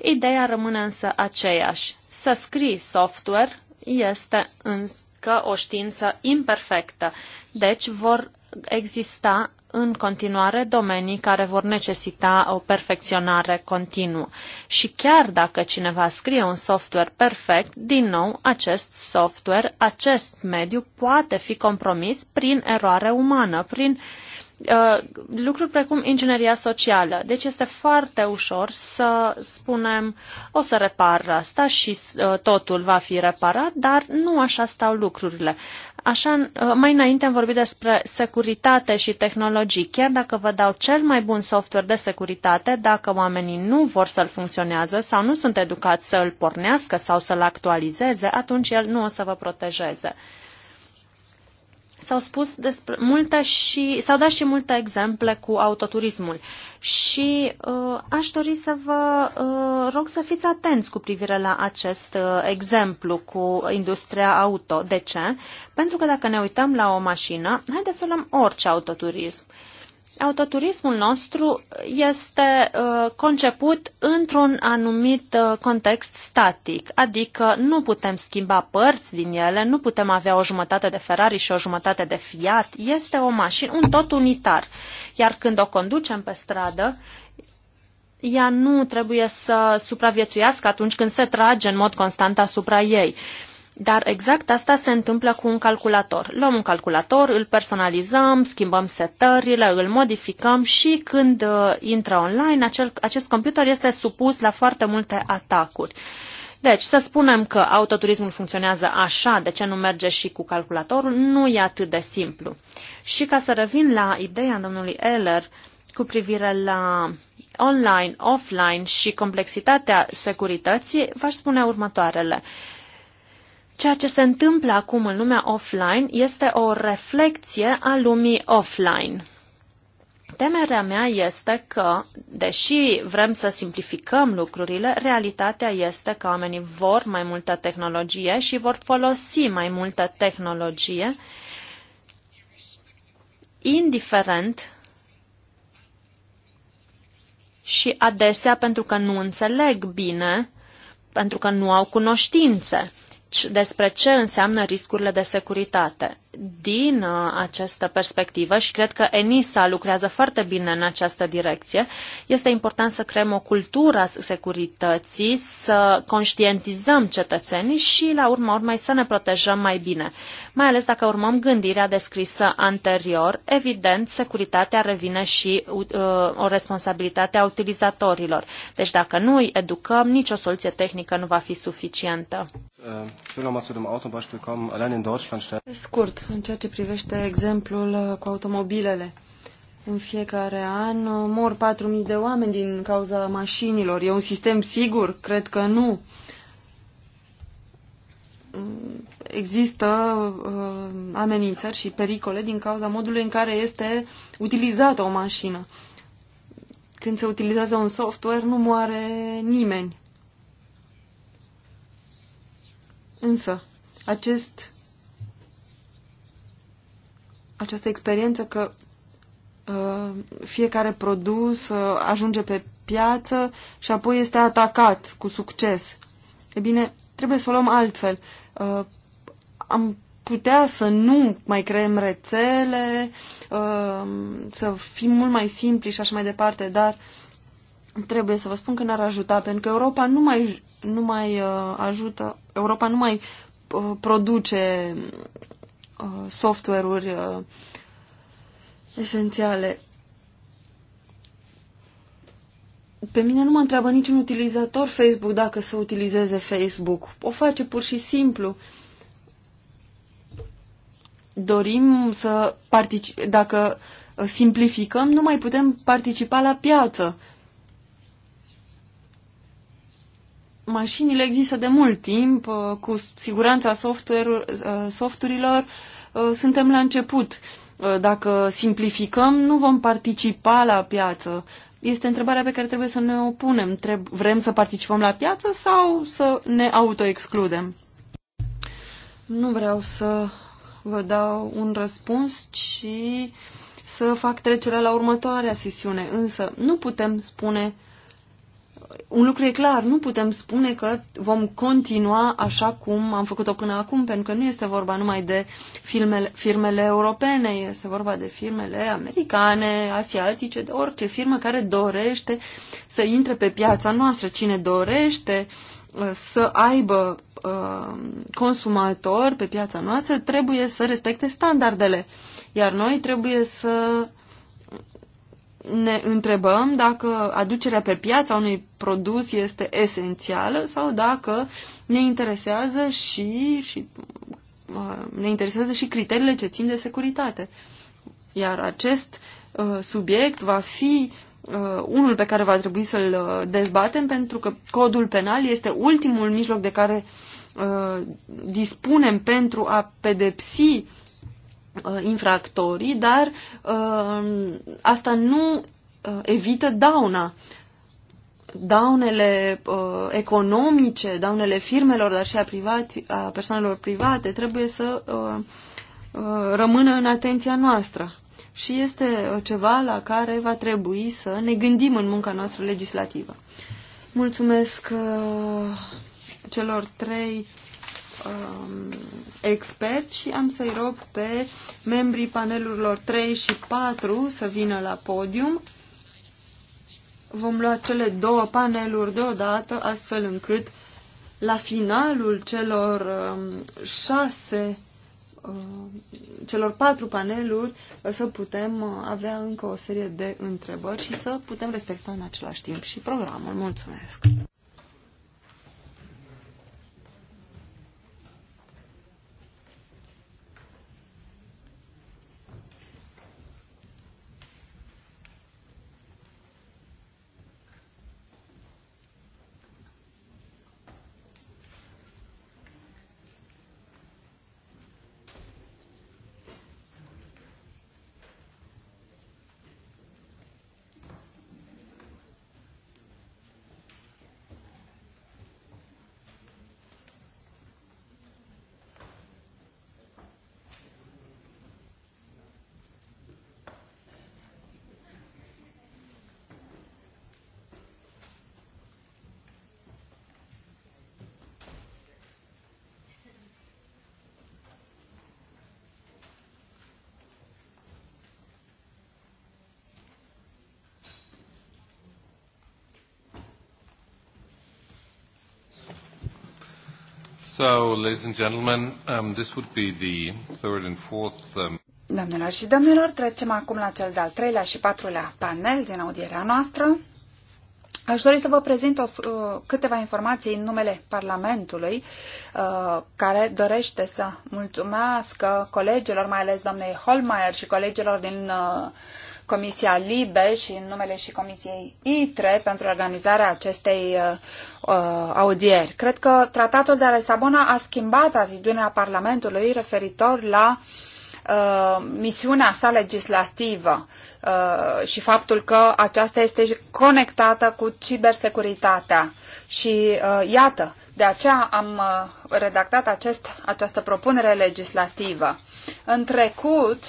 Ideea rămâne însă aceeași. Să scrii software este încă o știință imperfectă. Deci vor exista în continuare domenii care vor necesita o perfecționare continuă. Și chiar dacă cineva scrie un software perfect, din nou, acest software, acest mediu poate fi compromis prin eroare umană, prin uh, lucruri precum ingineria socială. Deci este foarte ușor să spunem o să repar asta și uh, totul va fi reparat, dar nu așa stau lucrurile. Așa, uh, mai înainte am vorbit despre securitate și tehnologii. Chiar dacă vă dau cel mai bun software de securitate, dacă oamenii nu vor să-l funcționează sau nu sunt educați să-l pornească sau să-l actualizeze, atunci el nu o să vă protejeze. S-au spus despre multe și s-au dat și multe exemple cu autoturismul. Și uh, aș dori să vă uh, rog să fiți atenți cu privire la acest uh, exemplu cu industria auto. De ce? Pentru că dacă ne uităm la o mașină, haideți să luăm orice autoturism autoturismul nostru este uh, conceput într-un anumit uh, context static, adică nu putem schimba părți din ele, nu putem avea o jumătate de Ferrari și o jumătate de Fiat, este o mașină, un tot unitar. Iar când o conducem pe stradă, ea nu trebuie să supraviețuiască atunci când se trage în mod constant asupra ei. Uh, dar exact asta se întâmplă cu un calculator. Luăm un calculator, îl personalizăm, schimbăm setările, îl modificăm și când uh, intră online, acel, acest computer este supus la foarte multe atacuri. Deci, să spunem că autoturismul funcționează așa, de ce nu merge și cu calculatorul, nu e atât de simplu. Și ca să revin la ideea domnului Eller cu privire la online, offline și complexitatea securității, v-aș spune următoarele. Uh, Ceea ce se întâmplă acum în lumea offline este o reflecție a lumii offline. Temerea mea este că, deși vrem să simplificăm lucrurile, realitatea este că oamenii vor mai multă tehnologie și vor folosi mai multă tehnologie, indiferent și adesea pentru că nu înțeleg bine, pentru că nu au cunoștințe. Deci despre ce înseamnă riscurile de securitate din uh, această perspectivă și cred că ENISA lucrează foarte bine în această direcție. Este important să creăm o cultură a securității, să conștientizăm cetățenii și, la urma urmei, să ne protejăm mai bine. Mai ales dacă urmăm gândirea descrisă anterior, evident, securitatea revine și uh, o responsabilitate a utilizatorilor. Deci dacă nu îi educăm, nicio soluție tehnică nu va fi suficientă. Äh, Scurt, în ceea ce privește exemplul uh, cu automobilele. În fiecare an uh, mor 4.000 de oameni din cauza mașinilor. E un sistem sigur? Cred că nu. Mm, există uh, amenințări și pericole din cauza modului în care este utilizată o mașină. Când se utilizează un software, nu moare nimeni. Însă, acest această experiență că uh, fiecare produs uh, ajunge pe piață și apoi este atacat cu succes. E bine, trebuie să o luăm altfel. Uh, am putea să nu mai creăm rețele, să fim mult mai simpli și așa mai departe, dar trebuie să vă spun că n-ar ajuta, pentru că Europa nu mai, nu mai ajută, Europa nu mai produce uh, software-uri uh, esențiale. Pe mine nu mă întreabă niciun utilizator Facebook dacă să utilizeze Facebook. O face pur și simplu. Dorim să particip... Dacă simplificăm, nu mai putem participa la piață. mașinile există de mult timp, uh, cu siguranța uh, softurilor uh, suntem la început. Dacă simplificăm, nu vom participa la piață. Este întrebarea pe care trebuie să ne opunem. Vrem să participăm la piață sau să ne autoexcludem? Nu vreau să vă dau un răspuns, ci să fac trecerea la următoarea sesiune. Însă nu putem spune un lucru e clar, nu putem spune că vom continua așa cum am făcut-o până acum, pentru că nu este vorba numai de firmele, firmele europene, este vorba de firmele americane, asiatice, de orice firmă care dorește să intre pe piața noastră. Cine dorește uh, să aibă uh, consumator pe piața noastră trebuie să respecte standardele, iar noi trebuie să ne întrebăm dacă aducerea pe piața unui produs este esențială sau dacă ne interesează și, și uh, ne interesează și criteriile ce țin de securitate. Iar acest uh, subiect va fi uh, unul pe care va trebui să-l dezbatem pentru că codul penal este ultimul mijloc de care dispunem pentru a pedepsi Uh, infractorii, dar uh, asta nu uh, evită dauna. Daunele economice, daunele firmelor, dar și a, privați, a persoanelor private trebuie să rămână în atenția noastră și este ceva la care va trebui să ne gândim în munca noastră legislativă. Mulțumesc celor trei um, și am să-i rog pe membrii panelurilor 3 și 4 să vină la podium. Vom lua cele două paneluri deodată, astfel încât la finalul celor um, șase um, celor patru paneluri uh, să putem uh, avea încă o serie de întrebări și să putem respecta în același timp și programul. Mulțumesc! So, ladies and gentlemen, um, this would be the third and fourth... Um... Doamnelor și domnilor, trecem acum la cel de-al treilea și patrulea panel din audierea noastră. Aș dori să vă prezint o, uh, câteva informații în numele Parlamentului, uh, care dorește să mulțumească colegilor, mai ales doamnei Holmeier și colegilor din uh, Comisia Libe și în numele și Comisiei ITRE pentru organizarea acestei uh, uh, audieri. Cred că tratatul de la Lisabona a schimbat atitudinea Parlamentului referitor la uh, misiunea sa legislativă uh, și faptul că aceasta este conectată cu cibersecuritatea. Și iată, de aceea am redactat acest, această propunere legislativă. În trecut,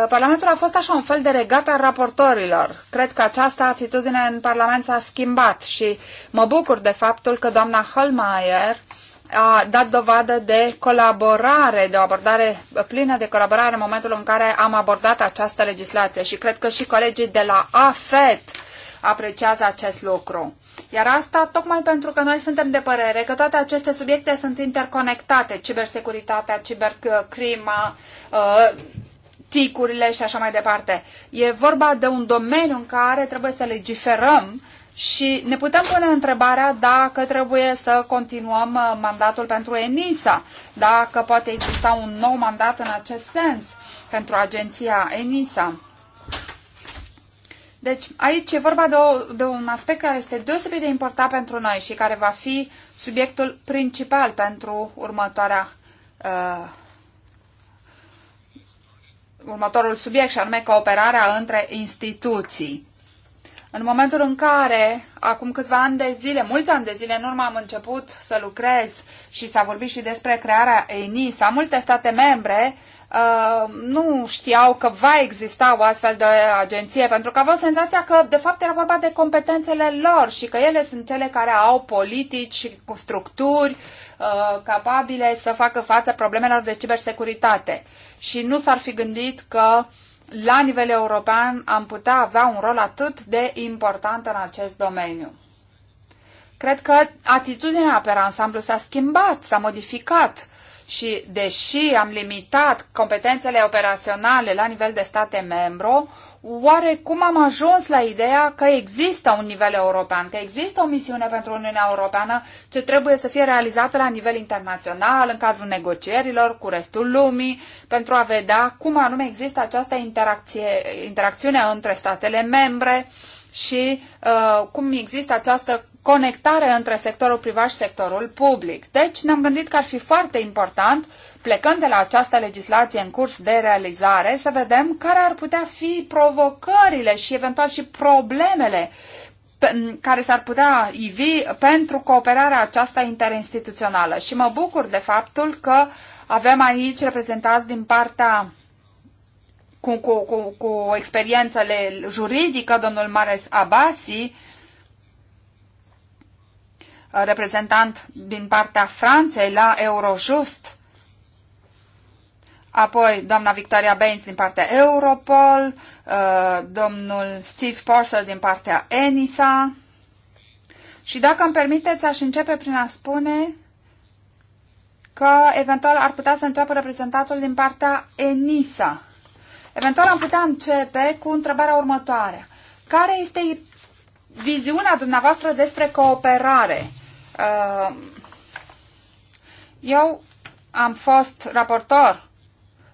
Uh, Parlamentul a fost așa un fel de regat al raportorilor. Cred că această atitudine în Parlament s-a schimbat și mă bucur de faptul că doamna Hallmeier a dat dovadă de colaborare, de o abordare plină de colaborare în momentul în care am abordat această legislație și cred că și colegii de la AFET apreciază acest lucru. Iar asta tocmai pentru că noi suntem de părere că toate aceste subiecte sunt interconectate, cibersecuritatea, cibercrima, ticurile și așa mai departe. E vorba de un domeniu în care trebuie să legiferăm și ne putem pune întrebarea dacă trebuie să continuăm uh, mandatul pentru ENISA, dacă poate exista un nou mandat în acest sens pentru agenția ENISA. Deci aici e vorba de, o, de un aspect care este deosebit de important pentru noi și care va fi subiectul principal pentru următoarea uh, următorul subiect, și anume cooperarea între instituții. În momentul în care, acum câțiva ani de zile, mulți ani de zile în urmă am început să lucrez și s-a vorbit și despre crearea ENISA, multe state membre uh, Uh, nu știau că va exista o astfel de agenție, pentru că aveau senzația că, de fapt, era vorba de competențele lor și că ele sunt cele care au politici și structuri uh, capabile să facă față problemelor de cibersecuritate. Și nu s-ar fi gândit că la nivel european am putea avea un rol atât de important în acest domeniu. Cred că atitudinea pe ansamblu s-a schimbat, s-a modificat și deși am limitat competențele operaționale la nivel de state membru, oare cum am ajuns la ideea că există un nivel european, că există o misiune pentru Uniunea Europeană ce trebuie să fie realizată la nivel internațional, în cadrul negocierilor cu restul lumii, pentru a vedea cum anume există această interacție, interacțiune între statele membre, uh, și uh, cum există această conectare între sectorul privat și sectorul public. Deci ne-am gândit că ar fi foarte important, plecând de la această legislație în curs de realizare, să vedem care ar putea fi provocările și eventual și problemele care s-ar putea ivi pentru cooperarea aceasta interinstituțională. Și mă bucur de faptul că avem aici reprezentați din partea cu, cu, cu, cu experiențele juridică, domnul Mares Abasi, reprezentant din partea Franței la Eurojust, apoi doamna Victoria Baines din partea Europol, uh, domnul Steve Porcel din partea ENISA. Și dacă îmi permiteți, aș începe prin a spune că eventual ar putea să înceapă reprezentatul din partea ENISA. Eventual am putea începe cu întrebarea următoare. Care este viziunea dumneavoastră despre cooperare? Uh, eu am fost raportor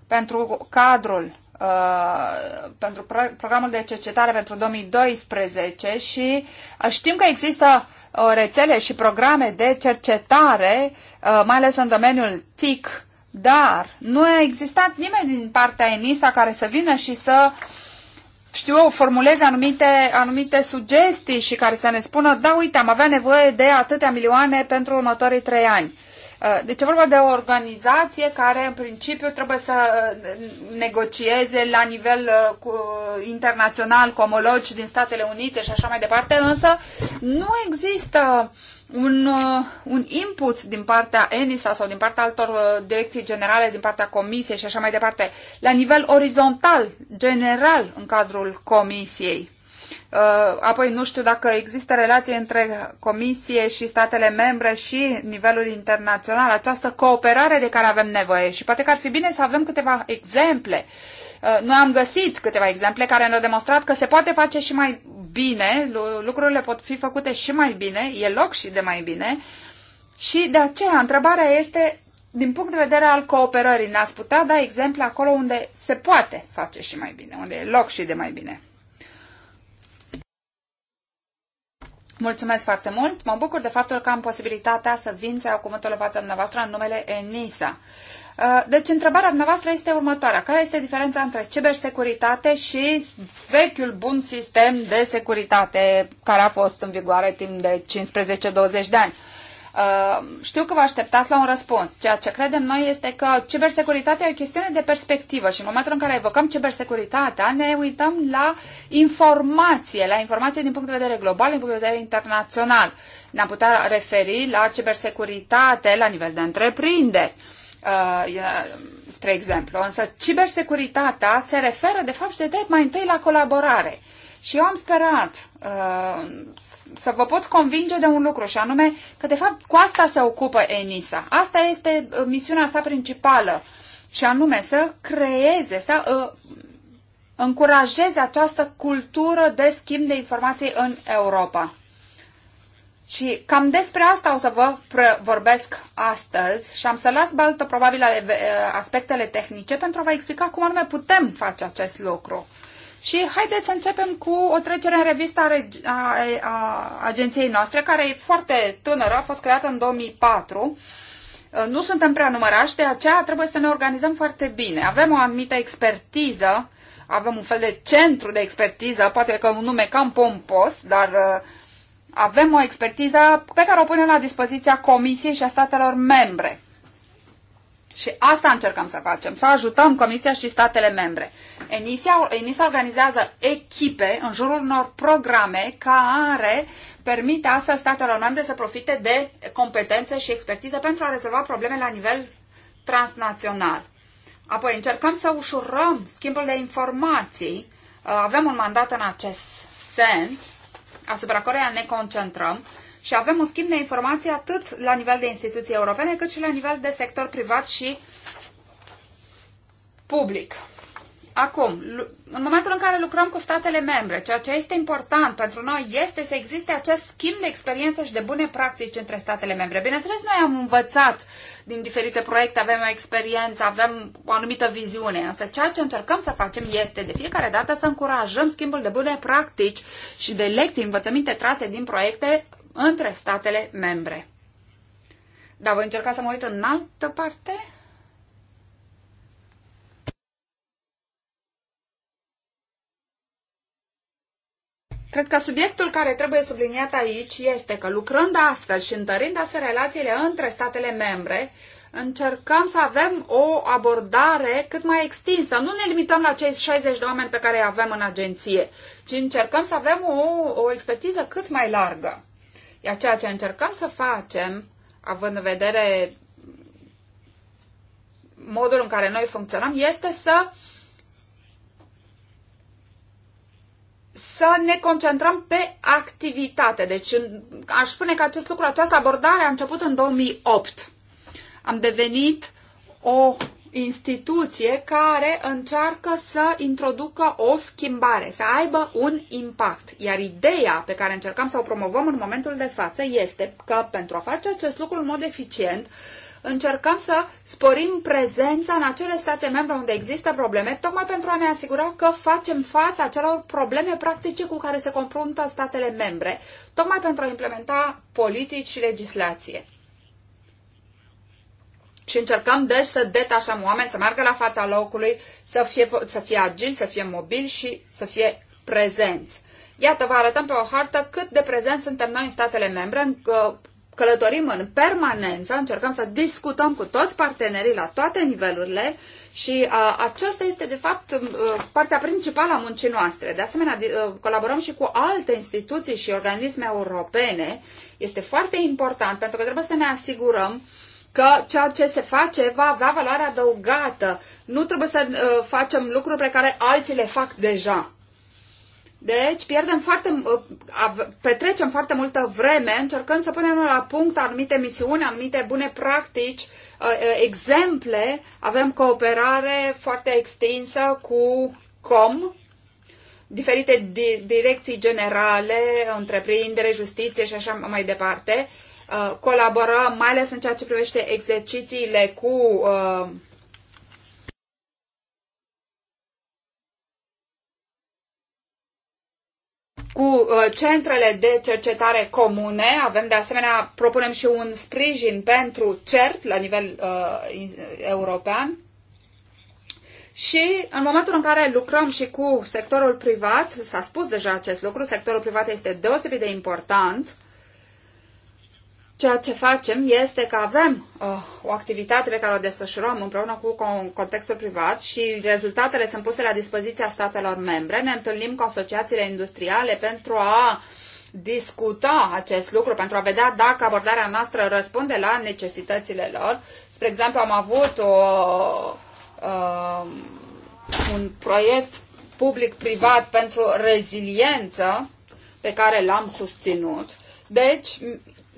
pentru cadrul uh, pentru programul de cercetare pentru 2012 și uh, știm că există rețele și programe de cercetare, mai ales în domeniul TIC, dar nu a existat nimeni din partea ENISA care să vină și să știu eu, formuleze anumite, anumite sugestii și care să ne spună, da, uite, am avea nevoie de atâtea milioane pentru următorii trei ani. Uh, deci e vorba de o organizație care în principiu trebuie să uh, negocieze la nivel uh, internațional cu omologi din Statele Unite și așa mai departe, însă nu există un, un input din partea ENISA sau din partea altor direcții generale, din partea comisiei și așa mai departe, la nivel orizontal, general, în cadrul comisiei. Uh, apoi nu știu dacă există relație între Comisie și statele membre și nivelul internațional, această cooperare de care avem nevoie și poate că ar fi bine să avem câteva exemple. Uh, noi am găsit câteva exemple care ne-au demonstrat că se poate face și mai bine, lucrurile pot fi făcute și mai bine, e loc și de mai bine. Și de aceea întrebarea este din punct de vedere al cooperării, ne-ați putea da exemple acolo unde se poate face și mai bine, unde e loc și de mai bine. Mulțumesc foarte mult. Mă bucur de faptul că am posibilitatea să vin să iau cuvântul în fața dumneavoastră în numele ENISA. Uh, deci, întrebarea dumneavoastră este următoarea. Care este diferența între cibersecuritate și vechiul bun sistem de securitate care a fost în vigoare timp de 15-20 de ani? Uh, știu că vă așteptați la un răspuns. Ceea ce credem noi este că cibersecuritatea e o chestiune de perspectivă și în momentul în care evocăm cibersecuritatea ne uităm la informație, la informație din punct de vedere global, din punct de vedere internațional. Ne-am putea referi la cibersecuritate la nivel de întreprinderi. Uh, spre exemplu. Însă cibersecuritatea se referă, de fapt, și de drept mai întâi la colaborare. Și eu am sperat uh, să vă pot convinge de un lucru, și anume că, de fapt, cu asta se ocupă ENISA. Asta este uh, misiunea sa principală, și anume să creeze, să uh, încurajeze această cultură de schimb de informații în Europa. Și cam despre asta o să vă vorbesc astăzi și am să las baltă probabil uh, aspectele tehnice pentru a vă explica cum anume putem face acest lucru. Și haideți să începem cu o trecere în revista a, a, a agenției noastre, care e foarte tânără, a fost creată în 2004. Uh, nu suntem prea numărași, de aceea trebuie să ne organizăm foarte bine. Avem o anumită expertiză, avem un fel de centru de expertiză, poate că un nume cam pompos, dar uh, avem o expertiză pe care o punem la dispoziția Comisiei și a statelor membre. Și asta încercăm să facem, să ajutăm Comisia și statele membre. ENISA, ENISA organizează echipe în jurul unor programe care permite astfel statelor membre să profite de competențe și expertiză pentru a rezolva probleme la nivel transnațional. Apoi încercăm să ușurăm schimbul de informații. Uh, avem un mandat în acest sens asupra căruia ne concentrăm și avem un schimb de informații atât la nivel de instituții europene, cât și la nivel de sector privat și public. Acum, în momentul în care lucrăm cu statele membre, ceea ce este important pentru noi este să existe acest schimb de experiență și de bune practici între statele membre. Bineînțeles, noi am învățat din diferite proiecte, avem o experiență, avem o anumită viziune, însă ceea ce încercăm să facem este de fiecare dată să încurajăm schimbul de bune practici și de lecții, învățăminte trase din proiecte între statele membre. Dar voi încerca să mă uit în altă parte? Cred că subiectul care trebuie subliniat aici este că lucrând astăzi și întărind se relațiile între statele membre, încercăm să avem o abordare cât mai extinsă. Nu ne limităm la cei 60 de oameni pe care îi avem în agenție, ci încercăm să avem o, o expertiză cât mai largă. Iar ceea ce încercăm să facem, având în vedere modul în care noi funcționăm, este să să ne concentrăm pe activitate. Deci aș spune că acest lucru, această abordare a început în 2008. Am devenit o instituție care încearcă să introducă o schimbare, să aibă un impact. Iar ideea pe care încercăm să o promovăm în momentul de față este că pentru a face acest lucru în mod eficient, încercăm să sporim prezența în acele state membre unde există probleme, tocmai pentru a ne asigura că facem față acelor probleme practice cu care se confruntă statele membre, tocmai pentru a implementa politici și legislație. Și încercăm deci să detașăm oameni, să meargă la fața locului, să fie, să fie agili, să fie mobili și să fie prezenți. Iată, vă arătăm pe o hartă cât de prezenți suntem noi în statele membre, uh, călătorim în permanență, încercăm să discutăm cu toți partenerii la toate nivelurile și uh, aceasta este, de fapt, uh, partea principală a muncii noastre. De asemenea, uh, colaborăm și cu alte instituții și organisme europene. Este foarte important pentru că trebuie să ne asigurăm uh, că ceea ce se face va avea valoare adăugată. Nu trebuie să uh, facem lucruri pe care alții le fac deja. Deci pierdem foarte, uh, petrecem foarte multă vreme încercând să punem la punct anumite misiuni, anumite bune practici, uh, uh, exemple. Avem cooperare foarte extinsă cu COM, diferite direcții generale, întreprindere, justiție și așa mai departe. Uh, colaborăm, mai ales în ceea ce privește exercițiile cu uh, cu uh, centrele de cercetare comune. Avem de asemenea, propunem și un sprijin pentru CERT la nivel uh, european. Și în momentul în care lucrăm și cu sectorul privat, s-a spus deja acest lucru, sectorul privat este deosebit de important uh, Ceea ce facem este că avem uh, o activitate pe care o desfășurăm împreună cu contextul privat și rezultatele sunt puse la dispoziția statelor membre. Ne întâlnim cu asociațiile industriale pentru a discuta acest lucru, pentru a vedea dacă abordarea noastră răspunde la necesitățile lor. Spre exemplu, am avut o, uh, un proiect public-privat pentru reziliență pe care l-am susținut. Deci,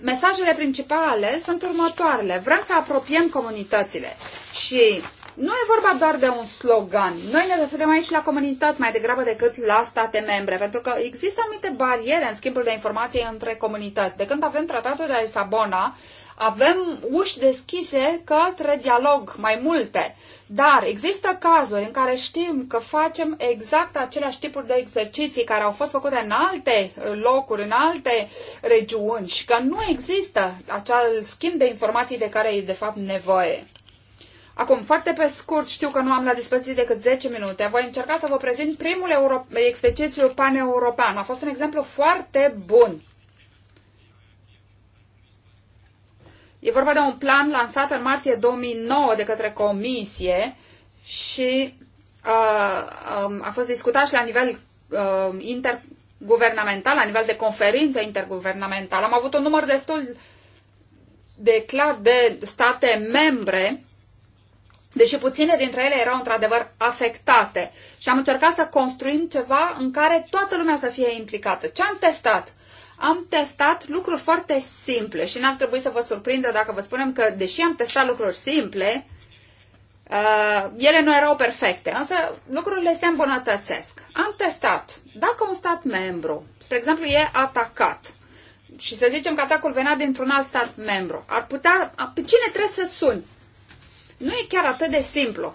mesajele principale sunt următoarele. Vrem să apropiem comunitățile și nu e vorba doar de un slogan. Noi ne referim aici la comunități mai degrabă decât la state membre, pentru că există anumite bariere în schimbul de informații între comunități. De când avem tratatul de la Lisabona, avem uși deschise către dialog mai multe dar există cazuri în care știm că facem exact aceleași tipuri de exerciții care au fost făcute în alte locuri, în alte regiuni și că nu există acel schimb de informații de care e de fapt nevoie. Acum, foarte pe scurt, știu că nu am la dispoziție decât 10 minute. Voi încerca să vă prezint primul euro- exercițiu paneuropean. A fost un exemplu foarte bun. E vorba de un plan lansat în martie 2009 de către Comisie și uh, um, a fost discutat și la nivel uh, interguvernamental, la nivel de conferință interguvernamentală. Am avut un număr destul de clar de state membre, deși puține dintre ele erau într-adevăr afectate. Și am încercat să construim ceva în care toată lumea să fie implicată. Ce am testat? am testat lucruri foarte simple și n-ar trebui să vă surprindă dacă vă spunem că, deși am testat lucruri simple, uh, ele nu erau perfecte, însă lucrurile se îmbunătățesc. Am testat dacă un stat membru, spre exemplu, e atacat și să zicem că atacul venea dintr-un alt stat membru, ar putea, pe cine trebuie să suni? Nu e chiar atât de simplu.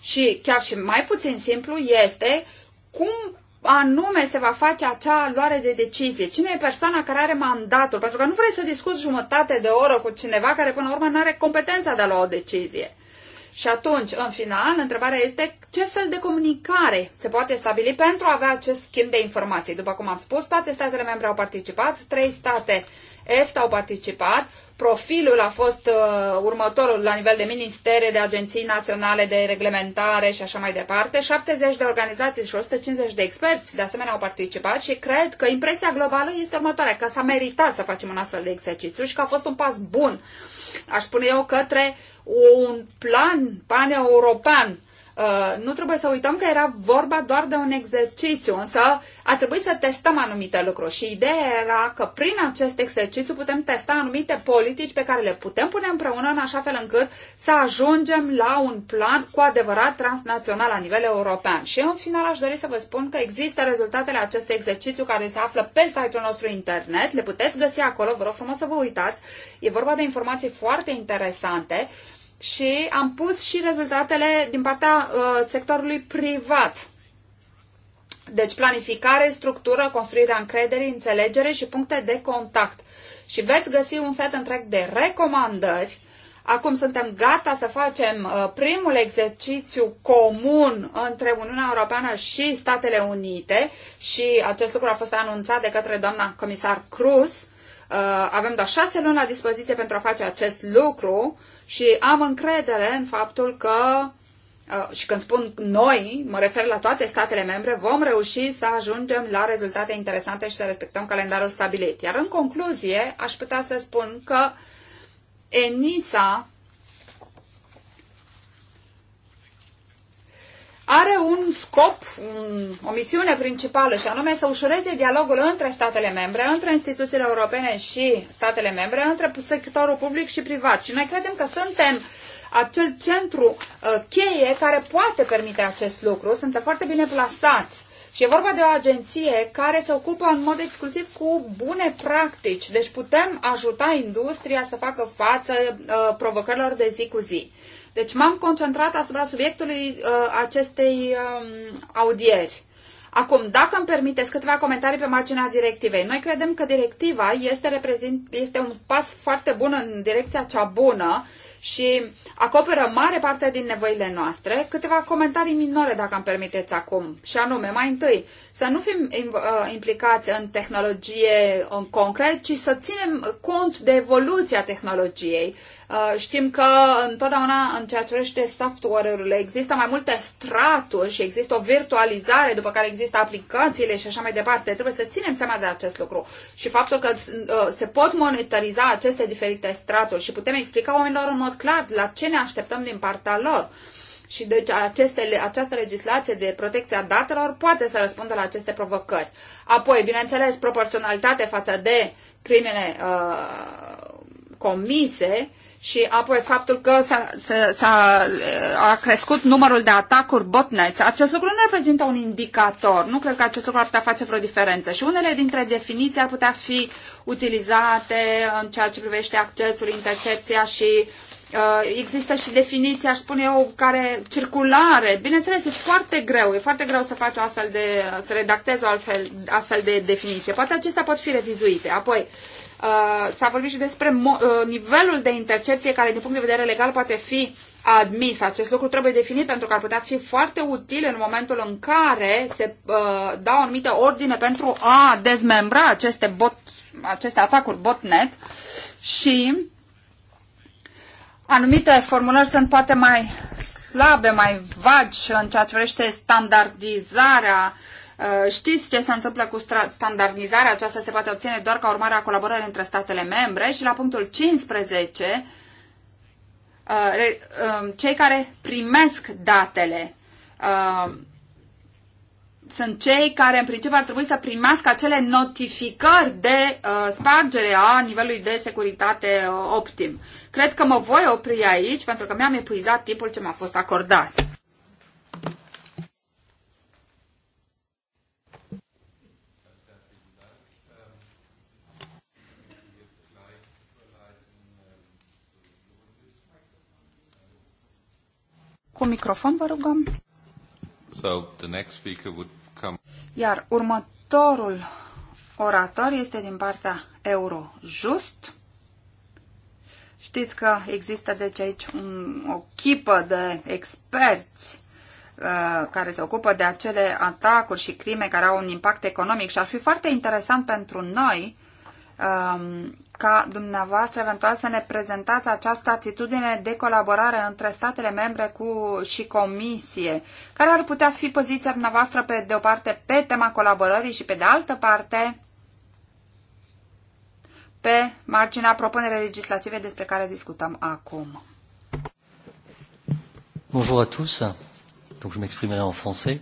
Și chiar și mai puțin simplu este cum anume se va face acea luare de decizie? Cine e persoana care are mandatul? Pentru că nu vrei să discuți jumătate de oră cu cineva care până la urmă nu are competența de a lua o decizie. Și atunci, în final, întrebarea este ce fel de comunicare se poate stabili pentru a avea acest schimb de informații. După cum am spus, toate statele membre au participat, trei state EFTA au participat, profilul a fost uh, următorul la nivel de ministere, de agenții naționale de reglementare și așa mai departe. 70 de organizații și 150 de experți de asemenea au participat și cred că impresia globală este următoarea, că s-a meritat să facem un astfel de exercițiu și că a fost un pas bun, aș spune eu, către un plan paneuropean european Uh, nu trebuie să uităm că era vorba doar de un exercițiu, însă a trebuit să testăm anumite lucruri și ideea era că prin acest exercițiu putem testa anumite politici pe care le putem pune împreună în așa fel încât să ajungem la un plan cu adevărat transnațional la nivel european. Și în final aș dori să vă spun că există rezultatele acestui exercițiu care se află pe site-ul nostru internet, le puteți găsi acolo, vă rog frumos să vă uitați, e vorba de informații foarte interesante și am pus și rezultatele din partea uh, sectorului privat. Deci planificare, structură, construirea încrederii, înțelegere și puncte de contact. Și veți găsi un set întreg de recomandări. Acum suntem gata să facem uh, primul exercițiu comun între Uniunea Europeană și Statele Unite și acest lucru a fost anunțat de către doamna comisar Cruz Uh, avem doar șase luni la dispoziție pentru a face acest lucru și am încredere în faptul că, uh, și când spun noi, mă refer la toate statele membre, vom reuși să ajungem la rezultate interesante și să respectăm calendarul stabilit. Iar în concluzie, aș putea să spun că ENISA are un scop, un, o misiune principală și anume să ușureze dialogul între statele membre, între instituțiile europene și statele membre, între sectorul public și privat. Și noi credem că suntem acel centru uh, cheie care poate permite acest lucru. Suntem foarte bine plasați. Și e vorba de o agenție care se ocupă în mod exclusiv cu bune practici. Deci putem ajuta industria să facă față uh, provocărilor de zi cu zi. Deci m-am concentrat asupra subiectului uh, acestei uh, audieri. Acum, dacă îmi permiteți câteva comentarii pe marginea directivei. Noi credem că directiva este, reprezint, este un pas foarte bun în direcția cea bună și acoperă mare parte din nevoile noastre. Câteva comentarii minore, dacă îmi permiteți acum, și anume, mai întâi, să nu fim uh, implicați în tehnologie în concret, ci să ținem cont de evoluția tehnologiei. Uh, știm că întotdeauna în ceea ce privește software-urile există mai multe straturi și există o virtualizare, după care există aplicațiile și așa mai departe. Trebuie să ținem seama de acest lucru și faptul că uh, se pot monitoriza aceste diferite straturi și putem explica oamenilor în mod mod clar la ce ne așteptăm din partea lor. Și deci aceste, această legislație de protecție a datelor poate să răspundă la aceste provocări. Apoi, bineînțeles, proporționalitate față de crimele uh, comise și apoi faptul că s-a, s-a, uh, a crescut numărul de atacuri botnets. Acest lucru nu reprezintă un indicator. Nu cred că acest lucru ar putea face vreo diferență. Și unele dintre definiții ar putea fi utilizate în ceea ce privește accesul, intercepția și uh, Uh, există și definiții, aș spune eu, care circulare. Bineînțeles, e foarte greu, e foarte greu să faci o astfel de, să redactezi o altfel, astfel de definiție. Poate acestea pot fi revizuite. Apoi, uh, s-a vorbit și despre uh, nivelul de intercepție care, din punct de vedere legal, poate fi admis. Acest lucru trebuie definit pentru că ar putea fi foarte util în momentul în care se uh, dau anumită ordine pentru a dezmembra aceste, bot, aceste atacuri botnet și uh, anumite formulări sunt poate mai slabe, mai vagi în ceea ce vrește standardizarea. Uh, știți ce se întâmplă cu standardizarea? Aceasta se poate obține doar ca urmare a colaborării între statele membre și la punctul 15 uh, um, cei care primesc datele uh, sunt cei care în principiu ar trebui să primească acele notificări de uh, spargere a nivelului de securitate uh, optim. Cred că mă voi opri aici pentru că mi-am epuizat tipul ce m-a fost acordat. Cu microfon vă rugăm. So the next speaker would iar următorul orator este din partea Eurojust. Știți că există deci aici un, o chipă de experți uh, care se ocupă de acele atacuri și crime care au un impact economic și ar fi foarte interesant pentru noi um, ca dumneavoastră eventual să ne prezentați această atitudine de colaborare între statele membre cu, și comisie. Care ar putea fi poziția dumneavoastră pe de o parte pe tema colaborării și pe de altă parte pe marginea propunerii legislative despre care discutăm acum? Bonjour à tous. Donc je m'exprimerai en français.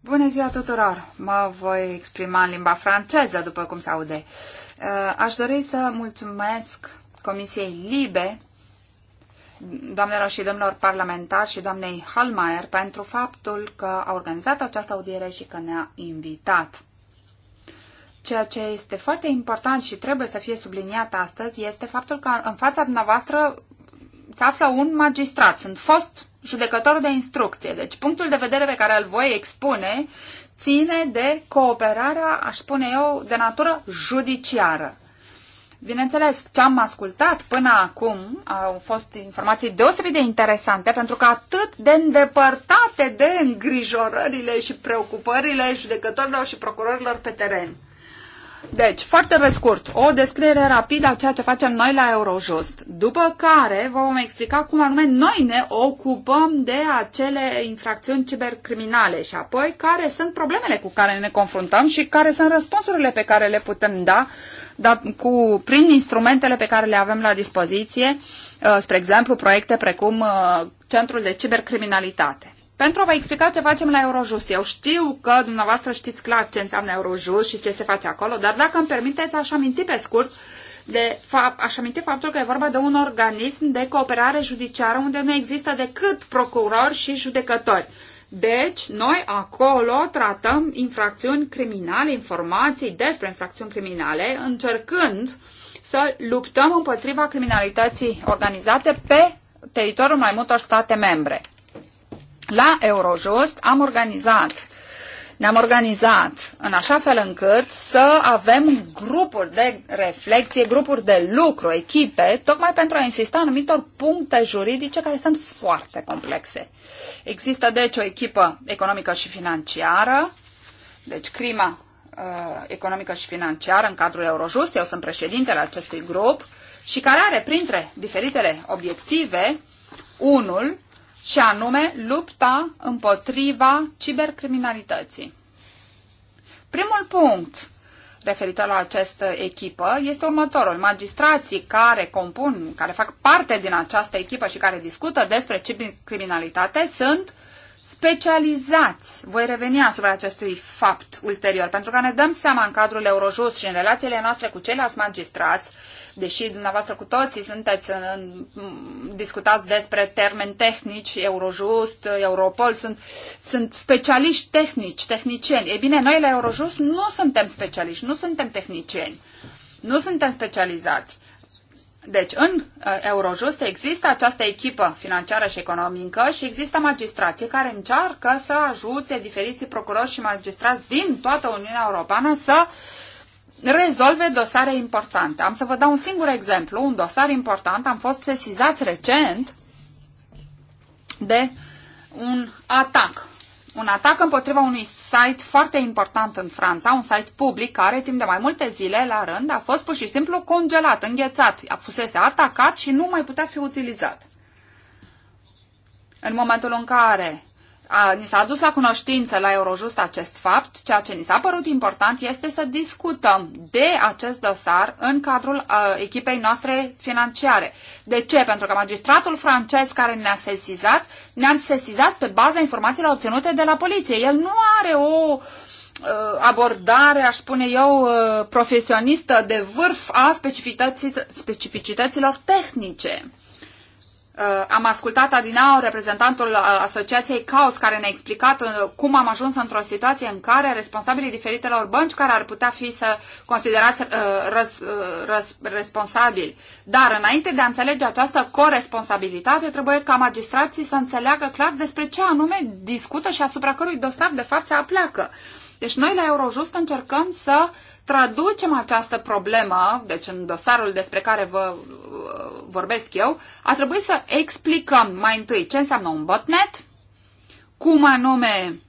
Bună ziua tuturor! Mă voi exprima în limba franceză, după cum se aude. Uh, Uh, aș dori să mulțumesc Comisiei Libe, doamnelor și domnilor parlamentari și doamnei Halmaier pentru faptul că a organizat această audiere și că ne-a invitat. Ceea ce este foarte important și trebuie să fie subliniat astăzi este faptul că în fața dumneavoastră se află un magistrat, sunt fost judecător de instrucție. Deci punctul de vedere pe care îl voi expune ține de cooperarea, aș spune eu, de natură judiciară. Bineînțeles, ce am ascultat până acum au fost informații deosebit de interesante, pentru că atât de îndepărtate de îngrijorările și preocupările judecătorilor și procurorilor pe teren. Deci, foarte pe scurt, o descriere rapidă a ceea ce facem noi la Eurojust, după care vă vom explica cum anume noi ne ocupăm de acele infracțiuni cibercriminale și apoi care sunt problemele cu care ne confruntăm și care sunt răspunsurile pe care le putem da, dar cu, prin instrumentele pe care le avem la dispoziție, uh, spre exemplu, proiecte precum uh, Centrul de Cibercriminalitate. Pentru a vă explica ce facem la Eurojust, eu știu că dumneavoastră știți clar ce înseamnă Eurojust și ce se face acolo, dar dacă îmi permiteți, aș aminti pe scurt de fapt, aș aminti faptul că e vorba de un organism de cooperare judiciară unde nu există decât procurori și judecători. Deci, noi acolo tratăm infracțiuni criminale, informații despre infracțiuni criminale, încercând să luptăm împotriva criminalității organizate pe teritoriul mai multor state membre. La Eurojust am organizat ne-am organizat în așa fel încât să avem grupuri de reflexie, grupuri de lucru, echipe, tocmai pentru a insista anumitor puncte juridice care sunt foarte complexe. Există deci o echipă economică și financiară, deci crima uh, economică și financiară în cadrul Eurojust, eu sunt președintele acestui grup, și care are printre diferitele obiective unul și anume lupta împotriva cibercriminalității. Primul punct referitor la această echipă este următorul. Magistrații care compun, care fac parte din această echipă și care discută despre cibercriminalitate sunt specializați. Voi reveni asupra acestui fapt ulterior, pentru că ne dăm seama în cadrul Eurojust și în relațiile noastre cu ceilalți magistrați deși dumneavoastră cu toții sunteți în, discutați despre termeni tehnici, Eurojust, Europol, sunt, sunt specialiști tehnici, tehnicieni. Ei bine, noi la Eurojust nu suntem specialiști, nu suntem tehnicieni, nu suntem specializați. Deci, în uh, Eurojust există această echipă financiară și economică și există magistrații care încearcă să ajute diferiții procurori și magistrați din toată Uniunea Europeană să uh, rezolve dosare importante. Am să vă dau un singur exemplu, un dosar important. Am fost sesizați recent de un atac. Un atac împotriva unui site foarte important în Franța, un site public care timp de mai multe zile la rând a fost pur și simplu congelat, înghețat, a fusese atacat și nu mai putea fi utilizat. În momentul în care a, ni s-a dus la cunoștință la Eurojust acest fapt, ceea ce ni s-a părut important este să discutăm de acest dosar în cadrul a, echipei noastre financiare. De ce? Pentru că magistratul francez care ne-a sesizat, ne-a sesizat pe baza informațiilor obținute de la poliție. El nu are o abordare, aș spune eu, profesionistă de vârf a specificităților tehnice. Uh, am ascultat adinau reprezentantul uh, Asociației Caos care ne-a explicat uh, cum am ajuns într-o situație în care responsabilii diferitelor bănci care ar putea fi să considerați răs, răs, responsabili. Dar înainte de a înțelege această coresponsabilitate, trebuie ca magistrații să înțeleagă clar despre ce anume discută și asupra cărui dosar de fapt se apleacă. Deci noi la Eurojust încercăm să traducem această problemă, deci în dosarul despre care vă uh, vorbesc eu, a trebuit să explicăm mai întâi ce înseamnă un botnet, cum anume,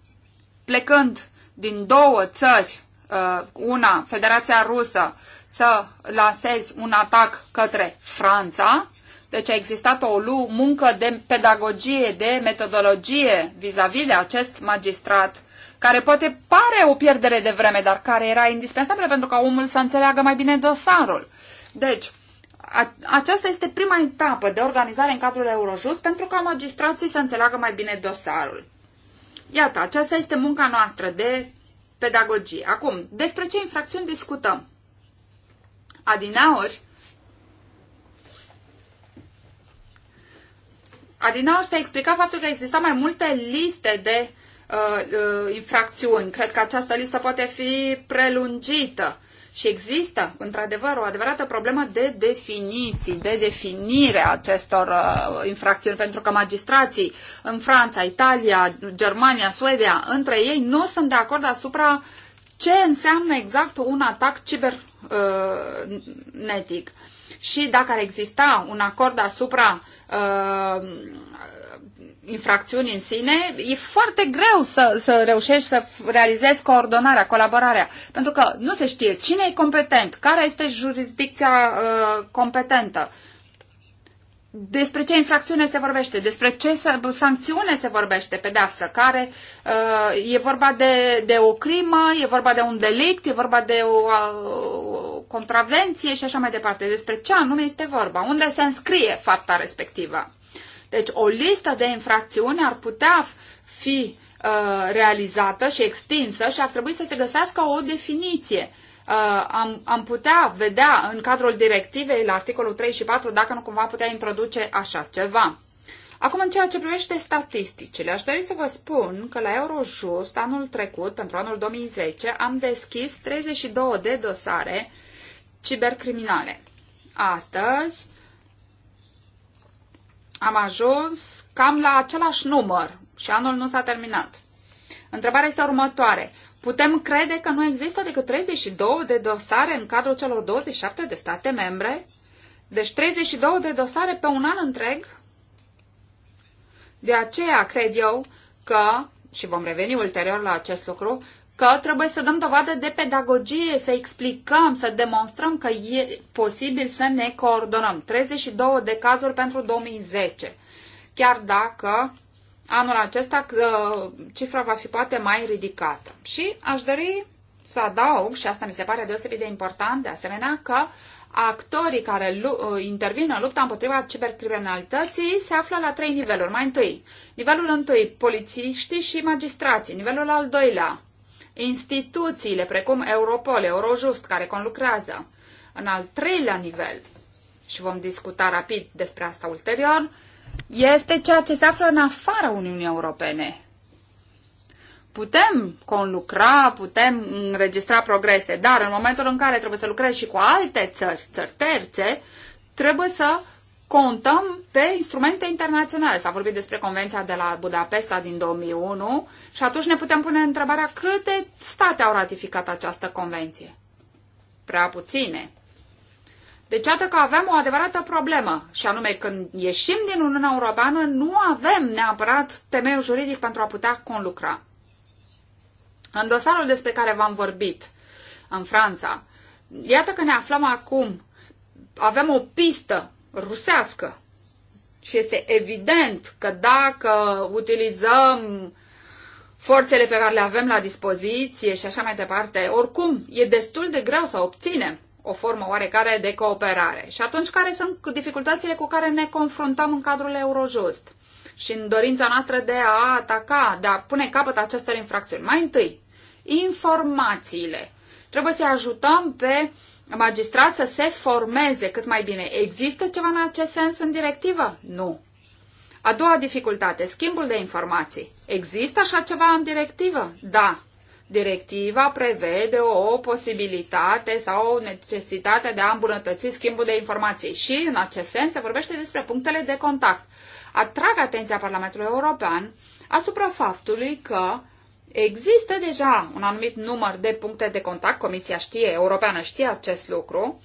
plecând din două țări, uh, una, Federația Rusă, să lasezi un atac către Franța, deci a existat o muncă de pedagogie, de metodologie vis-a-vis -vis de acest magistrat care poate pare o pierdere de vreme, dar care era indispensabilă pentru ca omul să înțeleagă mai bine dosarul. Deci, a, aceasta este prima etapă de organizare în cadrul Eurojust pentru ca magistrații să înțeleagă mai bine dosarul. Iată, aceasta este munca noastră de pedagogie. Acum, despre ce infracțiuni discutăm? Adinaori, Adinaori s-a explicat faptul că exista mai multe liste de Uh, uh, infracțiuni. Cred că această listă poate fi prelungită. Și există, într-adevăr, o adevărată problemă de definiții, de definire a acestor uh, infracțiuni, pentru că magistrații în Franța, Italia, Germania, Suedia, între ei, nu sunt de acord asupra ce înseamnă exact un atac cibernetic. Uh, și dacă ar exista un acord asupra uh, infracțiuni în sine, e foarte greu să, să reușești să realizezi coordonarea, colaborarea, pentru că nu se știe cine e competent, care este jurisdicția uh, competentă, despre ce infracțiune se vorbește, despre ce sancțiune se vorbește, pedeapsă, care uh, e vorba de, de o crimă, e vorba de un delict, e vorba de o, uh, o contravenție și așa mai departe, despre ce anume este vorba, unde se înscrie fapta respectivă. Deci o listă de infracțiuni ar putea fi uh, realizată și extinsă și ar trebui să se găsească o definiție. Uh, am, am putea vedea în cadrul directivei la articolul 3 și 4 dacă nu cumva putea introduce așa ceva. Acum, în ceea ce privește statisticile, aș dori să vă spun că la Eurojust, anul trecut, pentru anul 2010, am deschis 32 de dosare cibercriminale. Astăzi am ajuns cam la același număr și anul nu s-a terminat. Întrebarea este următoare. Putem crede că nu există decât 32 de dosare în cadrul celor 27 de state membre? Deci 32 de dosare pe un an întreg? De aceea cred eu că, și vom reveni ulterior la acest lucru, că trebuie să dăm dovadă de pedagogie, să explicăm, să demonstrăm că e posibil să ne coordonăm. 32 de cazuri pentru 2010. Chiar dacă anul acesta ă, cifra va fi poate mai ridicată. Și aș dori să adaug, și asta mi se pare deosebit de important, de asemenea, că actorii care ă, intervin în lupta împotriva cibercriminalității se află la trei niveluri. Mai întâi, nivelul întâi, polițiștii și magistrații. Nivelul al doilea, instituțiile precum Europol, Eurojust, care conlucrează în al treilea nivel, și vom discuta rapid despre asta ulterior, este ceea ce se află în afara Uniunii Europene. Putem conlucra, putem înregistra progrese, dar în momentul în care trebuie să lucrezi și cu alte țări, țări terțe, trebuie să contăm pe instrumente internaționale. S-a vorbit despre Convenția de la Budapesta din 2001 și atunci ne putem pune întrebarea câte state au ratificat această convenție. Prea puține. Deci, atât că avem o adevărată problemă, și anume când ieșim din Uniunea Europeană, nu avem neapărat temeiul juridic pentru a putea conlucra. În dosarul despre care v-am vorbit în Franța, iată că ne aflăm acum, avem o pistă rusească. Și este evident că dacă utilizăm forțele pe care le avem la dispoziție și așa mai departe, oricum e destul de greu să obținem o formă oarecare de cooperare. Și atunci, care sunt dificultățile cu care ne confruntăm în cadrul Eurojust? Și în dorința noastră de a ataca, de a pune capăt acestor infracțiuni. Mai întâi, informațiile. Trebuie să ajutăm pe uh, magistrați să se formeze cât mai bine. Există ceva în acest sens în directivă? Nu. A doua dificultate, schimbul de informații. Există așa ceva în directivă? Da. Directiva prevede o posibilitate sau o necesitate de a îmbunătăți schimbul de informații și, în acest sens, se vorbește despre punctele de contact. Atrag atenția Parlamentului European asupra faptului că Există deja un anumit număr de puncte de contact, Comisia știe, Europeană știe acest lucru,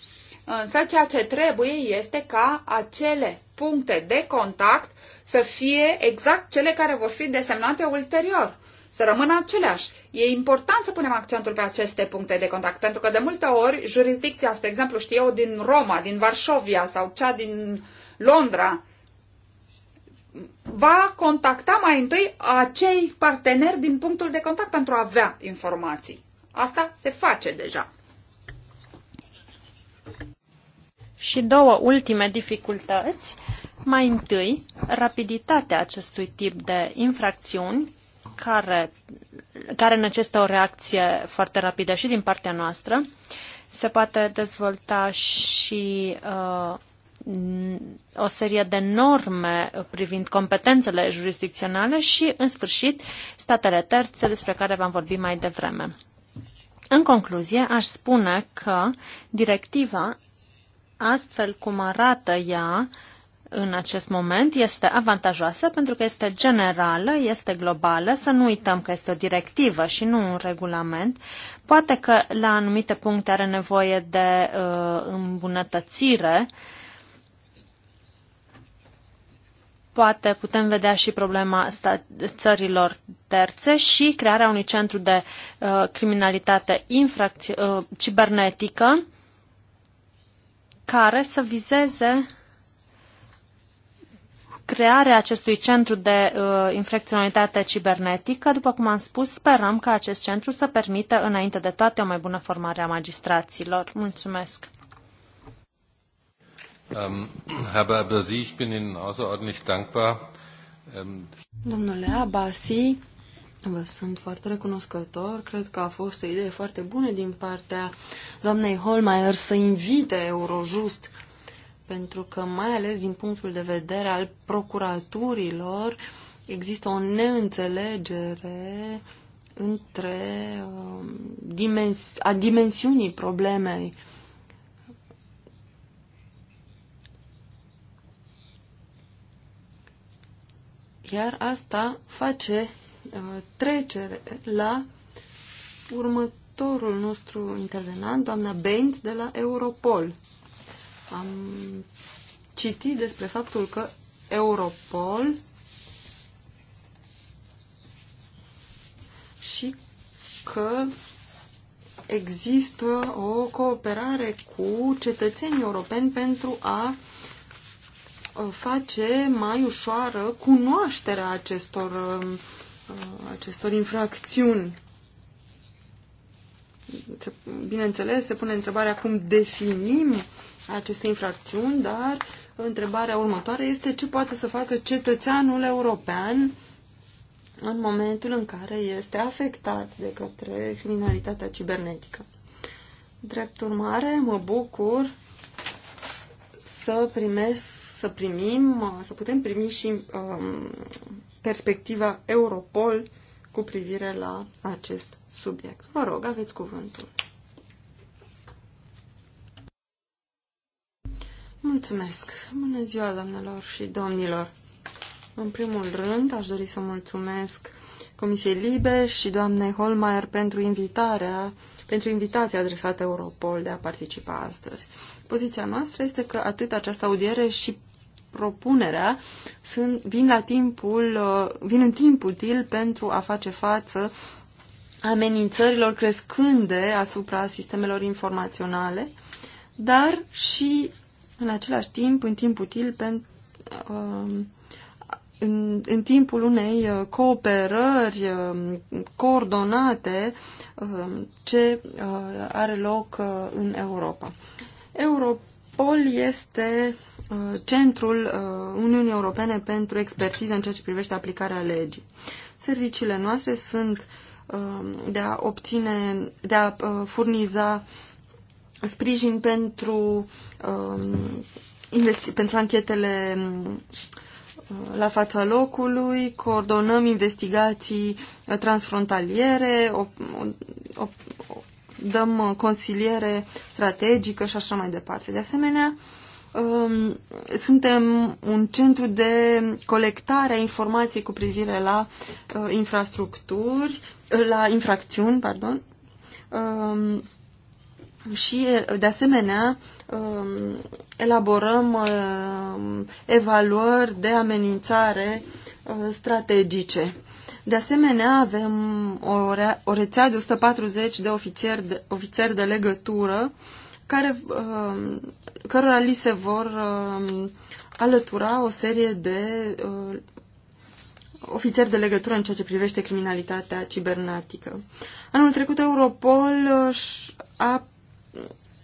însă ceea ce trebuie este ca acele puncte de contact să fie exact cele care vor fi desemnate ulterior, să rămână aceleași. E important să punem accentul pe aceste puncte de contact, pentru că de multe ori jurisdicția, spre exemplu, știu eu, din Roma, din Varșovia sau cea din Londra, va contacta mai întâi acei parteneri din punctul de contact pentru a avea informații. Asta se face deja. Și două ultime dificultăți. Mai întâi, rapiditatea acestui tip de infracțiuni care, care necesită o reacție foarte rapidă și din partea noastră. Se poate dezvolta și uh, o serie de norme privind competențele jurisdicționale și, în sfârșit, statele terțe despre care v-am vorbit mai devreme. În concluzie, aș spune că directiva, astfel cum arată ea în acest moment, este avantajoasă pentru că este generală, este globală, să nu uităm că este o directivă și nu un regulament. Poate că la anumite puncte are nevoie de uh, îmbunătățire, uh, poate putem vedea și problema țărilor terțe și crearea unui centru de uh, criminalitate infrac- uh, cibernetică care să vizeze crearea acestui centru de uh, infracționalitate cibernetică. După cum am spus, sperăm ca acest centru să permită înainte de toate o mai bună formare a magistraților. Mulțumesc! Um, Herr Babasi, ich bin Ihnen außerordentlich dankbar. Ähm, Domnule Abasi, vă sunt foarte recunoscător. Cred că a fost o idee foarte bună din partea doamnei Holmeier să invite Eurojust, pentru că mai ales din punctul de vedere al procuraturilor există o neînțelegere între uh, um, dimens- a dimensiunii problemei Iar asta face uh, trecere la următorul nostru intervenant, doamna Benz de la Europol. Am citit despre faptul că Europol și că există o cooperare cu cetățenii europeni pentru a face mai ușoară cunoașterea acestor, um, uh, acestor infracțiuni. Bineînțeles, se pune întrebarea cum definim aceste infracțiuni, dar întrebarea următoare este ce poate să facă cetățeanul european în momentul în care este afectat de către criminalitatea cibernetică. Drept urmare, mă bucur să primesc să primim, să putem primi și um, perspectiva Europol cu privire la acest subiect. Vă rog, aveți cuvântul. Mulțumesc. Bună ziua, doamnelor și domnilor. În primul rând, aș dori să mulțumesc Comisiei Libe și doamnei Holmeier pentru invitarea, pentru invitația adresată Europol de a participa astăzi. Poziția noastră este că atât această audiere și propunerea sunt, vin, la timpul, uh, vin în timp util pentru a face față amenințărilor crescânde asupra sistemelor informaționale, dar și în același timp, în timp util pentru uh, în, în timpul unei uh, cooperări coordonate ce are loc în Europa. Europa POL este uh, centrul uh, Uniunii Europene pentru expertiză în ceea ce privește aplicarea legii. Serviciile noastre sunt uh, de a obține, de a furniza sprijin pentru, pentru anchetele la fața locului, coordonăm investigații transfrontaliere, dăm uh, consiliere strategică și așa mai departe. De asemenea, um, suntem un centru de colectare a informației cu privire la uh, infrastructuri, uh, la infracțiuni, pardon, um, și de asemenea um, elaborăm evaluări de amenințare strategice. De asemenea, avem o, re o rețea de 140 de ofițeri de, ofițeri de legătură care, um, cărora li se vor um, alătura o serie de uh, ofițeri de legătură în ceea ce privește criminalitatea cibernatică. Anul trecut Europol uh, a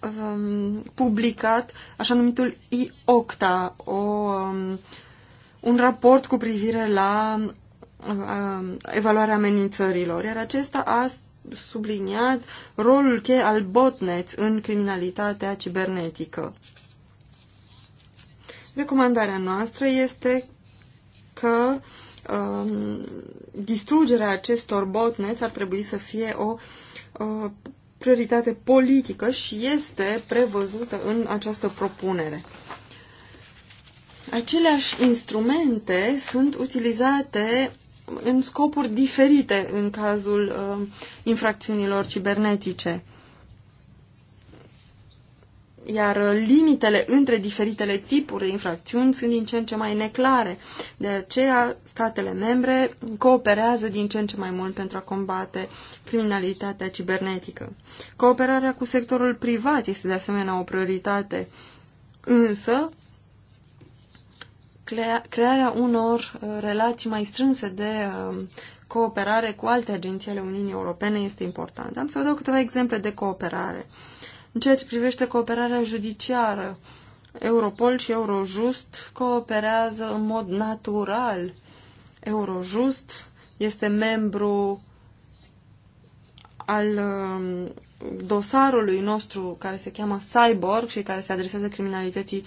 um, publicat așa numitul i o, un raport cu privire la Um, evaluarea amenințărilor, iar acesta a subliniat rolul cheie al botnet în criminalitatea cibernetică. Recomandarea noastră este că um, distrugerea acestor botnets ar trebui să fie o uh, prioritate politică și este prevăzută în această propunere. Aceleași instrumente sunt utilizate în scopuri diferite în cazul uh, infracțiunilor cibernetice. Iar uh, limitele între diferitele tipuri de infracțiuni sunt din ce în ce mai neclare. De aceea, statele membre cooperează din ce în ce mai mult pentru a combate criminalitatea cibernetică. Cooperarea cu sectorul privat este de asemenea o prioritate. Însă, crea, crearea unor uh, relații mai strânse de um, cooperare cu alte agenții ale Uniunii Europene este importantă. Am să vă dau câteva exemple de cooperare. În ceea ce privește cooperarea judiciară, Europol și Eurojust cooperează în mod natural. Eurojust este membru al um, dosarului nostru care se cheamă Cyborg și care se adresează criminalității uh,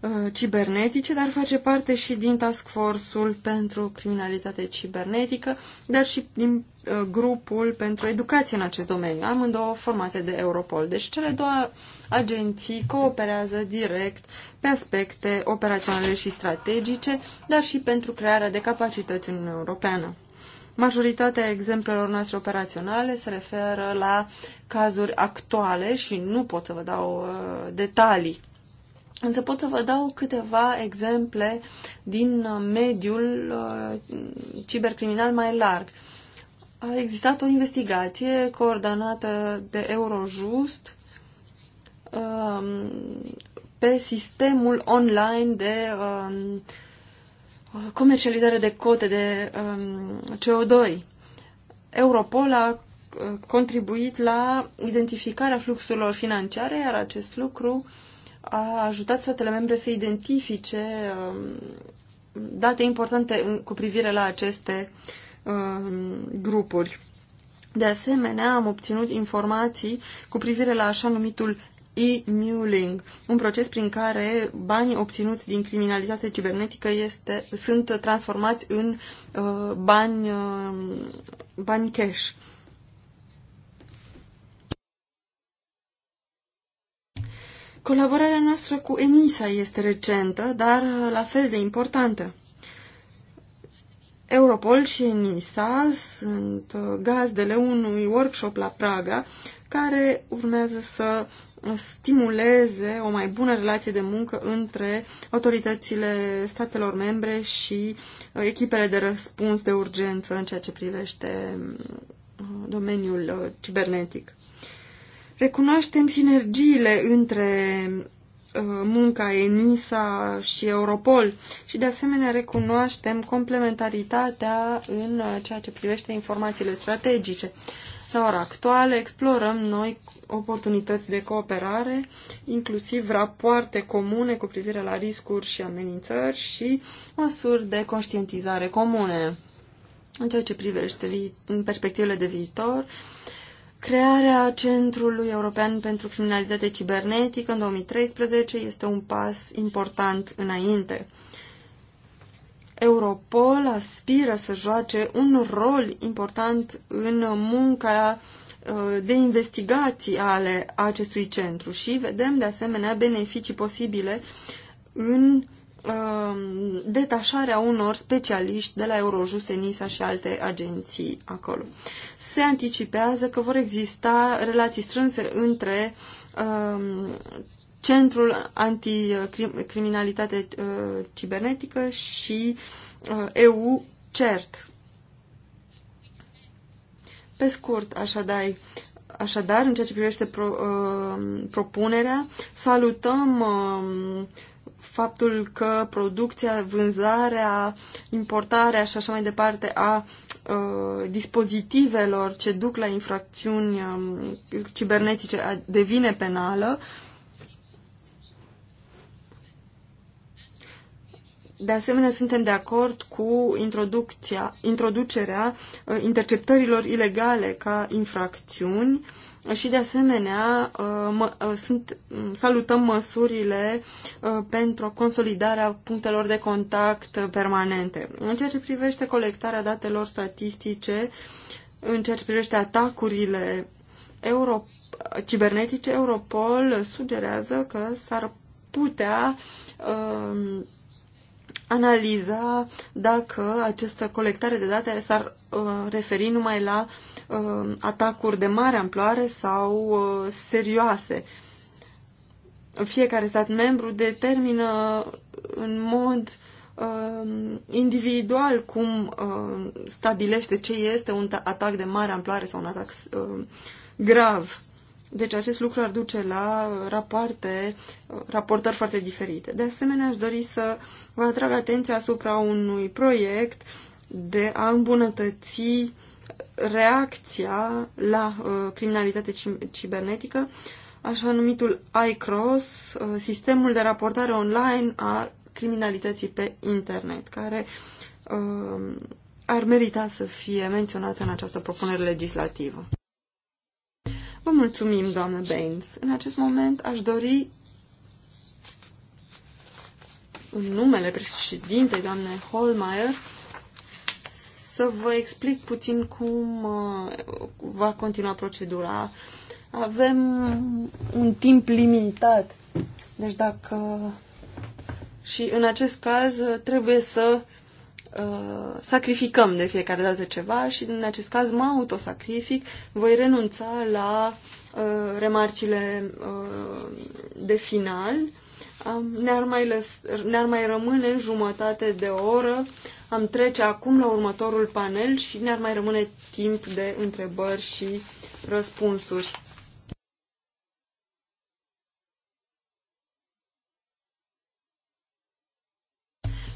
Uh, cibernetice, dar face parte și din task force-ul pentru criminalitate cibernetică, dar și din uh, grupul pentru educație în acest domeniu, două formate de Europol. Deci cele două agenții cooperează direct pe aspecte operaționale și strategice, dar și pentru crearea de capacități în Europeană. Majoritatea exemplelor noastre operaționale se referă la cazuri actuale și nu pot să vă dau uh, detalii Însă pot să vă dau câteva exemple din uh, mediul uh, cibercriminal mai larg. A existat o investigație coordonată de Eurojust um, pe sistemul online de um, comercializare de cote de um, CO2. Europol a uh, contribuit la identificarea fluxurilor financiare, iar acest lucru uh, a ajutat statele membre să identifice um, date importante cu privire la aceste um, grupuri. De asemenea, am obținut informații cu privire la așa numitul e-muling, un proces prin care banii obținuți din criminalitate cibernetică este, sunt transformați în uh, bani, uh, bani cash. Colaborarea noastră cu EMISA este recentă, dar la fel de importantă. Europol și ENISA sunt gazdele unui workshop la Praga care urmează să stimuleze o mai bună relație de muncă între autoritățile statelor membre și uh, echipele de răspuns de urgență în ceea ce privește uh, domeniul uh, cibernetic. Recunoaștem sinergiile între uh, munca ENISA și Europol și de asemenea recunoaștem complementaritatea în uh, ceea ce privește informațiile strategice. La ora actuală explorăm noi oportunități de cooperare, inclusiv rapoarte comune cu privire la riscuri și amenințări și măsuri de conștientizare comune. În ceea ce privește în perspectivele de viitor, Crearea Centrului European pentru Criminalitate Cibernetică în 2013 este un pas important înainte. Europol aspiră să joace un rol important în munca uh, de investigații ale acestui centru și vedem de asemenea beneficii posibile în Um, detașarea unor specialiști de la Eurojust, ENISA și alte agenții acolo. Se anticipează că vor exista relații strânse între um, Centrul Anticriminalitate uh, Cibernetică și uh, EU CERT. Pe scurt, așadar, așadar în ceea ce privește pro, uh, propunerea, salutăm uh, faptul că producția, vânzarea, importarea și așa mai departe a uh, dispozitivelor ce duc la infracțiuni um, cibernetice a, devine penală. De asemenea, suntem de acord cu introducția, introducerea uh, interceptărilor ilegale ca infracțiuni uh, și de asemenea, uh, uh, sunt, mm, salutăm măsurile uh, pentru consolidarea punctelor de contact permanente. În ceea ce privește colectarea datelor statistice, în ceea ce privește atacurile euro, cibernetice, Europol sugerează că s-ar putea um, analiza dacă această colectare de date s-ar uh, referi numai la Uh, atacuri de mare amploare sau uh, serioase. Fiecare stat membru determină în mod uh, individual cum stabilește ce este un atac de mare amploare sau un atac grav. Deci acest lucru ar duce la rapoarte, raportări foarte diferite. De asemenea, aș dori să vă atrag atenția asupra unui proiect de a îmbunătăți reacția la uh, criminalitate cibernetică, așa numitul iCross, uh, sistemul de raportare online a criminalității pe internet, care uh, ar merita să fie menționată în această propunere legislativă. Vă mulțumim, doamnă Baines. În acest moment aș dori în numele președintei doamne Holmeier să vă explic puțin cum uh, va continua procedura. Avem un timp limitat. Deci dacă și în acest caz uh, trebuie să uh, sacrificăm de fiecare dată ceva și în acest caz mă autosacrific, voi renunța la uh, remarcile uh, de final. Ne-ar mai, lăs, ne mai rămâne jumătate de oră am trece acum la următorul panel și ne-ar mai rămâne timp de întrebări și răspunsuri.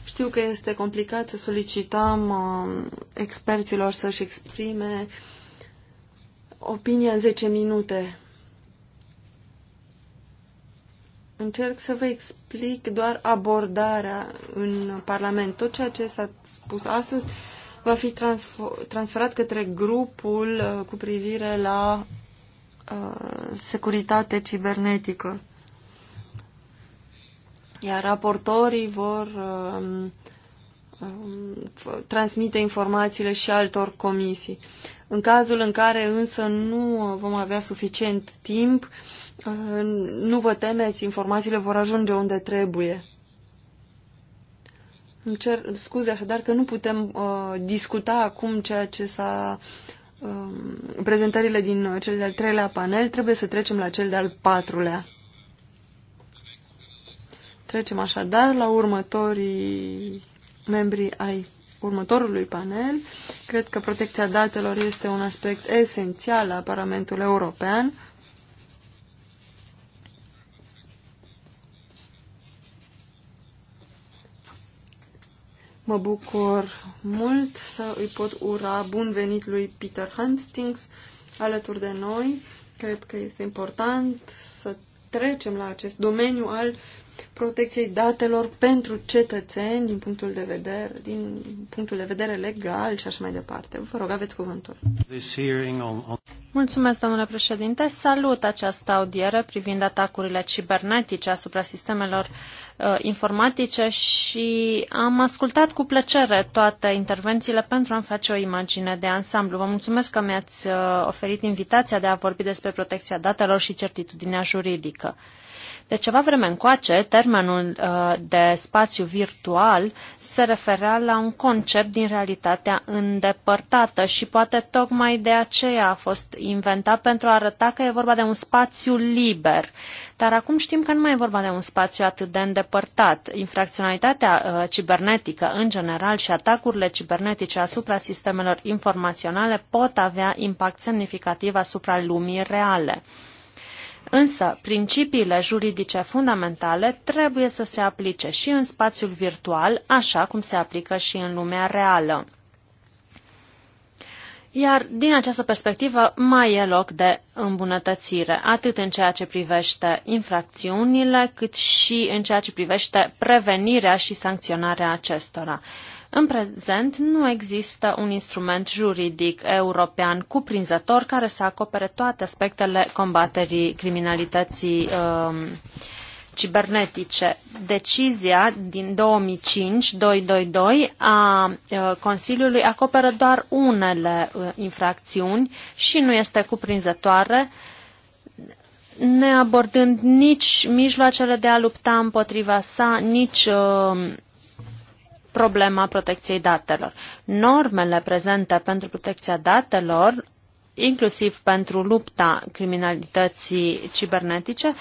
Știu că este complicat să solicităm uh, experților să-și exprime opinia în 10 minute. Încerc să vă explic doar abordarea în Parlament. Tot ceea ce s-a spus astăzi va fi transferat către grupul uh, cu privire la uh, securitate cibernetică. Iar raportorii vor uh, transmite informațiile și altor comisii. În cazul în care însă nu vom avea suficient timp, uh, nu vă temeți, informațiile vor ajunge unde trebuie. Îmi cer scuze așadar că nu putem uh, discuta acum ceea ce s-a uh, prezentările din cel de-al treilea panel, trebuie să trecem la cel de-al patrulea. Trecem așadar la următorii membri ai următorului panel. Cred că protecția datelor este un aspect esențial la Parlamentul European. Mă bucur mult să îi pot ura bun venit lui Peter Hastings alături de noi. Cred că este important să trecem la acest domeniu al protecției datelor pentru cetățeni din punctul de vedere, din punctul de vedere legal și așa mai departe. Vă rog, aveți cuvântul. Mulțumesc, domnule președinte. Salut această audiere privind atacurile cibernetice asupra sistemelor uh, informatice și am ascultat cu plăcere toate intervențiile pentru a-mi face o imagine de ansamblu. Vă mulțumesc că mi-ați uh, oferit invitația de a vorbi despre protecția datelor și certitudinea juridică. De ceva vreme încoace, termenul uh, de spațiu virtual se referea la un concept din realitatea îndepărtată și poate tocmai de aceea a fost inventat pentru a arăta că e vorba de un spațiu liber. Dar acum știm că nu mai e vorba de un spațiu atât de îndepărtat. Infracționalitatea uh, cibernetică în general și atacurile cibernetice asupra sistemelor informaționale pot avea impact semnificativ asupra lumii reale. Însă, principiile juridice fundamentale trebuie să se aplice și în spațiul virtual, așa cum se aplică și în lumea reală. Iar din această perspectivă mai e loc de îmbunătățire, atât în ceea ce privește infracțiunile, cât și în ceea ce privește prevenirea și sancționarea acestora. În prezent nu există un instrument juridic european cuprinzător care să acopere toate aspectele combaterii criminalității um, cibernetice. Decizia din 2005-222 a uh, Consiliului acoperă doar unele uh, infracțiuni și nu este cuprinzătoare neabordând nici mijloacele de a lupta împotriva sa, nici uh, problema protecției datelor. Normele prezente pentru protecția datelor, inclusiv pentru lupta criminalității cibernetice,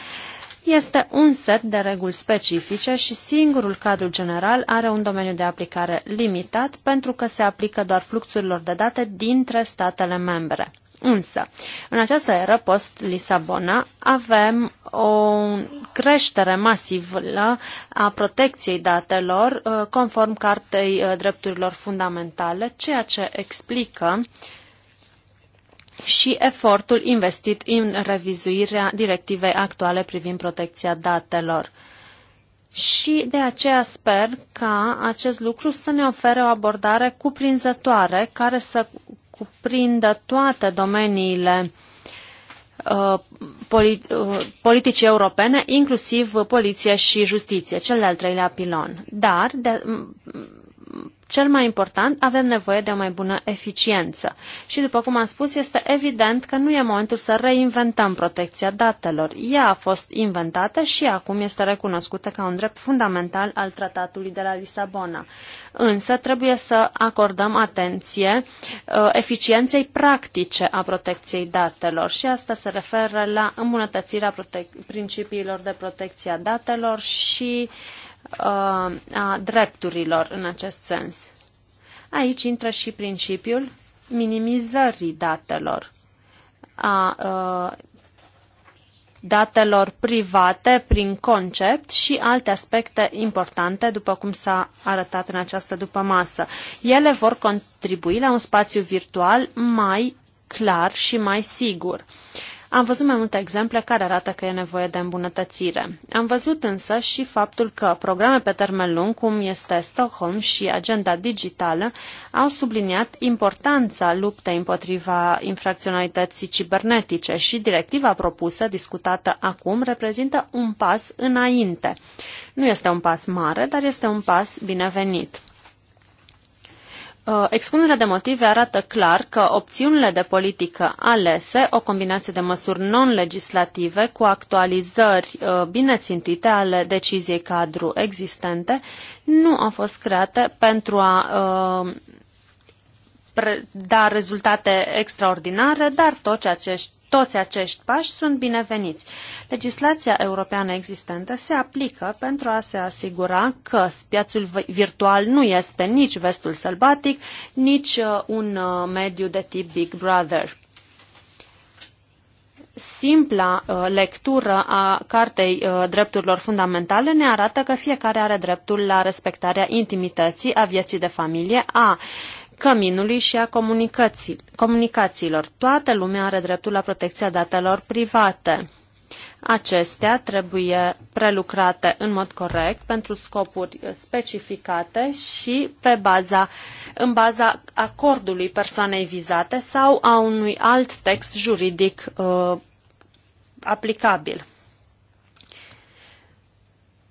este un set de reguli specifice și singurul cadru general are un domeniu de aplicare limitat pentru că se aplică doar fluxurilor de date dintre statele membre. Însă, în această eră post-Lisabona avem o creștere masivă a protecției datelor uh, conform Cartei uh, Drepturilor Fundamentale, ceea ce explică și efortul investit în revizuirea directivei actuale privind protecția datelor. Și de aceea sper ca acest lucru să ne ofere o abordare cuprinzătoare care să cuprindă toate domeniile uh, uh, politicii europene, inclusiv poliție și justiție, cel de-al treilea pilon. Dar, de, cel mai important, avem nevoie de o mai bună eficiență. Și, după cum am spus, este evident că nu e momentul să reinventăm protecția datelor. Ea a fost inventată și acum este recunoscută ca un drept fundamental al Tratatului de la Lisabona. Însă, trebuie să acordăm atenție uh, eficienței practice a protecției datelor și asta se referă la îmbunătățirea principiilor de protecție a datelor și uh, Uh, a drepturilor în acest sens. Aici intră și principiul minimizării datelor, a, a uh, datelor private prin concept și alte aspecte importante, după cum s-a arătat în această dupămasă. Ele vor contribui la un spațiu virtual mai clar și mai sigur. Uh, am văzut mai multe exemple care arată că e nevoie de îmbunătățire. Am văzut însă și faptul că programe pe termen lung, cum este Stockholm și agenda digitală, au subliniat importanța luptei împotriva infracționalității cibernetice și directiva propusă, discutată acum, reprezintă un pas înainte. Nu este un pas mare, dar este un pas binevenit. Uh, expunerea de motive arată clar că opțiunile de politică alese, o combinație de măsuri non-legislative cu actualizări uh, bine țintite ale deciziei cadru existente, nu au fost create pentru a uh, da rezultate extraordinare, dar tot ce acești toți acești pași sunt bineveniți. Legislația europeană existentă se aplică pentru a se asigura că spațiul virtual nu este nici vestul sălbatic, nici uh, un uh, mediu de tip Big Brother simpla uh, lectură a Cartei uh, Drepturilor Fundamentale ne arată că fiecare are dreptul la respectarea intimității, a vieții de familie, a căminului și a comunicațiilor. Toată lumea are dreptul la protecția datelor private. Acestea trebuie prelucrate în mod corect pentru scopuri specificate și pe baza, în baza acordului persoanei vizate sau a unui alt text juridic uh, aplicabil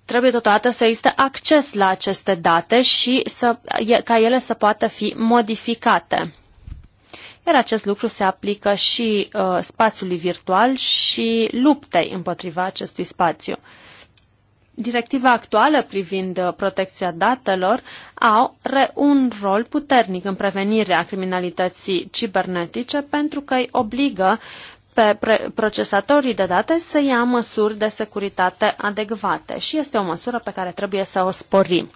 trebuie totodată să existe acces la aceste date și să, ca ele să poată fi modificate. Iar acest lucru se aplică și uh, spațiului virtual și luptei împotriva acestui spațiu. Directiva actuală privind uh, protecția datelor au un rol puternic în prevenirea criminalității cibernetice pentru că îi obligă pe procesatorii de date să ia măsuri de securitate adecvate și este o măsură pe care trebuie să o sporim.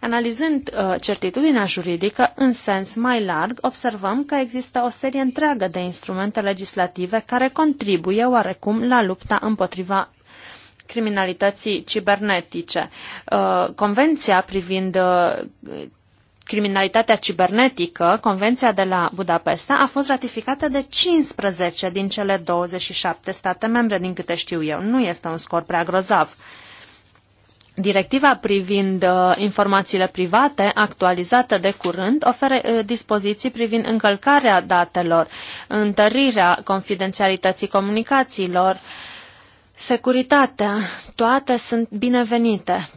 Analizând uh, certitudinea juridică în sens mai larg, observăm că există o serie întreagă de instrumente legislative care contribuie oarecum la lupta împotriva criminalității cibernetice. Uh, Convenția privind uh, criminalitatea cibernetică, Convenția de la Budapesta, a fost ratificată de 15 din cele 27 state membre, din câte știu eu. Nu este un scor prea grozav. Directiva privind uh, informațiile private, actualizată de curând, oferă uh, dispoziții privind încălcarea datelor, întărirea confidențialității comunicațiilor, uh, Securitatea, toate sunt binevenite.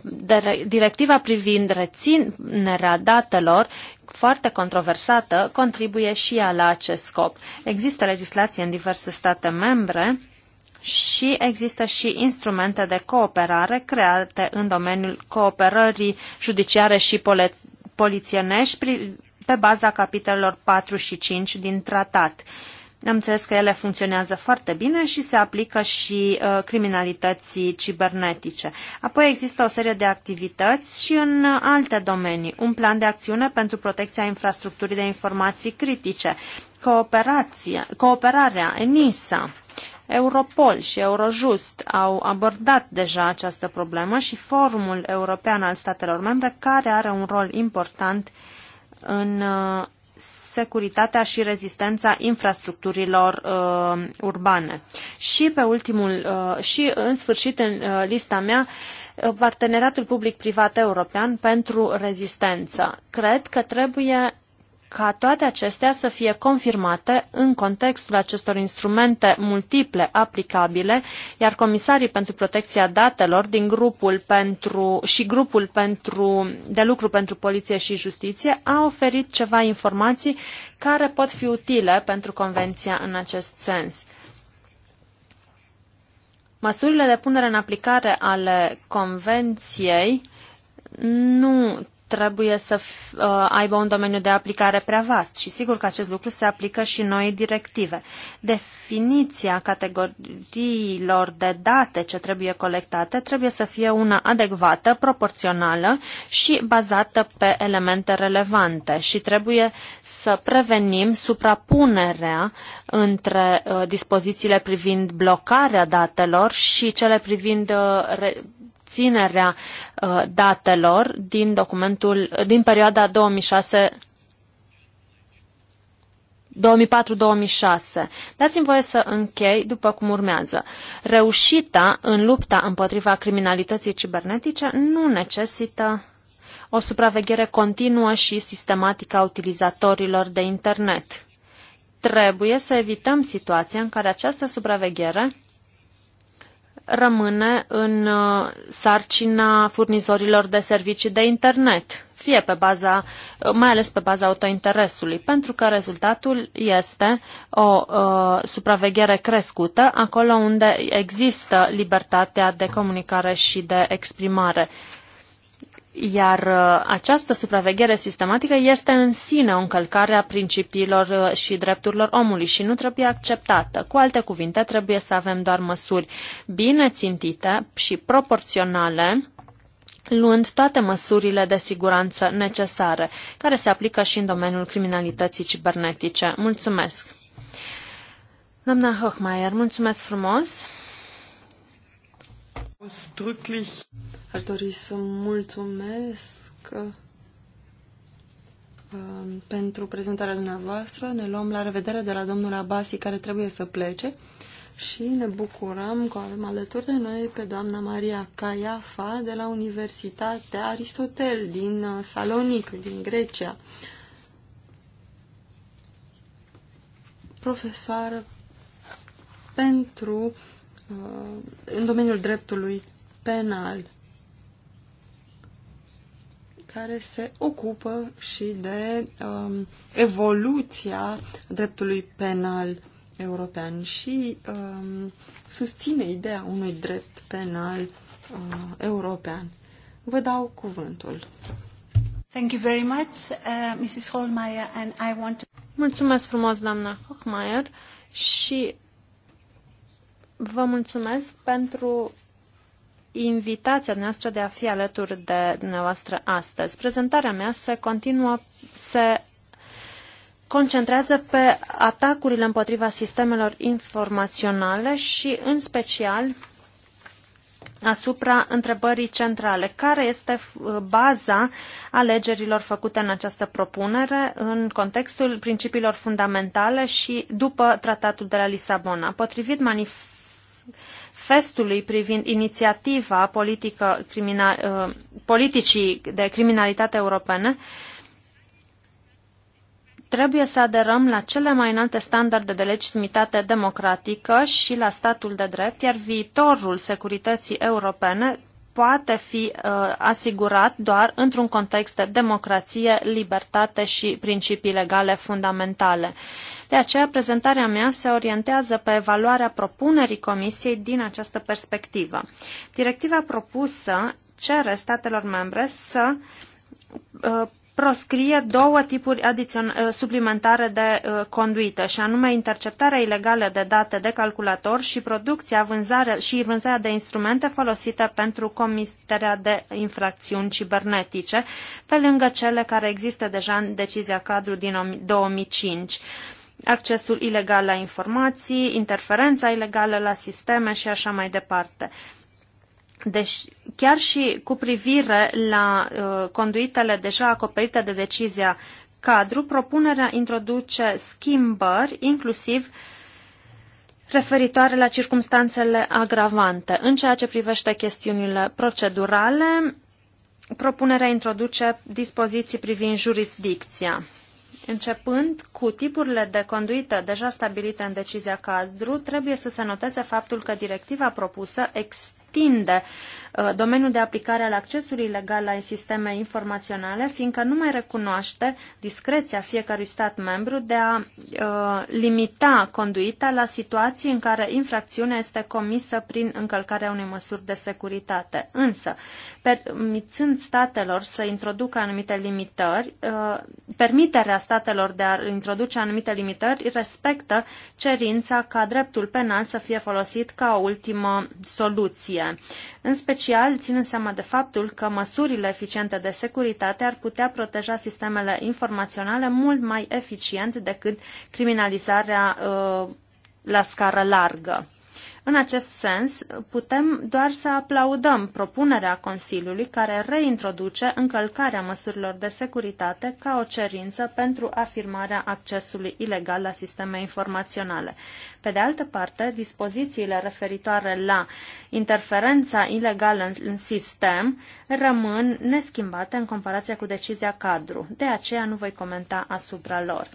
Directiva privind reținerea datelor, foarte controversată, contribuie și ea la acest scop. Există legislație în diverse state membre și există și instrumente de cooperare create în domeniul cooperării judiciare și polițienești pe baza capitolelor 4 și 5 din tratat. Am înțeles că ele funcționează foarte bine și se aplică și uh, criminalității cibernetice. Apoi există o serie de activități și în alte domenii. Un plan de acțiune pentru protecția infrastructurii de informații critice, cooperația, cooperarea ENISA, Europol și Eurojust au abordat deja această problemă și Forumul European al Statelor Membre, care are un rol important în uh, securitatea și rezistența infrastructurilor uh, urbane. Și pe ultimul, uh, și în sfârșit în uh, lista mea, uh, parteneriatul public-privat european pentru rezistență. Cred că trebuie ca toate acestea să fie confirmate în contextul acestor instrumente multiple aplicabile, iar comisarii pentru protecția datelor din grupul pentru, și grupul pentru, de lucru pentru poliție și justiție a oferit ceva informații care pot fi utile pentru convenția în acest sens. Măsurile de punere în aplicare ale convenției nu trebuie să uh, aibă un domeniu de aplicare prea vast și sigur că acest lucru se aplică și noi directive. Definiția categoriilor de date ce trebuie colectate trebuie să fie una adecvată, proporțională și bazată pe elemente relevante și trebuie să prevenim suprapunerea între uh, dispozițiile privind blocarea datelor și cele privind uh, obținerea uh, datelor din documentul uh, din perioada 2006 2004-2006. Dați-mi voie să închei după cum urmează. Reușita în lupta împotriva criminalității cibernetice nu necesită o supraveghere continuă și sistematică a utilizatorilor de internet. Trebuie să evităm situația în care această supraveghere rămâne în uh, sarcina furnizorilor de servicii de internet, fie pe baza, uh, mai ales pe baza autointeresului, pentru că rezultatul este o uh, supraveghere crescută acolo unde există libertatea de comunicare și de exprimare. Iar uh, această supraveghere sistematică este în sine o încălcare a principiilor uh, și drepturilor omului și nu trebuie acceptată. Cu alte cuvinte, trebuie să avem doar măsuri bine țintite și proporționale, luând toate măsurile de siguranță necesare, care se aplică și în domeniul criminalității cibernetice. Mulțumesc! Doamna Hochmeier, mulțumesc frumos! Aș dori să mulțumesc um, pentru prezentarea dumneavoastră. Ne luăm la revedere de la domnul Abasi, care trebuie să plece și ne bucurăm că avem alături de noi pe doamna Maria Caiafa de la Universitatea Aristotel din uh, Salonic, din Grecia. Profesoară pentru Uh, în domeniul dreptului penal care se ocupă și de um, evoluția dreptului penal european și um, susține ideea unui drept penal uh, european. Vă dau cuvântul. Thank you very much, uh, Mrs. Holmeyer, and I want to... Mulțumesc frumos, doamna Hochmeier, și Vă mulțumesc pentru invitația noastră de a fi alături de dumneavoastră astăzi. Prezentarea mea se continuă, se concentrează pe atacurile împotriva sistemelor informaționale și, în special, asupra întrebării centrale. Care este uh, baza alegerilor făcute în această propunere în contextul principiilor fundamentale și după tratatul de la Lisabona? Potrivit manifestului festului privind inițiativa politică, crimina, uh, politicii de criminalitate europene, trebuie să aderăm la cele mai înalte standarde de legitimitate democratică și la statul de drept, iar viitorul securității europene poate fi uh, asigurat doar într-un context de democrație, libertate și principii legale fundamentale. Uh, de aceea, prezentarea mea se orientează pe evaluarea propunerii Comisiei din această perspectivă. Directiva propusă cere statelor membre să uh, proscrie două tipuri uh, suplimentare de uh, conduită, și anume interceptarea ilegală de date de calculator și producția vânzarea și vânzarea de instrumente folosite pentru comiterea de infracțiuni cibernetice, pe lângă cele care există deja în decizia cadru din 2005 accesul ilegal la informații, interferența ilegală la sisteme și așa mai departe. Deci, chiar și cu privire la uh, conduitele deja acoperite de decizia cadru, propunerea introduce schimbări, inclusiv referitoare la circumstanțele agravante. În ceea ce privește chestiunile procedurale, propunerea introduce dispoziții privind jurisdicția. Începând cu tipurile de conduită deja stabilite în decizia cadru, trebuie să se noteze faptul că directiva propusă ex extinde uh, domeniul de aplicare al accesului legal la sisteme informaționale, fiindcă nu mai recunoaște discreția fiecărui stat membru de a uh, limita conduita la situații în care infracțiunea este comisă prin încălcarea unei măsuri de securitate. Însă, permițând statelor să introducă anumite limitări, uh, permiterea statelor de a introduce anumite limitări respectă cerința ca dreptul penal să fie folosit ca o ultimă soluție energie. În special, ținând seama de faptul că măsurile eficiente de securitate ar putea proteja sistemele informaționale mult mai eficient decât criminalizarea uh, la scară largă. În acest sens, putem doar să aplaudăm propunerea Consiliului care reintroduce încălcarea măsurilor de securitate ca o cerință pentru afirmarea accesului ilegal la sisteme informaționale. Pe de altă parte, dispozițiile referitoare la interferența ilegală în, în sistem rămân neschimbate în comparație cu decizia cadru. De aceea nu voi comenta asupra lor.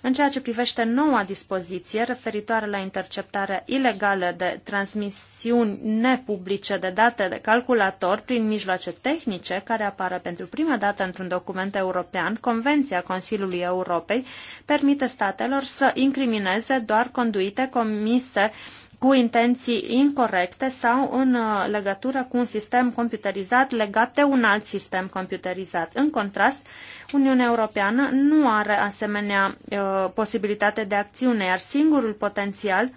În ceea ce privește noua dispoziție referitoare la interceptarea ilegală de transmisiuni nepublice de date de calculator prin mijloace tehnice care apare pentru prima dată într-un document european, Convenția Consiliului Europei permite statelor să incrimineze doar conduite comise cu intenții incorrecte sau în uh, legătură cu un sistem computerizat legat de un alt sistem computerizat. În contrast, Uniunea Europeană nu are asemenea uh, posibilitate de acțiune, iar singurul potențial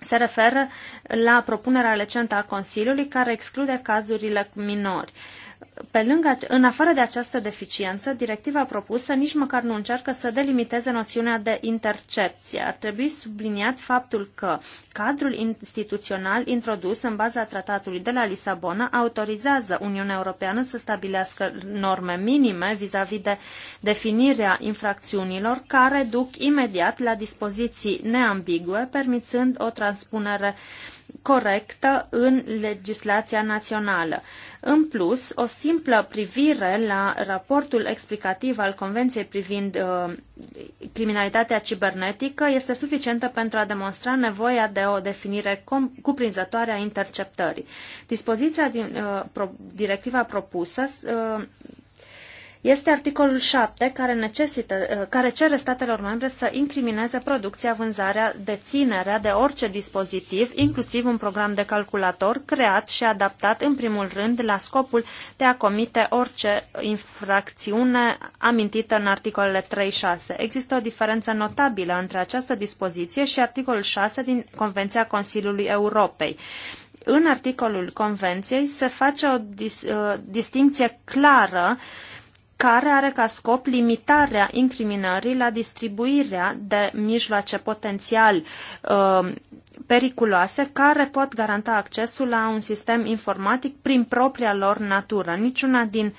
se referă la propunerea recentă a Consiliului care exclude cazurile cu minori. Uh, pe lângă, în afară de această deficiență, directiva propusă nici măcar nu încearcă să delimiteze noțiunea de intercepție. Ar trebui subliniat faptul că cadrul instituțional introdus în baza tratatului de la Lisabona autorizează Uniunea Europeană să stabilească norme minime vis-a-vis de definirea infracțiunilor care duc imediat la dispoziții neambigue, permițând o transpunere uh, corectă în legislația națională. În plus, o simplă privire la raportul explicativ al Convenției privind uh, criminalitatea cibernetică este suficientă pentru a demonstra nevoia de o definire cuprinzătoare a interceptării. Dispoziția din uh, pro- directiva propusă uh, este articolul 7 care, necesită, uh, care cere statelor membre să incrimineze producția, vânzarea, deținerea de orice dispozitiv, inclusiv un program de calculator creat și adaptat în primul rând la scopul de a comite orice infracțiune amintită în articolele 3-6. Există o diferență notabilă între această dispoziție și articolul 6 din Convenția Consiliului Europei în articolul Convenției se face o dis, uh, distinție clară care are ca scop limitarea incriminării la distribuirea de mijloace potențial uh, periculoase care pot garanta accesul la un sistem informatic prin propria lor natură. Niciuna din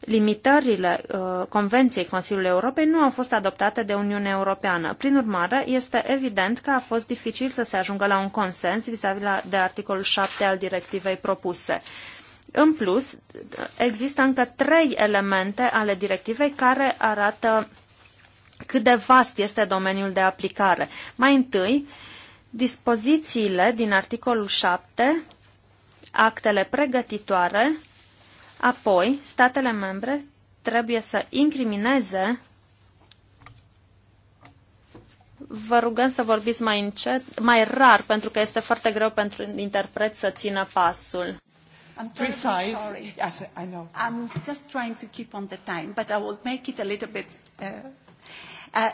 limitările uh, Convenției Consiliului Europei nu au fost adoptate de Uniunea Europeană. Prin urmare, este evident că a fost dificil să se ajungă la un consens vis-a-vis de articolul 7 al directivei propuse. Uh, în plus, există încă trei elemente ale directivei care arată cât de vast este domeniul de aplicare. Mai întâi, dispozițiile din articolul 7, actele pregătitoare, apoi statele membre trebuie să incrimineze Vă rugăm să vorbiți mai încet, mai rar, pentru că este foarte greu pentru interpret să țină pasul. I'm precise. Sorry. Yes, I know. I'm just trying to keep on the time, but I will make it a little bit. Uh, uh,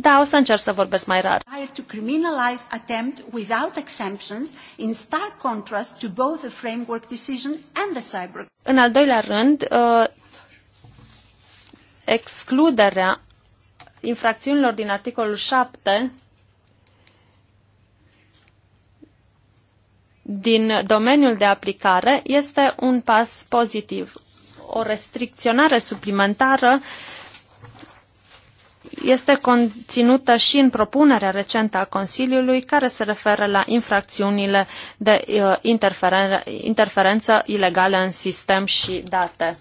da, o să încerc să vorbesc mai rar. To criminalize attempt without exemptions in stark contrast to both the framework decision and the cyber. În al doilea rând, uh, excluderea infracțiunilor din articolul 7 din domeniul de aplicare este un pas pozitiv. O restricționare suplimentară este conținută și în propunerea recentă a Consiliului care se referă la infracțiunile de uh, interferență ilegală în sistem și date.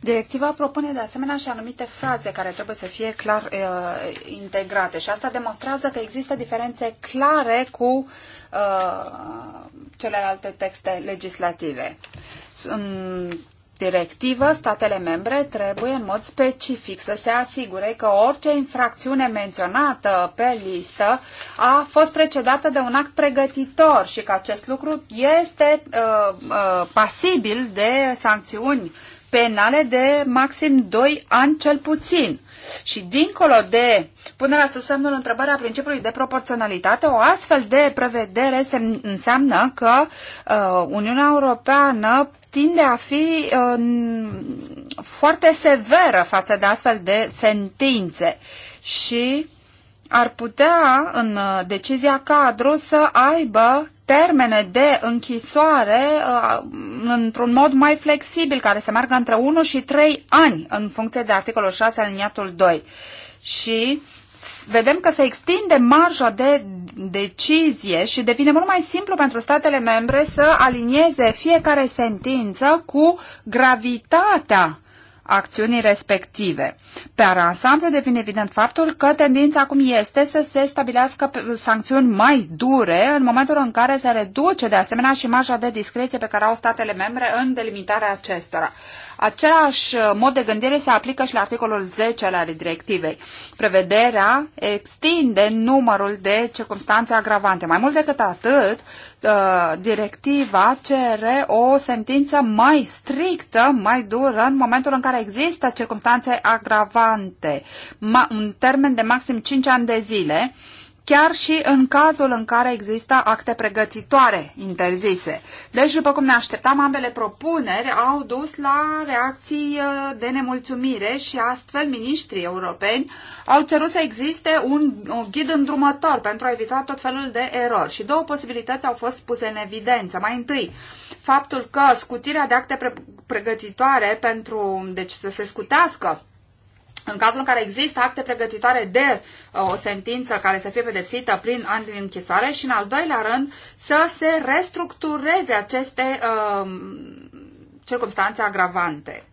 Directiva propune de asemenea și anumite fraze care trebuie să fie clar uh, integrate și asta demonstrează că există diferențe clare cu uh, celelalte texte legislative. Sunt directivă, statele membre trebuie în mod specific să se asigure că orice infracțiune menționată pe listă a fost precedată de un act pregătitor și că acest lucru este uh, uh, pasibil de sancțiuni penale de maxim 2 ani cel puțin. Și dincolo de punerea sub semnul întrebarea principiului de proporționalitate, o astfel de prevedere înseamnă că uh, Uniunea Europeană tinde a fi uh, foarte severă față de astfel de sentințe și ar putea în uh, decizia cadru să aibă termene de închisoare uh, într-un mod mai flexibil, care se meargă între 1 și 3 ani în funcție de articolul 6 aliniatul 2. Și vedem că se extinde marja de decizie și devine mult mai simplu pentru statele membre să alinieze fiecare sentință cu gravitatea acțiunii respective. Pe ansamblu devine evident faptul că tendința acum este să se stabilească sancțiuni mai dure în momentul în care se reduce de asemenea și marja de discreție pe care au statele membre în delimitarea acestora. Același uh, mod de gândire se aplică și la articolul 10 al directivei. Prevederea extinde numărul de circunstanțe agravante. Mai mult decât atât, uh, directiva cere o sentință mai strictă, mai dură în momentul în care există circunstanțe agravante, un termen de maxim 5 ani de zile, chiar și în cazul în care există acte pregătitoare interzise. Deci, după cum ne așteptam, ambele propuneri au dus la reacții uh, de nemulțumire și astfel miniștrii europeni au cerut să existe un, un ghid îndrumător pentru a evita tot felul de erori. Și două posibilități au fost puse în evidență. Mai întâi, faptul că scutirea de acte pre- pregătitoare pentru, deci să se scutească în cazul în care există acte pregătitoare de uh, o sentință care să fie pedepsită prin ani din închisoare și, în al doilea rând, să se restructureze aceste uh, circunstanțe agravante.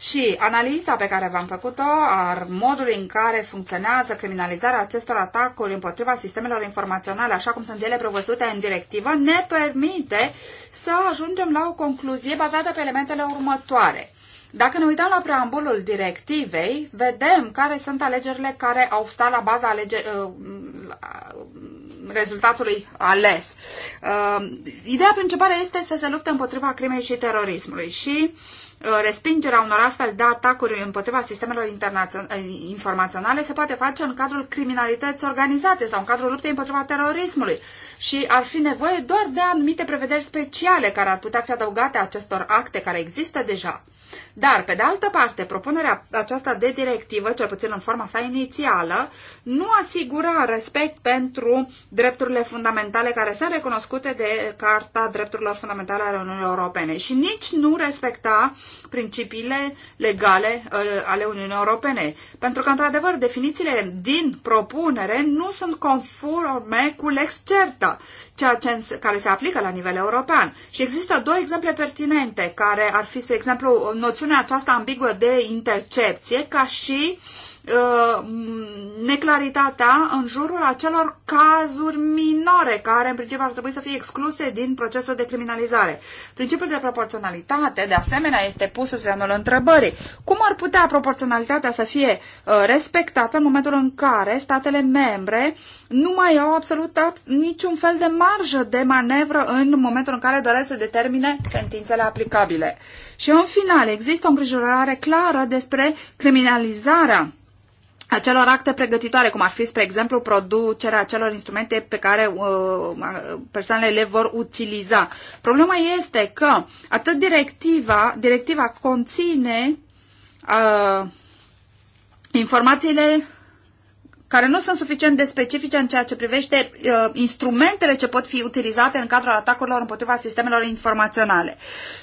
Și analiza pe care v-am făcut-o a modului în care funcționează criminalizarea acestor atacuri împotriva sistemelor informaționale, așa cum sunt ele prevăzute în directivă, ne permite să ajungem la o concluzie bazată pe elementele următoare. Dacă ne uităm la preambulul directivei, vedem care sunt alegerile care au stat la baza alege, uh, rezultatului ales. Uh, ideea principală este să se lupte împotriva crimei și terorismului și uh, respingerea unor astfel de atacuri împotriva sistemelor informaționale se poate face în cadrul criminalității organizate sau în cadrul luptei împotriva terorismului și ar fi nevoie doar de anumite prevederi speciale care ar putea fi adăugate acestor acte care există deja. Dar, pe de altă parte, propunerea aceasta de directivă, cel puțin în forma sa inițială, nu asigura respect pentru drepturile fundamentale care sunt recunoscute de Carta Drepturilor Fundamentale ale Uniunii Europene și nici nu respecta principiile legale uh, ale Uniunii Europene. Pentru că, într-adevăr, definițiile din propunere nu sunt conforme cu lex certa ceea ce, care se aplică la nivel european. Și există două exemple pertinente, care ar fi, spre exemplu, noțiunea aceasta ambiguă de intercepție, ca și uh, Uh, neclaritatea în jurul acelor cazuri minore care în principiu ar trebui să fie excluse din procesul de criminalizare. Principiul de proporționalitate, de asemenea, este pus în semnul întrebării. Cum ar putea proporționalitatea să fie uh, respectată în momentul în care statele membre nu mai au absolut niciun fel de marjă de manevră în momentul în care doresc să determine sentințele aplicabile? Și în final, există o îngrijorare clară despre criminalizarea acelor acte pregătitoare, cum ar fi, spre exemplu, producerea acelor instrumente pe care uh, persoanele le vor utiliza. Problema este că atât directiva, directiva conține uh, informațiile care nu sunt suficient de specifice în ceea ce privește uh, instrumentele ce pot fi utilizate în cadrul atacurilor împotriva sistemelor informaționale.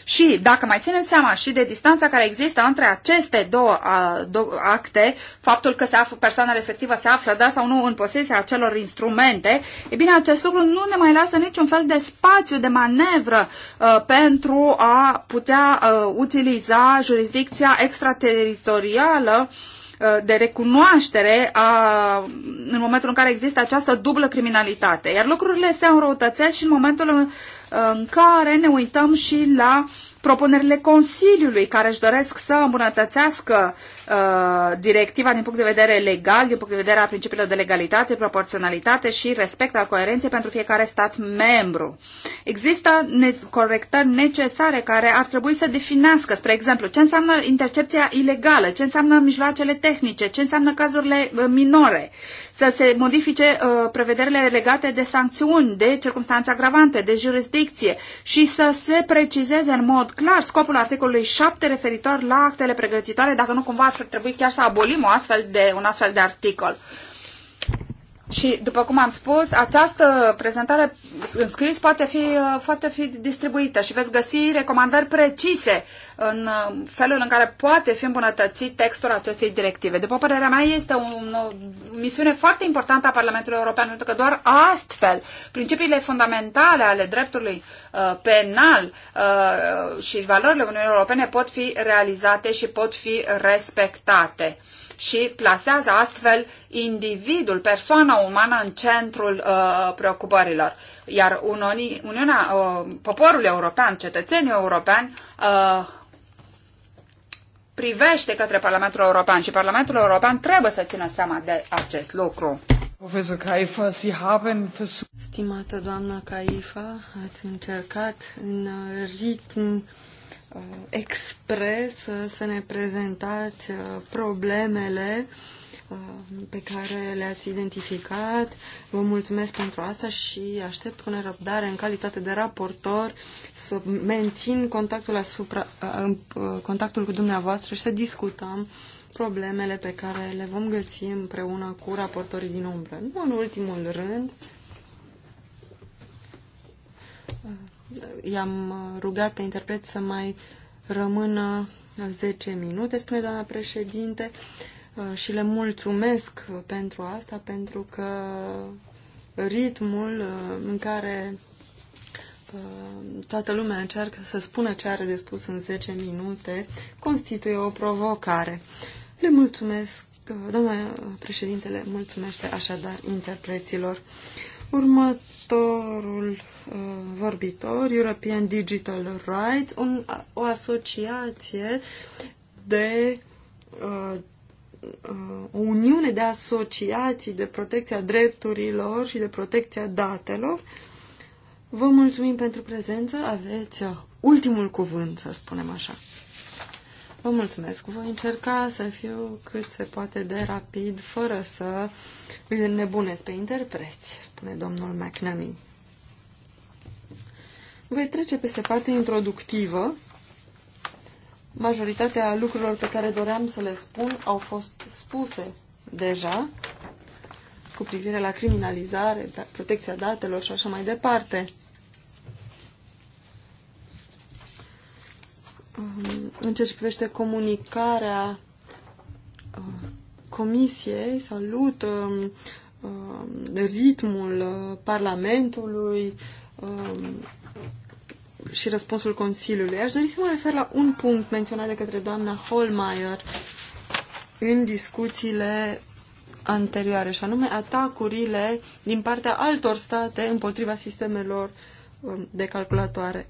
Și dacă mai ținem seama și de distanța care există între aceste două uh, două acte, faptul că se află, persoana respectivă se află, da sau nu, în posesia acelor instrumente, e bine, acest lucru nu ne mai lasă niciun fel de spațiu de manevră uh, pentru a putea uh, utiliza jurisdicția extrateritorială uh, Uh, de recunoaștere a, în momentul în care există această dublă criminalitate. Iar lucrurile se înrăutățesc și în momentul în în um, care ne uităm și la propunerile Consiliului care își doresc să îmbunătățească uh, directiva din punct de vedere legal, din punct de vedere a principiilor de legalitate, proporționalitate și respect al coerenței pentru fiecare stat membru. Există ne- corectări necesare care ar trebui să definească, spre exemplu, ce înseamnă intercepția ilegală, ce înseamnă mijloacele tehnice, ce înseamnă cazurile uh, minore, să se modifice uh, prevederile legate de sancțiuni, de circunstanțe agravante, de jurisdicție, jurisdicție și să se precizeze în mod clar scopul articolului 7 referitor la actele pregătitoare, dacă nu cumva ar trebui chiar să abolim o astfel de, un astfel de articol. Și, după cum am spus, această prezentare în scris poate fi, uh, poate fi distribuită și veți găsi recomandări precise în uh, felul în care poate fi îmbunătățit textul acestei directive. După părerea mea, este o, o misiune foarte importantă a Parlamentului European, pentru că doar astfel principiile fundamentale ale dreptului uh, penal și valorile Uniunii Europene pot fi realizate și pot fi respectate și plasează astfel individul, persoana umană în centrul uh, preocupărilor. Iar unii, Uniunea, uh, poporul european, cetățenii europeni uh, privește către Parlamentul European și Parlamentul European trebuie să țină seama de acest lucru. Profesor Caifa, Sie haben versucht... Stimată doamnă Caifa, ați încercat în ritm Uh, expres uh, să ne prezentați uh, problemele pe care le-ați identificat. Vă mulțumesc pentru asta și aștept cu nerăbdare, în calitate de raportor, să mențin contactul, asupra, contactul cu dumneavoastră și să discutăm problemele pe care le vom găsi împreună cu raportorii din umbră. Nu în ultimul rând, i-am rugat pe interpret să mai rămână 10 minute, spune doamna președinte, uh, și le mulțumesc pentru asta, pentru că ritmul uh, în care uh, toată lumea încearcă să spună ce are de spus în 10 minute constituie o provocare. Le mulțumesc, doamna președintele mulțumește așadar interpreților. Următorul Uh, vorbitor European Digital Rights, un, o asociație de uh, uh, o uniune de asociații de protecția drepturilor și de protecția datelor. Vă mulțumim pentru prezență, aveți uh, ultimul cuvânt, să spunem așa. Vă mulțumesc. Voi încerca să fiu cât se poate de rapid, fără să îi nebunesc pe interpreți, spune domnul McNamee. Voi trece peste partea introductivă. Majoritatea lucrurilor pe care doream să le spun au fost spuse deja cu privire la criminalizare, da, protecția datelor și așa mai departe. Um, în ce privește comunicarea uh, comisiei, salut um, um, ritmul uh, Parlamentului, și răspunsul Consiliului. Aș dori să mă refer la un punct menționat de către doamna Holmeier în discuțiile anterioare, și anume atacurile din partea altor state împotriva sistemelor um, de calculatoare.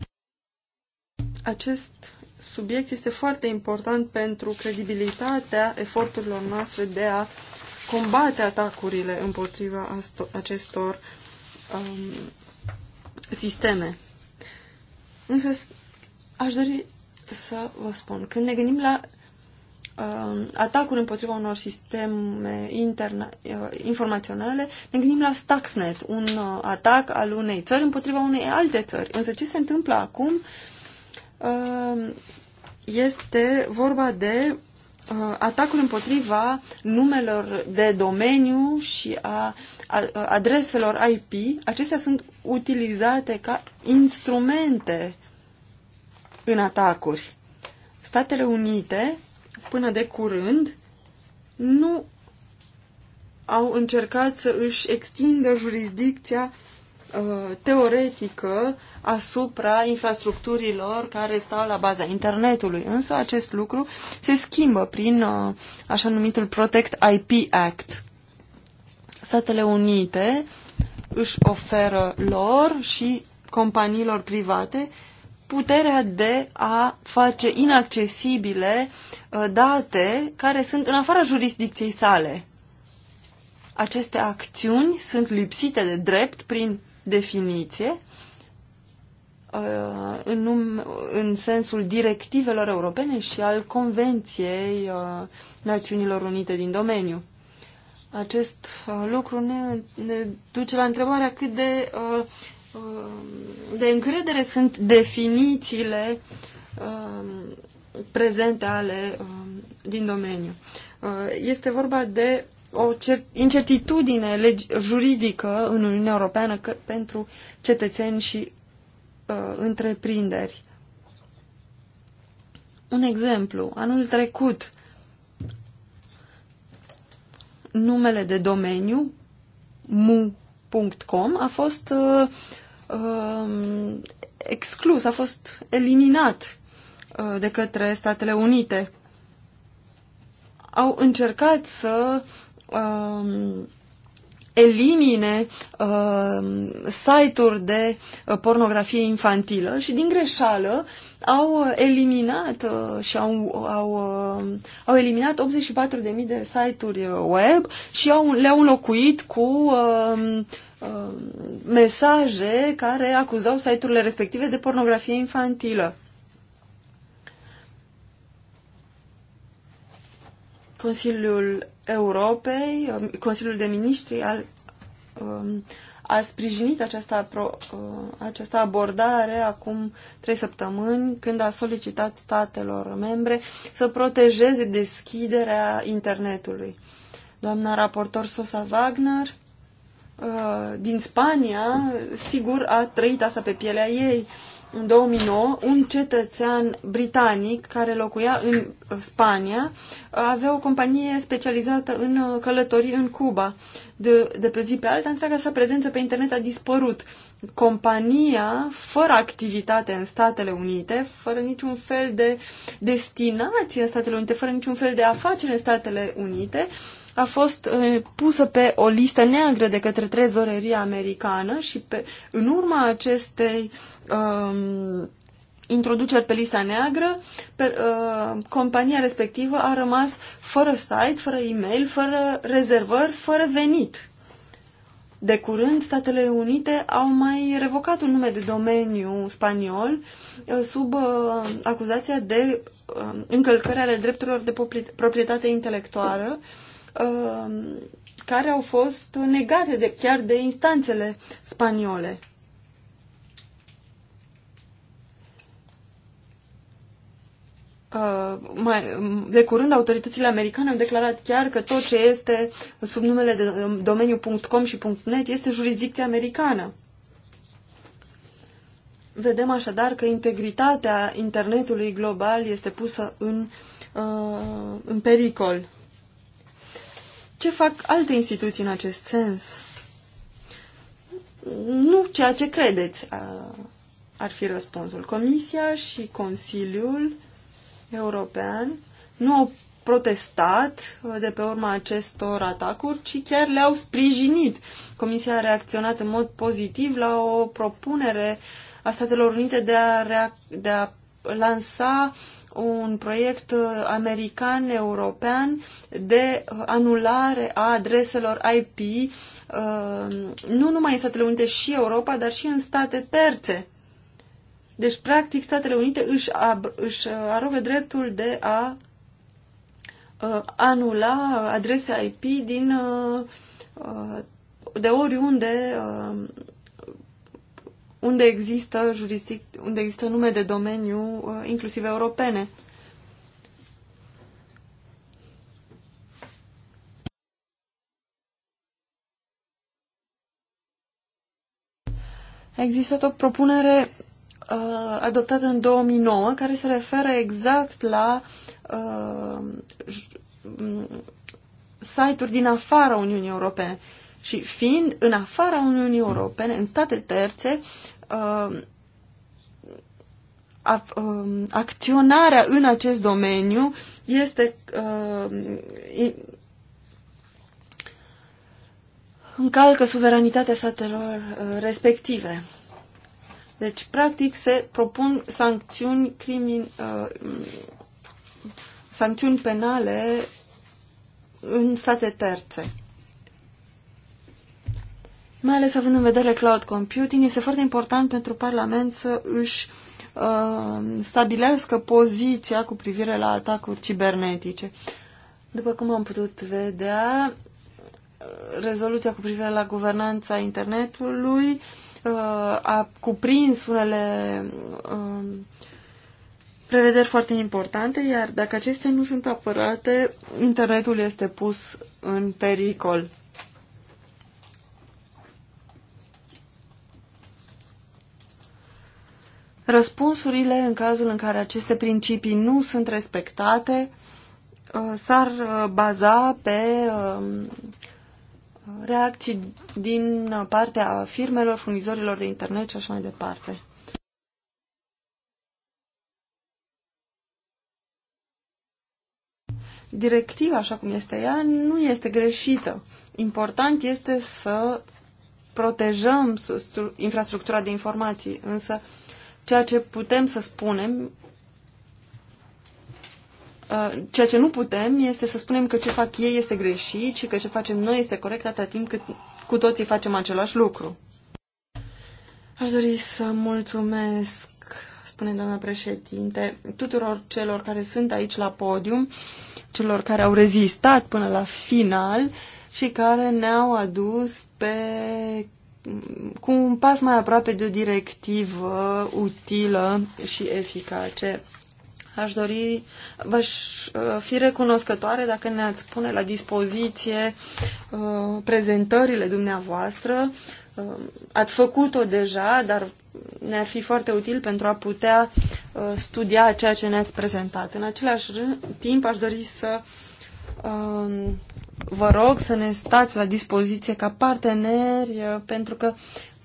Acest subiect este foarte important pentru credibilitatea eforturilor noastre de a combate atacurile împotriva acestor um, sisteme. Însă aș dori să vă spun, când ne gândim la uh, atacuri împotriva unor sisteme interna, uh, informaționale, ne gândim la Stuxnet, un uh, atac al unei țări împotriva unei alte țări. Însă ce se întâmplă acum uh, este vorba de uh, atacuri împotriva numelor de domeniu și a, a adreselor IP. Acestea sunt utilizate ca instrumente în atacuri. Statele Unite, până de curând, nu au încercat să își extindă jurisdicția uh, teoretică asupra infrastructurilor care stau la baza internetului. Însă acest lucru se schimbă prin uh, așa numitul Protect IP Act. Statele Unite își oferă lor și companiilor private puterea de a face inaccesibile uh, date care sunt în afara jurisdicției sale. Aceste acțiuni sunt lipsite de drept prin definiție uh, în, num, în sensul directivelor europene și al Convenției uh, Națiunilor Unite din domeniu. Acest lucru ne, ne duce la întrebarea cât de uh, Um, de încredere sunt definițiile um, prezente ale um, din domeniu. Uh, este vorba de o incertitudine juridică în Uniunea Europeană pentru cetățeni și uh, întreprinderi. Un exemplu, anul trecut numele de domeniu mu .com a fost uh, uh, exclus, a fost eliminat uh, de către Statele Unite. Au încercat să uh, elimine uh, site-uri de uh, pornografie infantilă și din greșeală au eliminat uh, și au, au, uh, au eliminat 84.000 de site-uri uh, web și au, le-au înlocuit cu uh, uh, mesaje care acuzau site-urile respective de pornografie infantilă. Consiliul Europei, um, Consiliul de Ministri al, um, a sprijinit această, uh, această abordare acum trei săptămâni, când a solicitat statelor membre să protejeze deschiderea internetului. Doamna raportor Sosa Wagner uh, din Spania, sigur, a trăit asta pe pielea ei în 2009, un cetățean britanic care locuia în Spania uh, avea o companie specializată în uh, călătorii în Cuba. De, de pe zi pe alta, întreaga sa prezență pe internet a dispărut. Compania, fără activitate în Statele Unite, fără niciun fel de destinație în Statele Unite, fără niciun fel de afacere în Statele Unite, a fost uh, pusă pe o listă neagră de către trezoreria americană și pe, în urma acestei uh, um, introduceri pe lista neagră, pe, uh, compania respectivă a rămas fără site, fără e-mail, fără rezervări, fără venit. De curând, Statele Unite au mai revocat un nume de domeniu spaniol uh, sub uh, acuzația de uh, încălcări ale drepturilor de proprietate intelectuală uh, care au fost negate de, chiar de instanțele spaniole. Uh, mai, de curând autoritățile americane au declarat chiar că tot ce este sub numele de um, domeniu .com și .net este jurisdicție americană. Vedem așadar că integritatea internetului global este pusă în, uh, în pericol. Ce fac alte instituții în acest sens? Nu ceea ce credeți, uh, ar fi răspunsul. Comisia și Consiliul uh, european nu au protestat uh, de pe urma acestor atacuri, ci chiar le-au sprijinit. Comisia a reacționat în mod pozitiv la o propunere a Statelor Unite de a, de a lansa un proiect uh, american-european de uh, anulare a adreselor IP, nu numai în Statele Unite și Europa, dar și în state terțe. Deci, practic, Statele Unite își, ab- își uh, arogă dreptul de a uh, anula adrese IP din uh, uh, de oriunde uh, unde există juristic, unde există nume de domeniu, uh, inclusiv europene. A existat o propunere uh, adoptat în 2009, care se referă exact la uh, site-uri din afara Uniunii Europene. Și fiind în afara Uniunii Europene, în state terțe, uh, a, uh, acționarea în acest domeniu este uh, încalcă suveranitatea statelor uh, respective. Deci, practic, se propun sancțiuni, crimin, uh, sancțiuni penale în state terțe. Mai ales având în vedere cloud computing, este foarte important pentru Parlament să își uh, stabilească poziția cu privire la atacuri cibernetice. După cum am putut vedea, uh, rezoluția cu privire la guvernanța internetului uh, Uh, a cuprins unele um, prevederi foarte importante, iar dacă acestea nu sunt apărate, internetul este pus în pericol. Răspunsurile în cazul în care aceste principii nu sunt respectate uh, s-ar uh, baza pe um, reacții din partea firmelor, furnizorilor de internet și așa mai departe. Directiva, așa cum este ea, nu este greșită. Important este să protejăm infrastructura de informații, însă ceea ce putem să spunem Uh, ceea ce nu putem este să spunem că ce fac ei este greșit și că ce facem noi este corect atâta timp cât cu toții facem același lucru. Aș dori să mulțumesc, spune doamna președinte, tuturor celor care sunt aici la podium, celor care au rezistat până la final și care ne-au adus pe cu un pas mai aproape de o directivă utilă și eficace Aș dori, v-aș uh, fi recunoscătoare dacă ne-ați pune la dispoziție uh, prezentările dumneavoastră. Uh, ați făcut-o deja, dar ne-ar fi foarte util pentru a putea uh, studia ceea ce ne-ați prezentat. În același rând, timp, aș dori să um, vă rog să ne stați la dispoziție ca parteneri, uh, pentru că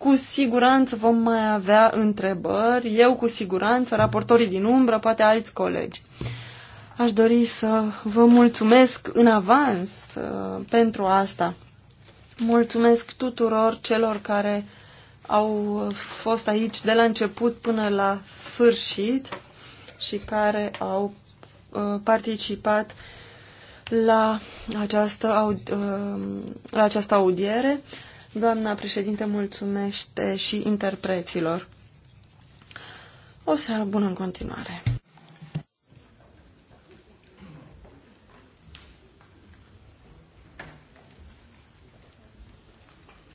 cu siguranță vom mai avea întrebări, eu cu siguranță, raportorii din umbră, poate alți colegi. Aș dori să vă mulțumesc în avans uh, pentru asta. Mulțumesc tuturor celor care au fost aici de la început până la sfârșit și care au uh, participat la această, uh, la această audiere. Doamna președinte mulțumește și interpreților. O seară bună în continuare.